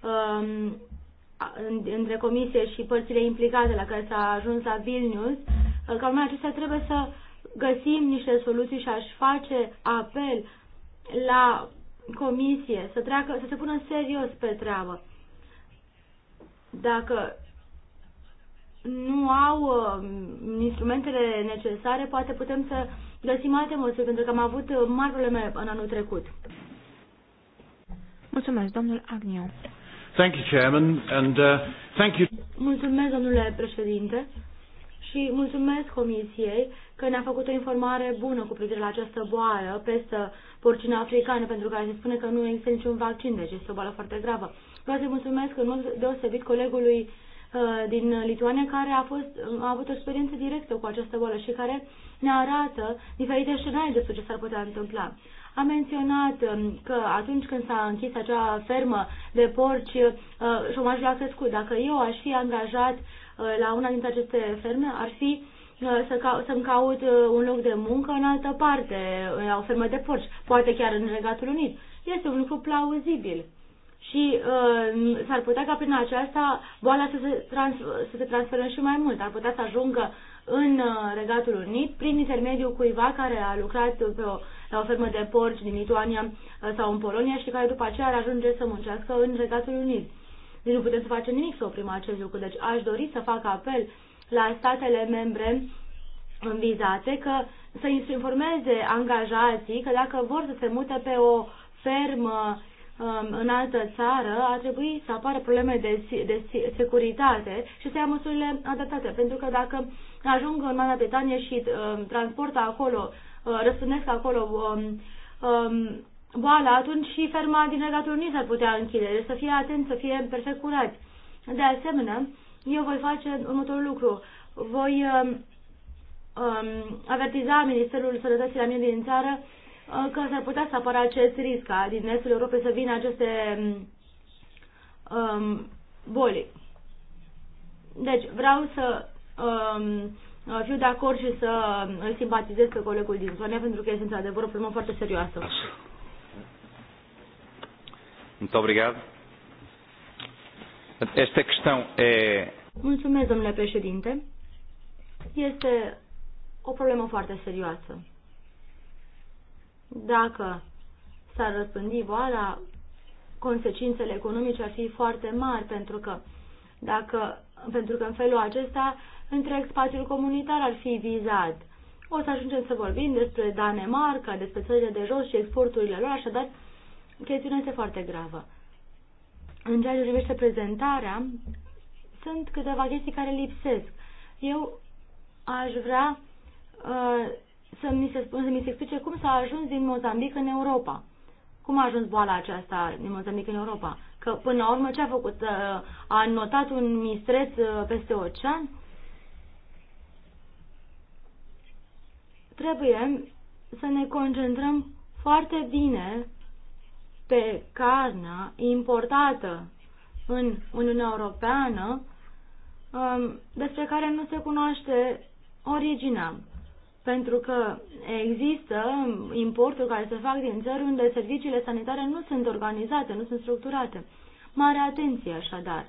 um, între comisie și părțile implicate la care s-a ajuns la Vilnius, uh, ca urmare acestea trebuie să găsim niște soluții și aș face apel la comisie să, treacă, să se pună serios pe treabă. Dacă nu au uh, instrumentele necesare, poate putem să găsim alte măsuri, pentru că am avut mari probleme în anul trecut. Mulțumesc, domnul Agniu. Thank you, Chairman, and uh, thank you. Mulțumesc, domnule președinte, și mulțumesc Comisiei că ne-a făcut o informare bună cu privire la această boală peste porcina africană, pentru care se spune că nu există niciun vaccin, deci este o boală foarte gravă. Vreau să mulțumesc în mod deosebit colegului uh, Uh, din Lituania care a, fost, a avut o experiență directă cu această boală și care ne arată diferite scenarii despre ce s-ar putea întâmpla. A menționat um, că atunci când s-a închis acea fermă de porci, uh, șomajul a crescut. Dacă eu aș fi angajat uh, la una dintre aceste ferme, ar fi să să-mi caut un loc de muncă în altă parte, la o fermă de porci, poate chiar în Regatul Unit. Este un lucru plauzibil și uh, s-ar putea ca prin aceasta boala să se, trans- să se transfere și mai mult. Ar putea să ajungă în uh, Regatul Unit prin intermediul cuiva care a lucrat pe o, la o fermă de porci din Lituania uh, sau în Polonia și care după aceea ar ajunge să muncească în Regatul Unit. Deci nu putem să facem nimic să oprim acest lucru. Deci aș dori să fac apel la statele membre vizate că să informeze angajații că dacă vor să se mute pe o fermă Um, în altă țară, ar trebui să apară probleme de, de securitate și să ia măsurile adaptate. Pentru că dacă ajung în Marea Britanie și uh, transportă acolo, uh, răspândesc acolo um, um, boala, atunci și ferma din Regatul s ar putea închide. Deci să fie atenți, să fie perfect curați. De asemenea, eu voi face următorul lucru. Voi um, um, avertiza Ministerul Sănătății la mine din țară Uh, că s-ar putea să apară acest risc, ca din estul Europei să vină aceste um, um boli. Deci, vreau să um, uh, fiu de acord și să um, îl simpatizez pe colegul din zona, pentru că este într-adevăr o problemă foarte serioasă. Muito obrigado. Esta questão é... Mulțumesc, domnule președinte. Este o problemă foarte serioasă. Dacă s-ar răspândi boala, consecințele economice ar fi foarte mari, pentru că, dacă, pentru că în felul acesta întreg spațiul comunitar ar fi vizat. O să ajungem să vorbim despre Danemarca, despre țările de jos și exporturile lor, așadar, chestiunea este foarte gravă. În ceea ce privește prezentarea, sunt câteva chestii care lipsesc. Eu aș vrea uh, să mi se, să mi se explice cum s-a ajuns din Mozambic în Europa. Cum a ajuns boala aceasta din Mozambic în Europa? Că până la urmă ce a făcut? Uh, a notat un mistreț uh, peste ocean? Trebuie să ne concentrăm foarte bine pe carnea importată în Uniunea Europeană um, despre care nu se cunoaște originea pentru că există importuri care se fac din țări unde serviciile sanitare nu sunt organizate, nu sunt structurate. Mare atenție așadar.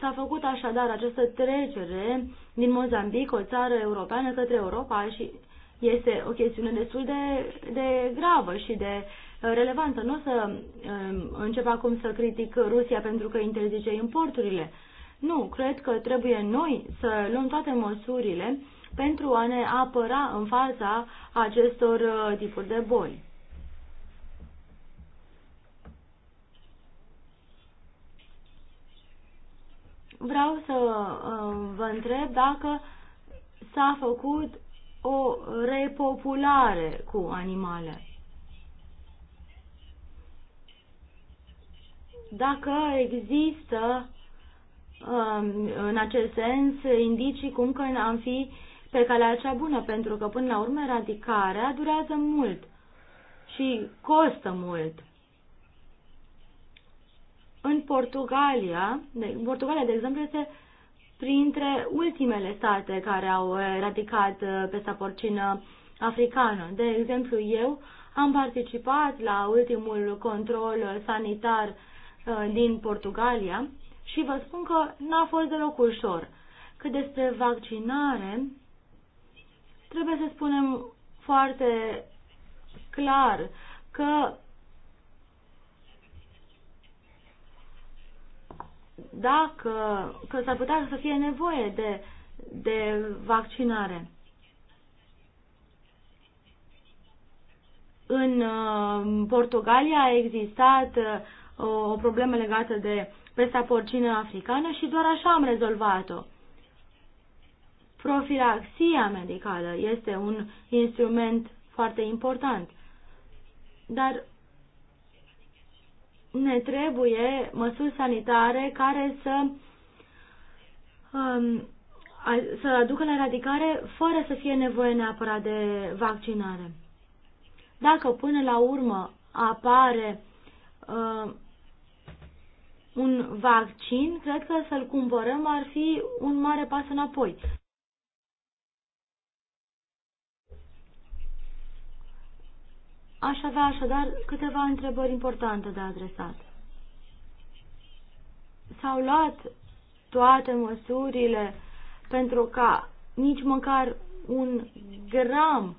S-a făcut așadar această trecere din Mozambic, o țară europeană, către Europa și este o chestiune destul de, de gravă și de uh, relevantă. Nu o să um, încep acum să critic Rusia pentru că interzice importurile. Nu, cred că trebuie noi să luăm toate măsurile pentru a ne apăra în fața acestor uh, tipuri de boli. Vreau să uh, vă întreb dacă s-a făcut o repopulare cu animale. Dacă există um, în acest sens indicii cum că am fi pe calea cea bună, pentru că până la urmă eradicarea durează mult și costă mult. În Portugalia, de, Portugalia, de exemplu, este printre ultimele state care au eradicat uh, pesta porcină africană. De exemplu, eu am participat la ultimul control sanitar uh, din Portugalia și vă spun că n-a fost deloc ușor. Cât despre vaccinare, Trebuie să spunem foarte clar că dacă că s-ar putea să fie nevoie de, de vaccinare. În uh, Portugalia a existat uh, o problemă legată de pesta porcină africană și doar așa am rezolvat-o. Profilaxia medicală este un instrument foarte important, dar ne trebuie măsuri sanitare care să, um, să aducă la eradicare fără să fie nevoie neapărat de vaccinare. Dacă până la urmă apare uh, un vaccin, cred că să-l cumpărăm ar fi un mare pas înapoi. Aș avea așadar câteva întrebări importante de adresat. S-au luat toate măsurile pentru ca nici măcar un gram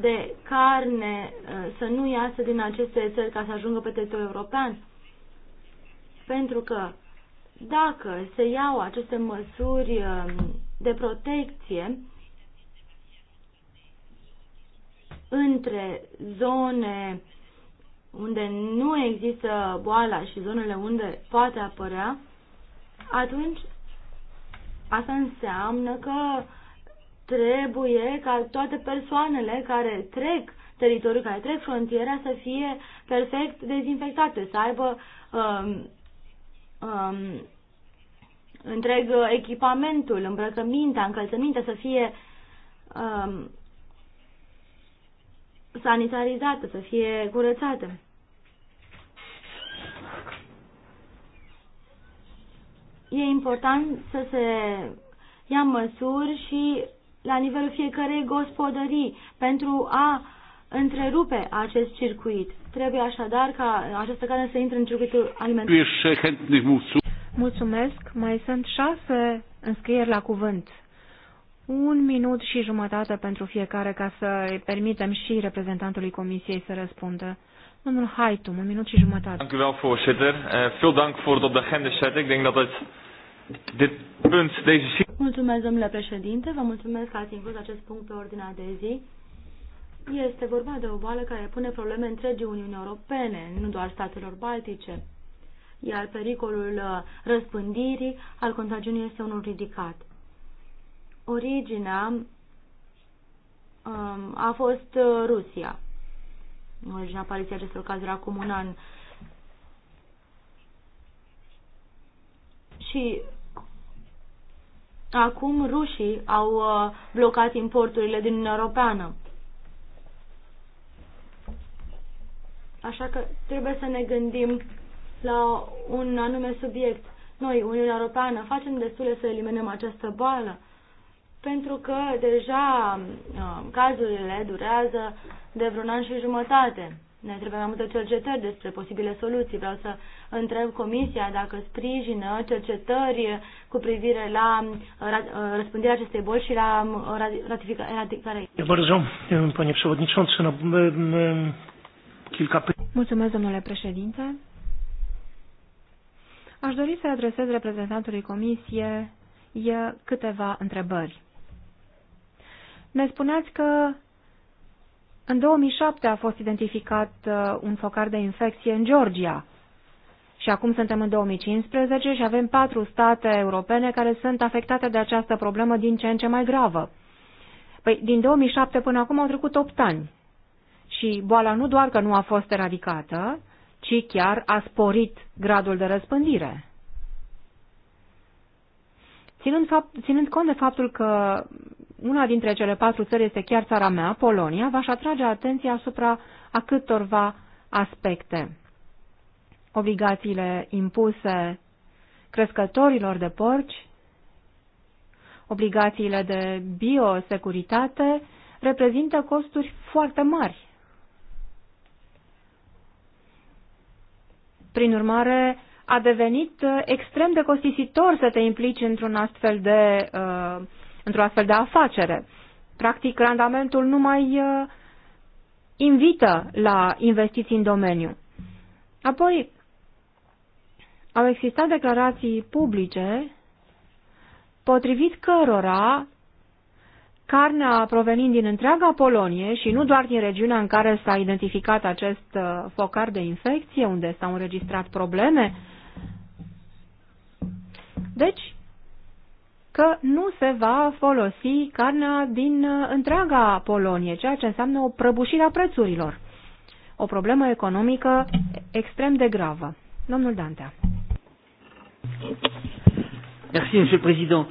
de carne uh, să nu iasă din aceste țări ca să ajungă pe teritoriul european? Pentru că dacă se iau aceste măsuri uh, de protecție, între zone unde nu există boala și zonele unde poate apărea, atunci asta înseamnă că trebuie ca toate persoanele care trec teritoriul, care trec frontiera să fie perfect dezinfectate, să aibă um, um, întreg echipamentul, îmbrăcămintea, încălțămintea, să fie um, sanitarizată, să fie curățată. E important să se ia măsuri și la nivelul fiecărei gospodării pentru a întrerupe acest circuit. Trebuie așadar ca această carne să intre în circuitul alimentar. Mulțumesc. Mai sunt șase înscrieri la cuvânt un minut și jumătate pentru fiecare ca să îi permitem și reprezentantului Comisiei să răspundă. Domnul Haitum, un minut și jumătate. Dank u wel, voorzitter. Eh, veel dank voor het op de agenda zetten. Ik denk dat het dit punt, deze... Mulțumesc, domnule președinte. Vă mulțumesc că ați inclus acest punct pe ordinea de zi. Este vorba de o boală care pune probleme întregii Uniuni Europene, nu doar statelor baltice. Iar pericolul eh, răspândirii al contagiunii este unul ridicat originea um, a fost uh, Rusia. Originea apariției acestor cazuri acum un an. Și acum rușii au uh, blocat importurile din Uniunea Europeană. Așa că trebuie să ne gândim la un anume subiect. Noi, Uniunea Europeană, facem destule să eliminăm această boală pentru că deja uh, cazurile durează de vreun an și jumătate. Ne trebuie mai multe cercetări despre posibile soluții. Vreau să întreb Comisia dacă sprijină cercetări cu privire la uh, uh, răspândirea acestei boli și la um, ratificarea ei. Um, um, Mulțumesc, domnule președinte. Aș dori să adresez reprezentantului Comisie câteva întrebări. Ne spuneați că în 2007 a fost identificat uh, un focar de infecție în Georgia. Și acum suntem în 2015 și avem patru state europene care sunt afectate de această problemă din ce în ce mai gravă. Păi, din 2007 până acum au trecut 8 ani. Și boala nu doar că nu a fost eradicată, ci chiar a sporit gradul de răspândire. Ținând, fapt, ținând cont de faptul că una dintre cele patru țări este chiar țara mea, Polonia, v-aș atrage atenția asupra a câtorva aspecte. Obligațiile impuse crescătorilor de porci, obligațiile de biosecuritate, reprezintă costuri foarte mari. Prin urmare, a devenit extrem de costisitor să te implici într-un astfel de uh, într-o astfel de afacere. Practic, randamentul nu mai uh, invită la investiții în domeniu. Apoi, au existat declarații publice potrivit cărora carnea provenind din întreaga Polonie și nu doar din regiunea în care s-a identificat acest uh, focar de infecție, unde s-au înregistrat probleme. Deci, că nu se va folosi carnea din uh, întreaga Polonie, ceea ce înseamnă o prăbușire a prețurilor. O problemă economică extrem de gravă. Domnul Dantea. Merci, Monsieur le Président.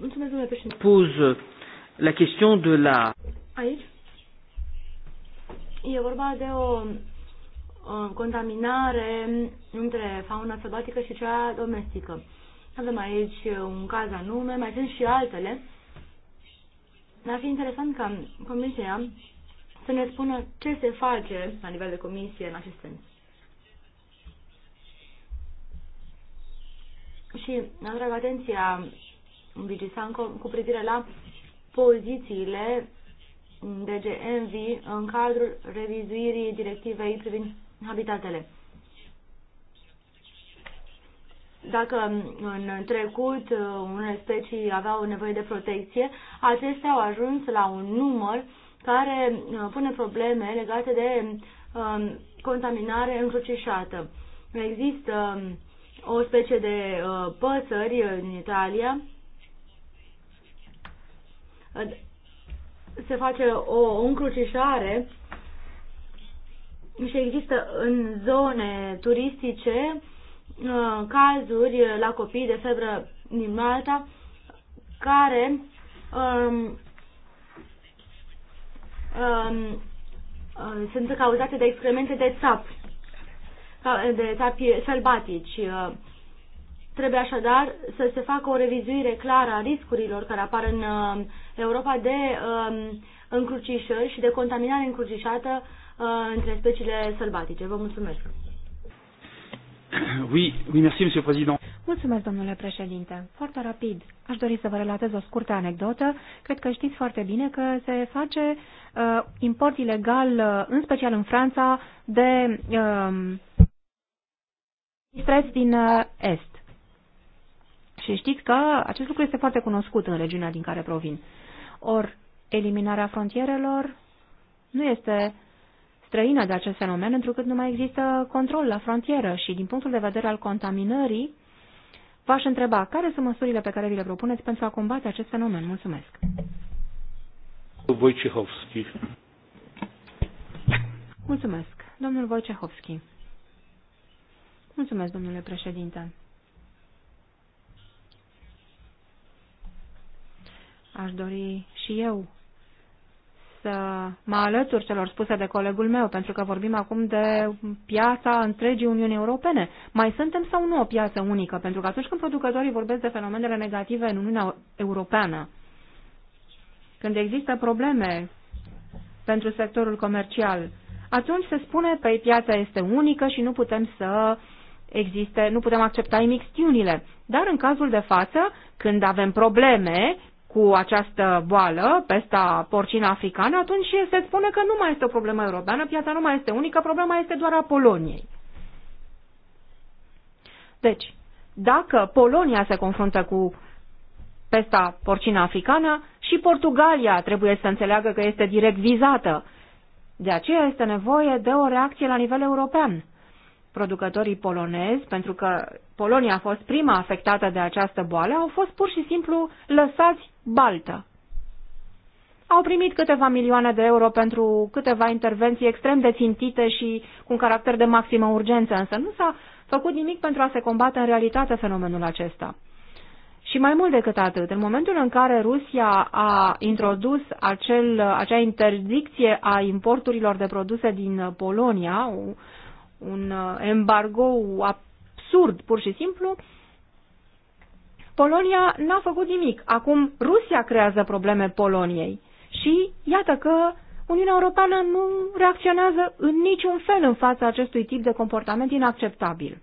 Mulțumesc, domnule președinte. Puz la question de la... Aici e vorba de o contaminare între fauna sălbatică și cea domestică. Avem aici un caz anume, mai sunt și altele. Dar ar fi interesant ca Comisia să ne spună ce se face la nivel de Comisie în acest sens. Și atrag atenția Bigisanco cu privire la pozițiile DGMV în cadrul revizuirii directivei privind habitatele dacă în trecut uh, unele specii aveau nevoie de protecție, acestea au ajuns la un număr care uh, pune probleme legate de um, contaminare încrucișată. Există um, o specie de uh, păsări în Italia. Se face o încrucișare și există în zone turistice Uh, cazuri la copii de febră din Malta care um, um, uh, sunt cauzate de excremente de țap, de țapi sălbatici. Uh, trebuie așadar să se facă o revizuire clară a riscurilor care apar în Europa de um, încrucișări și de contaminare încrucișată între speciile sălbatice. Vă mulțumesc! Oui, oui, merci, monsieur le président. Mulțumesc, domnule președinte. Foarte rapid, aș dori să vă relatez o scurtă anecdotă. Cred că știți foarte bine că se face uh, import ilegal, uh, în special în Franța, de uh, um, stres din uh, Est. Și știți că acest lucru este foarte cunoscut în regiunea din care provin. Or, eliminarea frontierelor nu este străină de acest fenomen, întrucât nu mai există control la frontieră și din punctul de vedere al contaminării, v-aș întreba care sunt măsurile pe care vi le propuneți pentru a combate acest fenomen. Mulțumesc. Wojciechowski. Mulțumesc, domnul Wojciechowski. Mulțumesc, domnule președinte. Aș dori și eu să mă alătur celor spuse de colegul meu, pentru că vorbim acum de piața întregii Uniunii Europene. Mai suntem sau nu o piață unică? Pentru că atunci când producătorii vorbesc de fenomenele negative în Uniunea Europeană, când există probleme pentru sectorul comercial, atunci se spune că păi, piața este unică și nu putem să existe, nu putem accepta imixtiunile. Dar în cazul de față, când avem probleme cu această boală, pesta porcină africană, atunci se spune că nu mai este o problemă europeană, piața nu mai este unică, problema este doar a Poloniei. Deci, dacă Polonia se confruntă cu pesta porcină africană, și Portugalia trebuie să înțeleagă că este direct vizată. De aceea este nevoie de o reacție la nivel european. Producătorii polonezi, pentru că Polonia a fost prima afectată de această boală, au fost pur și simplu lăsați baltă. Au primit câteva milioane de euro pentru câteva intervenții extrem de țintite și cu un caracter de maximă urgență, însă nu s-a făcut nimic pentru a se combate în realitate fenomenul acesta. Și mai mult decât atât, în momentul în care Rusia a introdus acel, acea interdicție a importurilor de produse din Polonia, un embargo absurd pur și simplu, Polonia n-a făcut nimic. Acum Rusia creează probleme Poloniei. Și iată că Uniunea Europeană nu reacționează în niciun fel în fața acestui tip de comportament inacceptabil.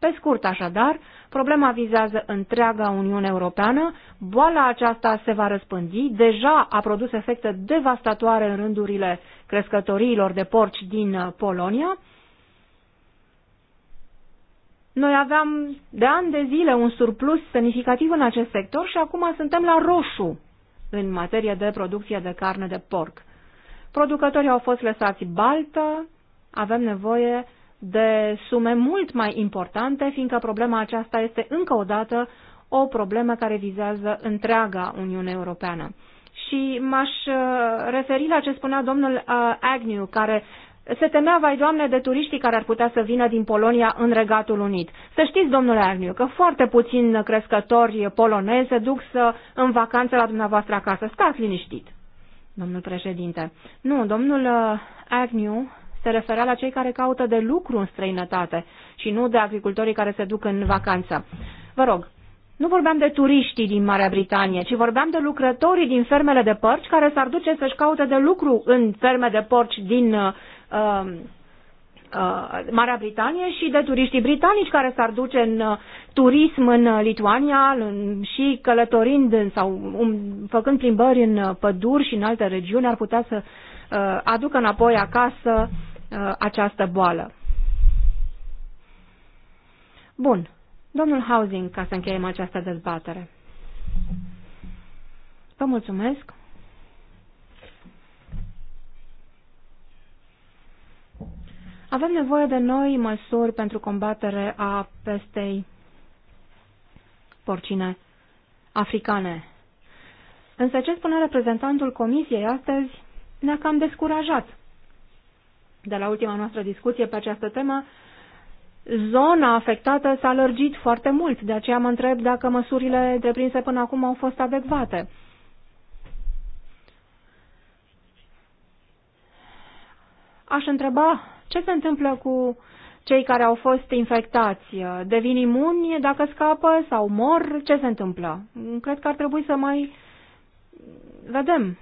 Pe scurt, așadar, problema vizează întreaga Uniune Europeană, boala aceasta se va răspândi, deja a produs efecte devastatoare în rândurile crescătoriilor de porci din uh, Polonia, noi aveam de ani de zile un surplus semnificativ în acest sector și acum suntem la roșu în materie de producție de carne de porc. Producătorii au fost lăsați baltă, avem nevoie de sume mult mai importante, fiindcă problema aceasta este încă o dată o problemă care vizează întreaga Uniune Europeană. Și m-aș uh, referi la ce spunea domnul uh, Agnew, care se temea, vai doamne, de turiștii care ar putea să vină din Polonia în Regatul Unit. Să știți, domnule Arniu, că foarte puțin crescători polonezi se duc să, în vacanță la dumneavoastră acasă. Stați liniștit, domnul președinte. Nu, domnul uh, Agnew, se referea la cei care caută de lucru în străinătate și nu de agricultorii care se duc în vacanță. Vă rog, nu vorbeam de turiștii din Marea Britanie, ci vorbeam de lucrătorii din fermele de porci care s-ar duce să-și caute de lucru în ferme de porci din uh, Um, uh, Marea Britanie și de turiștii britanici care s-ar duce în uh, turism în uh, Lituania în, și călătorind în, sau um, făcând plimbări în păduri și în alte regiuni ar putea să uh, aducă înapoi acasă uh, această boală. Bun. Domnul Housing, ca să încheiem această dezbatere. Vă mulțumesc. Avem nevoie de noi măsuri pentru combatere a pestei porcine africane. Însă ce spune reprezentantul Comisiei astăzi ne-a cam descurajat. De la ultima noastră discuție pe această temă, zona afectată s-a lărgit foarte mult, de aceea mă întreb dacă măsurile întreprinse până acum au fost adecvate. Aș întreba ce se întâmplă cu cei care au fost infectați? Devin imuni dacă scapă sau mor? Ce se întâmplă? Cred că ar trebui să mai vedem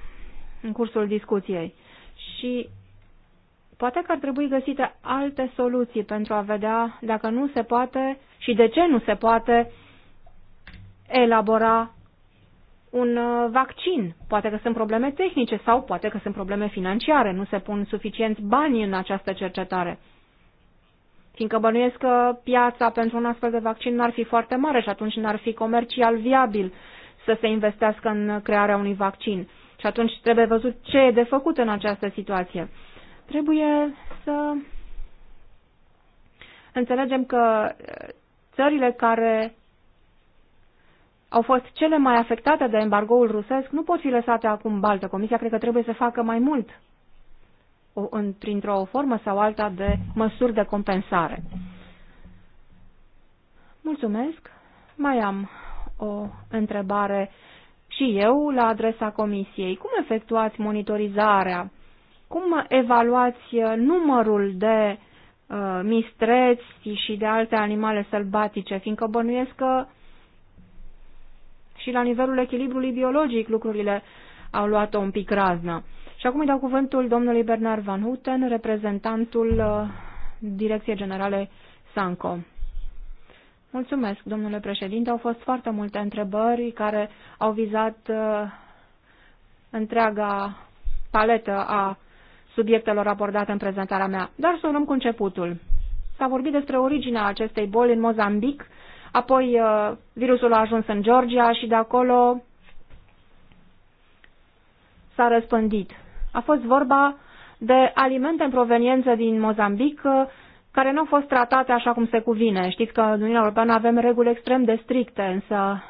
în cursul discuției. Și poate că ar trebui găsite alte soluții pentru a vedea dacă nu se poate și de ce nu se poate elabora un uh, vaccin. Poate că sunt probleme tehnice sau poate că sunt probleme financiare. Nu se pun suficienți bani în această cercetare. Fiindcă bănuiesc că piața pentru un astfel de vaccin n-ar fi foarte mare și atunci n-ar fi comercial viabil să se investească în crearea unui vaccin. Și atunci trebuie văzut ce e de făcut în această situație. Trebuie să înțelegem că uh, țările care au fost cele mai afectate de embargoul rusesc nu pot fi lăsate acum baltă. Comisia cred că trebuie să facă mai mult printr-o formă sau alta de măsuri de compensare. Mulțumesc. Mai am o întrebare și eu la adresa comisiei. Cum efectuați monitorizarea? Cum evaluați uh, numărul de uh, mistreți și de alte animale sălbatice? Fiindcă bănuiesc că și la nivelul echilibrului biologic lucrurile au luat-o un pic raznă. Și acum îi dau cuvântul domnului Bernard Van Houten, reprezentantul uh, Direcției Generale Sanco. Mulțumesc, domnule președinte. Au fost foarte multe întrebări care au vizat uh, întreaga paletă a subiectelor abordate în prezentarea mea. Dar să luăm cu începutul. S-a vorbit despre originea acestei boli în Mozambic Apoi uh, virusul a ajuns în Georgia și de acolo s-a răspândit. A fost vorba de alimente în proveniență din Mozambic uh, care nu au fost tratate așa cum se cuvine. Știți că în Uniunea Europeană avem reguli extrem de stricte, însă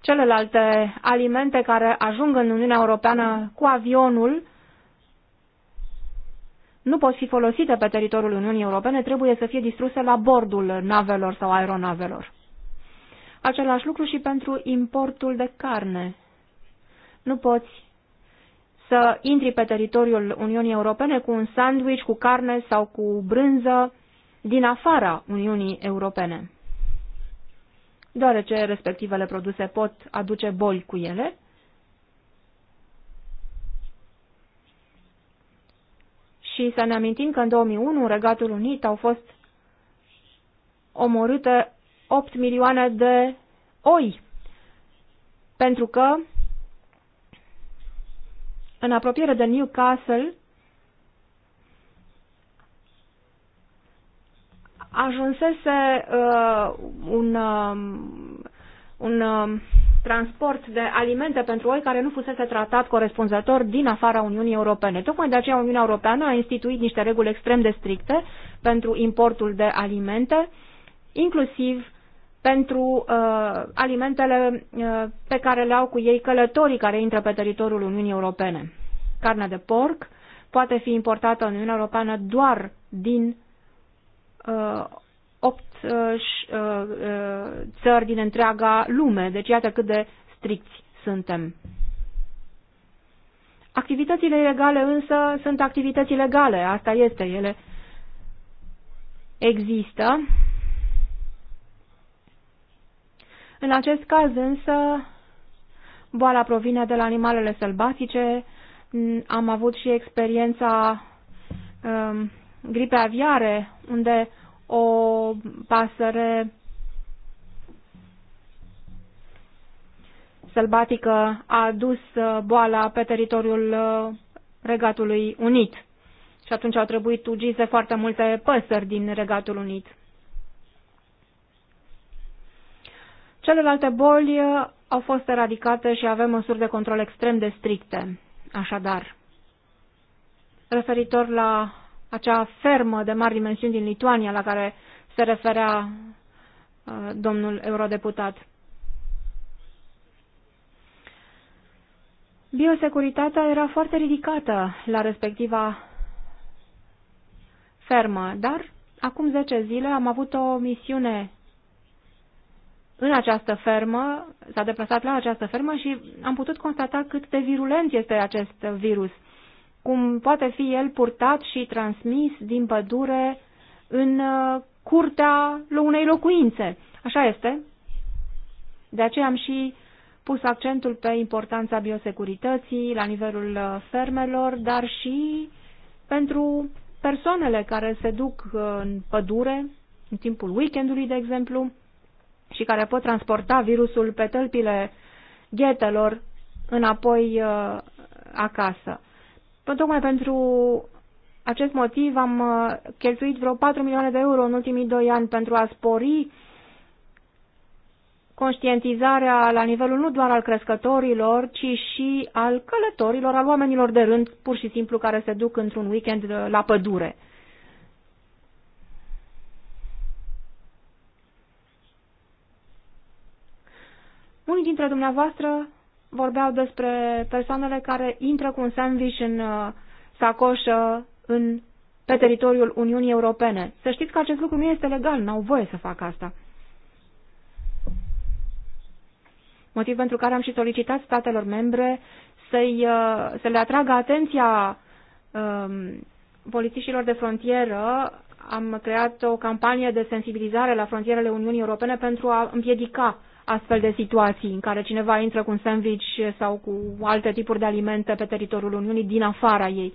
celelalte alimente care ajung în Uniunea Europeană cu avionul nu pot fi folosite pe teritoriul Uniunii Europene, trebuie să fie distruse la bordul navelor sau aeronavelor. Același lucru și pentru importul de carne. Nu poți să intri pe teritoriul Uniunii Europene cu un sandwich, cu carne sau cu brânză din afara Uniunii Europene. Deoarece respectivele produse pot aduce boli cu ele, și să ne amintim că în 2001 în Regatul Unit au fost omorâte 8 milioane de oi, pentru că în apropiere de Newcastle ajunsese uh, un, uh, un uh, transport de alimente pentru oi care nu fusese tratat corespunzător din afara Uniunii Europene. Tocmai de aceea Uniunea Europeană a instituit niște reguli extrem de stricte pentru importul de alimente, inclusiv pentru uh, alimentele uh, pe care le au cu ei călătorii care intră pe teritoriul Uniunii Europene. Carnea de porc poate fi importată în Uniunea Europeană doar din uh, Uh, uh, uh, țări din întreaga lume. Deci iată cât de stricți suntem. Activitățile ilegale însă sunt activități ilegale, asta este, ele există. În acest caz însă boala provine de la animalele sălbatice, am avut și experiența um, gripe aviare, unde o pasăre sălbatică a adus uh, boala pe teritoriul uh, Regatului Unit. Și atunci au trebuit ugise foarte multe păsări din Regatul Unit. Celelalte boli uh, au fost eradicate și avem măsuri de control extrem de stricte. Așadar, referitor la acea fermă de mari dimensiuni din Lituania la care se referea uh, domnul eurodeputat. Biosecuritatea era foarte ridicată la respectiva fermă, dar acum 10 zile am avut o misiune în această fermă, s-a deplasat la această fermă și am putut constata cât de virulent este acest virus cum poate fi el purtat și transmis din pădure în uh, curtea unei locuințe. Așa este. De aceea am și pus accentul pe importanța biosecurității la nivelul uh, fermelor, dar și pentru persoanele care se duc uh, în pădure, în timpul weekendului, de exemplu, și care pot transporta virusul pe tălpile ghetelor înapoi acasă. Tocmai pentru acest motiv am uh, cheltuit vreo 4 milioane de euro în ultimii doi ani pentru a spori conștientizarea la nivelul nu doar al crescătorilor, ci și al călătorilor, al oamenilor de rând, pur și simplu, care se duc într-un weekend uh, la pădure. Unii dintre dumneavoastră vorbeau despre persoanele care intră cu un sandwich în uh, sacoșă în, pe teritoriul Uniunii Europene. Să știți că acest lucru nu este legal, n-au voie să facă asta. Motiv pentru care am și solicitat statelor membre să-i, uh, să le atragă atenția um, polițiștilor de frontieră. Am creat o campanie de sensibilizare la frontierele Uniunii Europene pentru a împiedica uh, astfel de situații în care cineva intră cu un sandwich sau cu alte tipuri de alimente pe teritoriul Uniunii din afara ei.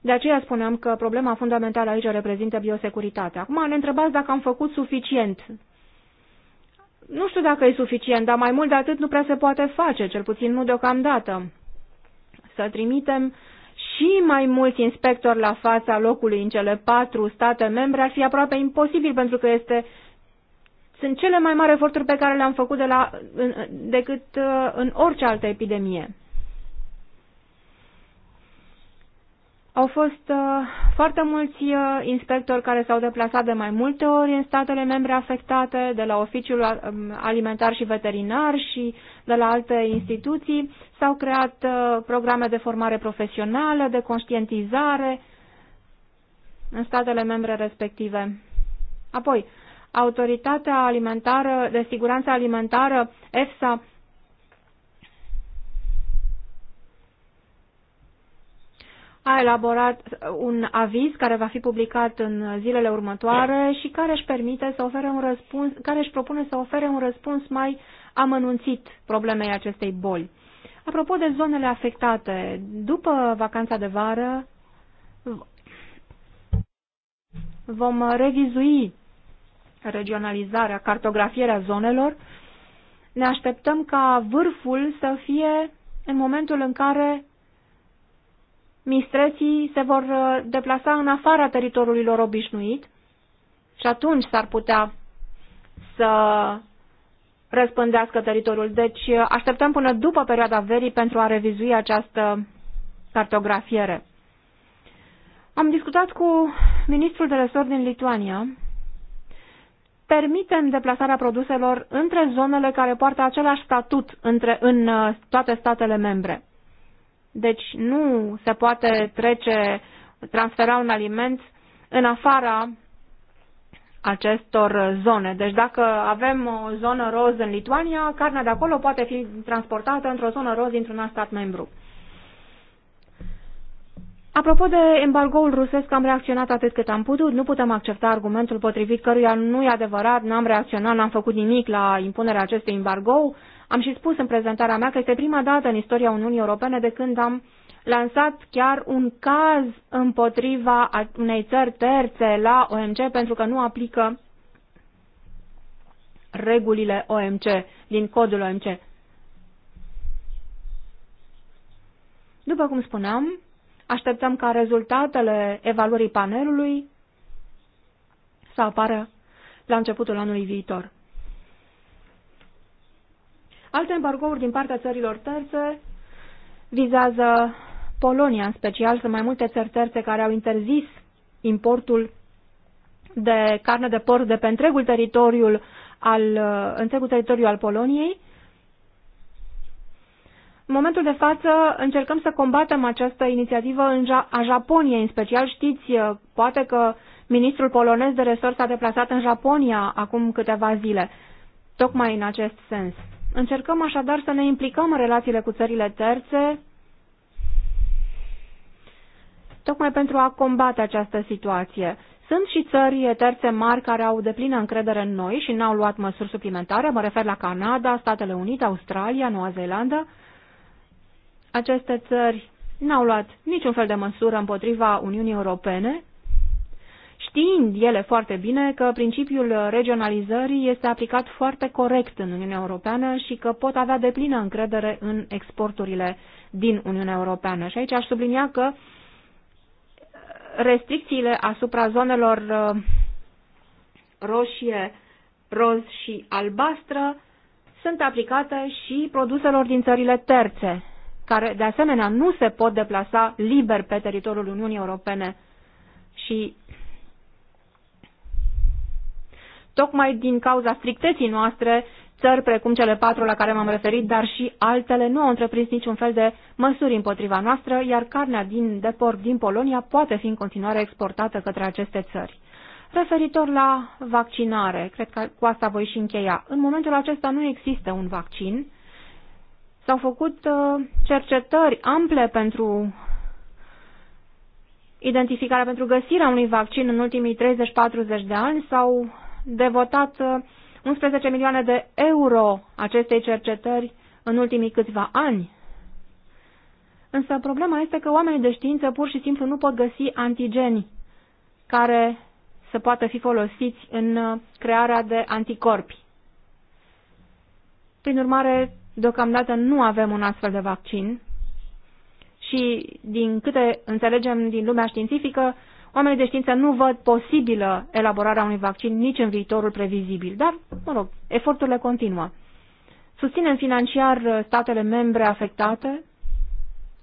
De aceea spuneam că problema fundamentală aici reprezintă biosecuritatea. Acum ne întrebați dacă am făcut suficient. Nu știu dacă e suficient, dar mai mult de atât nu prea se poate face, cel puțin nu deocamdată. Să trimitem și mai mulți inspectori la fața locului în cele patru state membre ar fi aproape imposibil pentru că este sunt cele mai mari eforturi pe care le-am făcut de la, în, decât uh, în orice altă epidemie. Au fost uh, foarte mulți uh, inspectori care s-au deplasat de mai multe ori în statele membre afectate, de la Oficiul uh, Alimentar și Veterinar și de la alte instituții. S-au creat uh, programe de formare profesională, de conștientizare în statele membre respective. Apoi, Autoritatea alimentară, de siguranță alimentară, EFSA, a elaborat un aviz care va fi publicat în zilele următoare și care își permite să ofere un răspuns, care își propune să ofere un răspuns mai amănunțit problemei acestei boli. Apropo de zonele afectate, după vacanța de vară vom revizui regionalizarea, cartografierea zonelor, ne așteptăm ca vârful să fie în momentul în care mistreții se vor uh, deplasa în afara teritoriului lor obișnuit și atunci s-ar putea să răspândească teritoriul. Deci uh, așteptăm până după perioada verii pentru a revizui această cartografiere. Am discutat cu ministrul de resort din Lituania permitem deplasarea produselor între zonele care poartă același statut între, în uh, toate statele membre. Deci nu se poate trece, transfera un aliment în afara acestor uh, zone. Deci dacă avem o zonă roz în Lituania, carnea de acolo poate fi transportată într-o zonă roz dintr-un alt stat membru. Apropo de embargoul rusesc, am reacționat atât cât am putut. Nu putem accepta argumentul potrivit căruia nu e adevărat, n-am reacționat, n-am făcut nimic la impunerea acestui embargo. Am și spus în prezentarea mea că este prima dată în istoria Uniunii Europene de când am lansat chiar un caz împotriva unei țări terțe la OMC pentru că nu aplică regulile OMC, din codul OMC. După cum spuneam, Așteptăm ca rezultatele evaluării panelului să apară la începutul anului viitor. Alte embargouri din partea țărilor terțe vizează Polonia, în special sunt mai multe țări terțe care au interzis importul de carne de porc de pe întregul teritoriul al, întregul teritoriul al Poloniei în momentul de față încercăm să combatem această inițiativă în ja a Japoniei în special. Știți, uh, poate că ministrul polonez de resort s-a deplasat în Japonia acum câteva zile, tocmai în acest sens. Încercăm așadar să ne implicăm în relațiile cu țările terțe, tocmai pentru a combate această situație. Sunt și țări terțe mari care au deplină încredere în noi și n-au luat măsuri suplimentare, mă refer la Canada, Statele Unite, Australia, Noua Zeelandă, aceste țări n-au luat niciun fel de măsură împotriva Uniunii Europene, știind ele foarte bine că principiul regionalizării este aplicat foarte corect în Uniunea Europeană și că pot avea deplină încredere în exporturile din Uniunea Europeană. Și aici aș sublinia că restricțiile asupra zonelor uh, roșie, roz și albastră sunt aplicate și produselor din țările terțe care de asemenea nu se pot deplasa liber pe teritoriul Uniunii Europene. Și tocmai din cauza stricteții noastre, țări precum cele patru la care m-am referit, dar și altele nu au întreprins niciun fel de măsuri împotriva noastră, iar carnea din deport din Polonia poate fi în continuare exportată către aceste țări. Referitor la vaccinare, cred că cu asta voi și încheia. În momentul acesta nu există un vaccin, S-au făcut uh, cercetări ample pentru identificarea, pentru găsirea unui vaccin în ultimii 30-40 de ani. S-au devotat 11 uh, milioane de euro acestei cercetări în ultimii câțiva ani. Însă problema este că oamenii de știință pur și simplu nu pot găsi antigeni care să poată fi folosiți în uh, crearea de anticorpi. Prin urmare, Deocamdată nu avem un astfel de vaccin și, din câte înțelegem din lumea științifică, oamenii de știință nu văd posibilă elaborarea unui vaccin nici în viitorul previzibil, dar, mă rog, eforturile continuă. Susținem financiar statele membre afectate.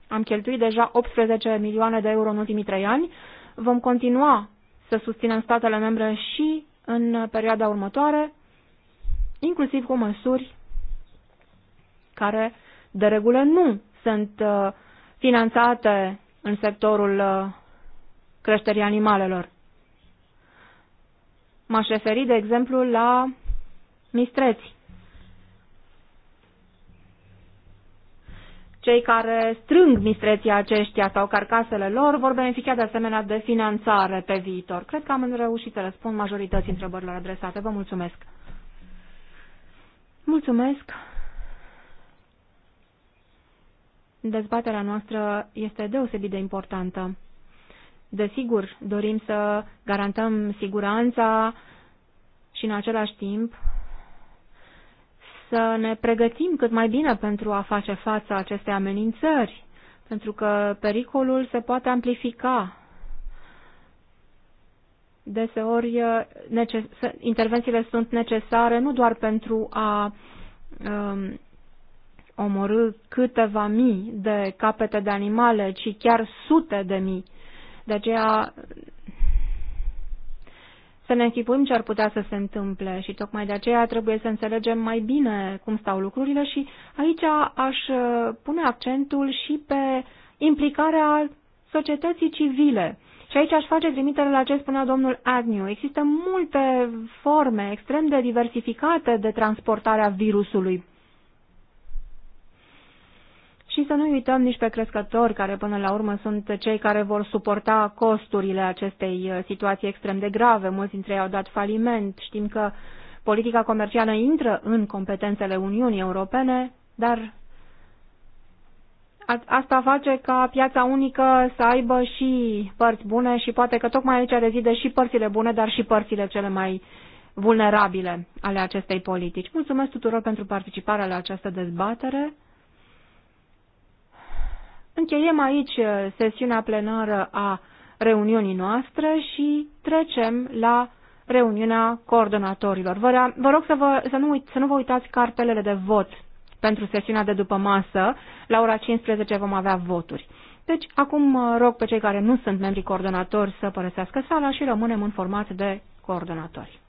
Am cheltuit deja 18 milioane de euro în ultimii trei ani. Vom continua să susținem statele membre și în perioada următoare, inclusiv cu măsuri care de regulă nu sunt uh, finanțate în sectorul uh, creșterii animalelor. M-aș referi, de exemplu, la mistreți. Cei care strâng mistreții aceștia sau carcasele lor vor beneficia de asemenea de finanțare pe viitor. Cred că am reușit să răspund majorității întrebărilor adresate. Vă mulțumesc! Mulțumesc! dezbaterea noastră este deosebit de importantă. Desigur, dorim să garantăm siguranța și în același timp să ne pregătim cât mai bine pentru a face față acestei amenințări, pentru că pericolul se poate amplifica. Deseori intervențiile sunt necesare nu doar pentru a um, omorâ câteva mii de capete de animale, ci chiar sute de mii. De aceea să ne închipuim ce ar putea să se întâmple și tocmai de aceea trebuie să înțelegem mai bine cum stau lucrurile și aici aș uh, pune accentul și pe implicarea societății civile. Și aici aș face trimitere la ce spunea domnul Agnew. Există multe forme extrem de diversificate de transportarea virusului și să nu uităm nici pe crescători, care până la urmă sunt cei care vor suporta costurile acestei uh, situații extrem de grave. Mulți dintre ei au dat faliment. Știm că politica comercială intră în competențele Uniunii Europene, dar asta face ca piața unică să aibă și părți bune și poate că tocmai aici rezide și părțile bune, dar și părțile cele mai vulnerabile ale acestei politici. Mulțumesc tuturor pentru participarea la această dezbatere. Încheiem aici uh, sesiunea plenară a reuniunii noastre și trecem la reuniunea coordonatorilor. Vă, vă rog să, vă, să, nu uit, să nu vă uitați cartelele de vot pentru sesiunea de după masă. La ora 15 vom avea voturi. Deci, acum uh, rog pe cei care nu sunt membri coordonatori să părăsească sala și rămânem informați de coordonatori.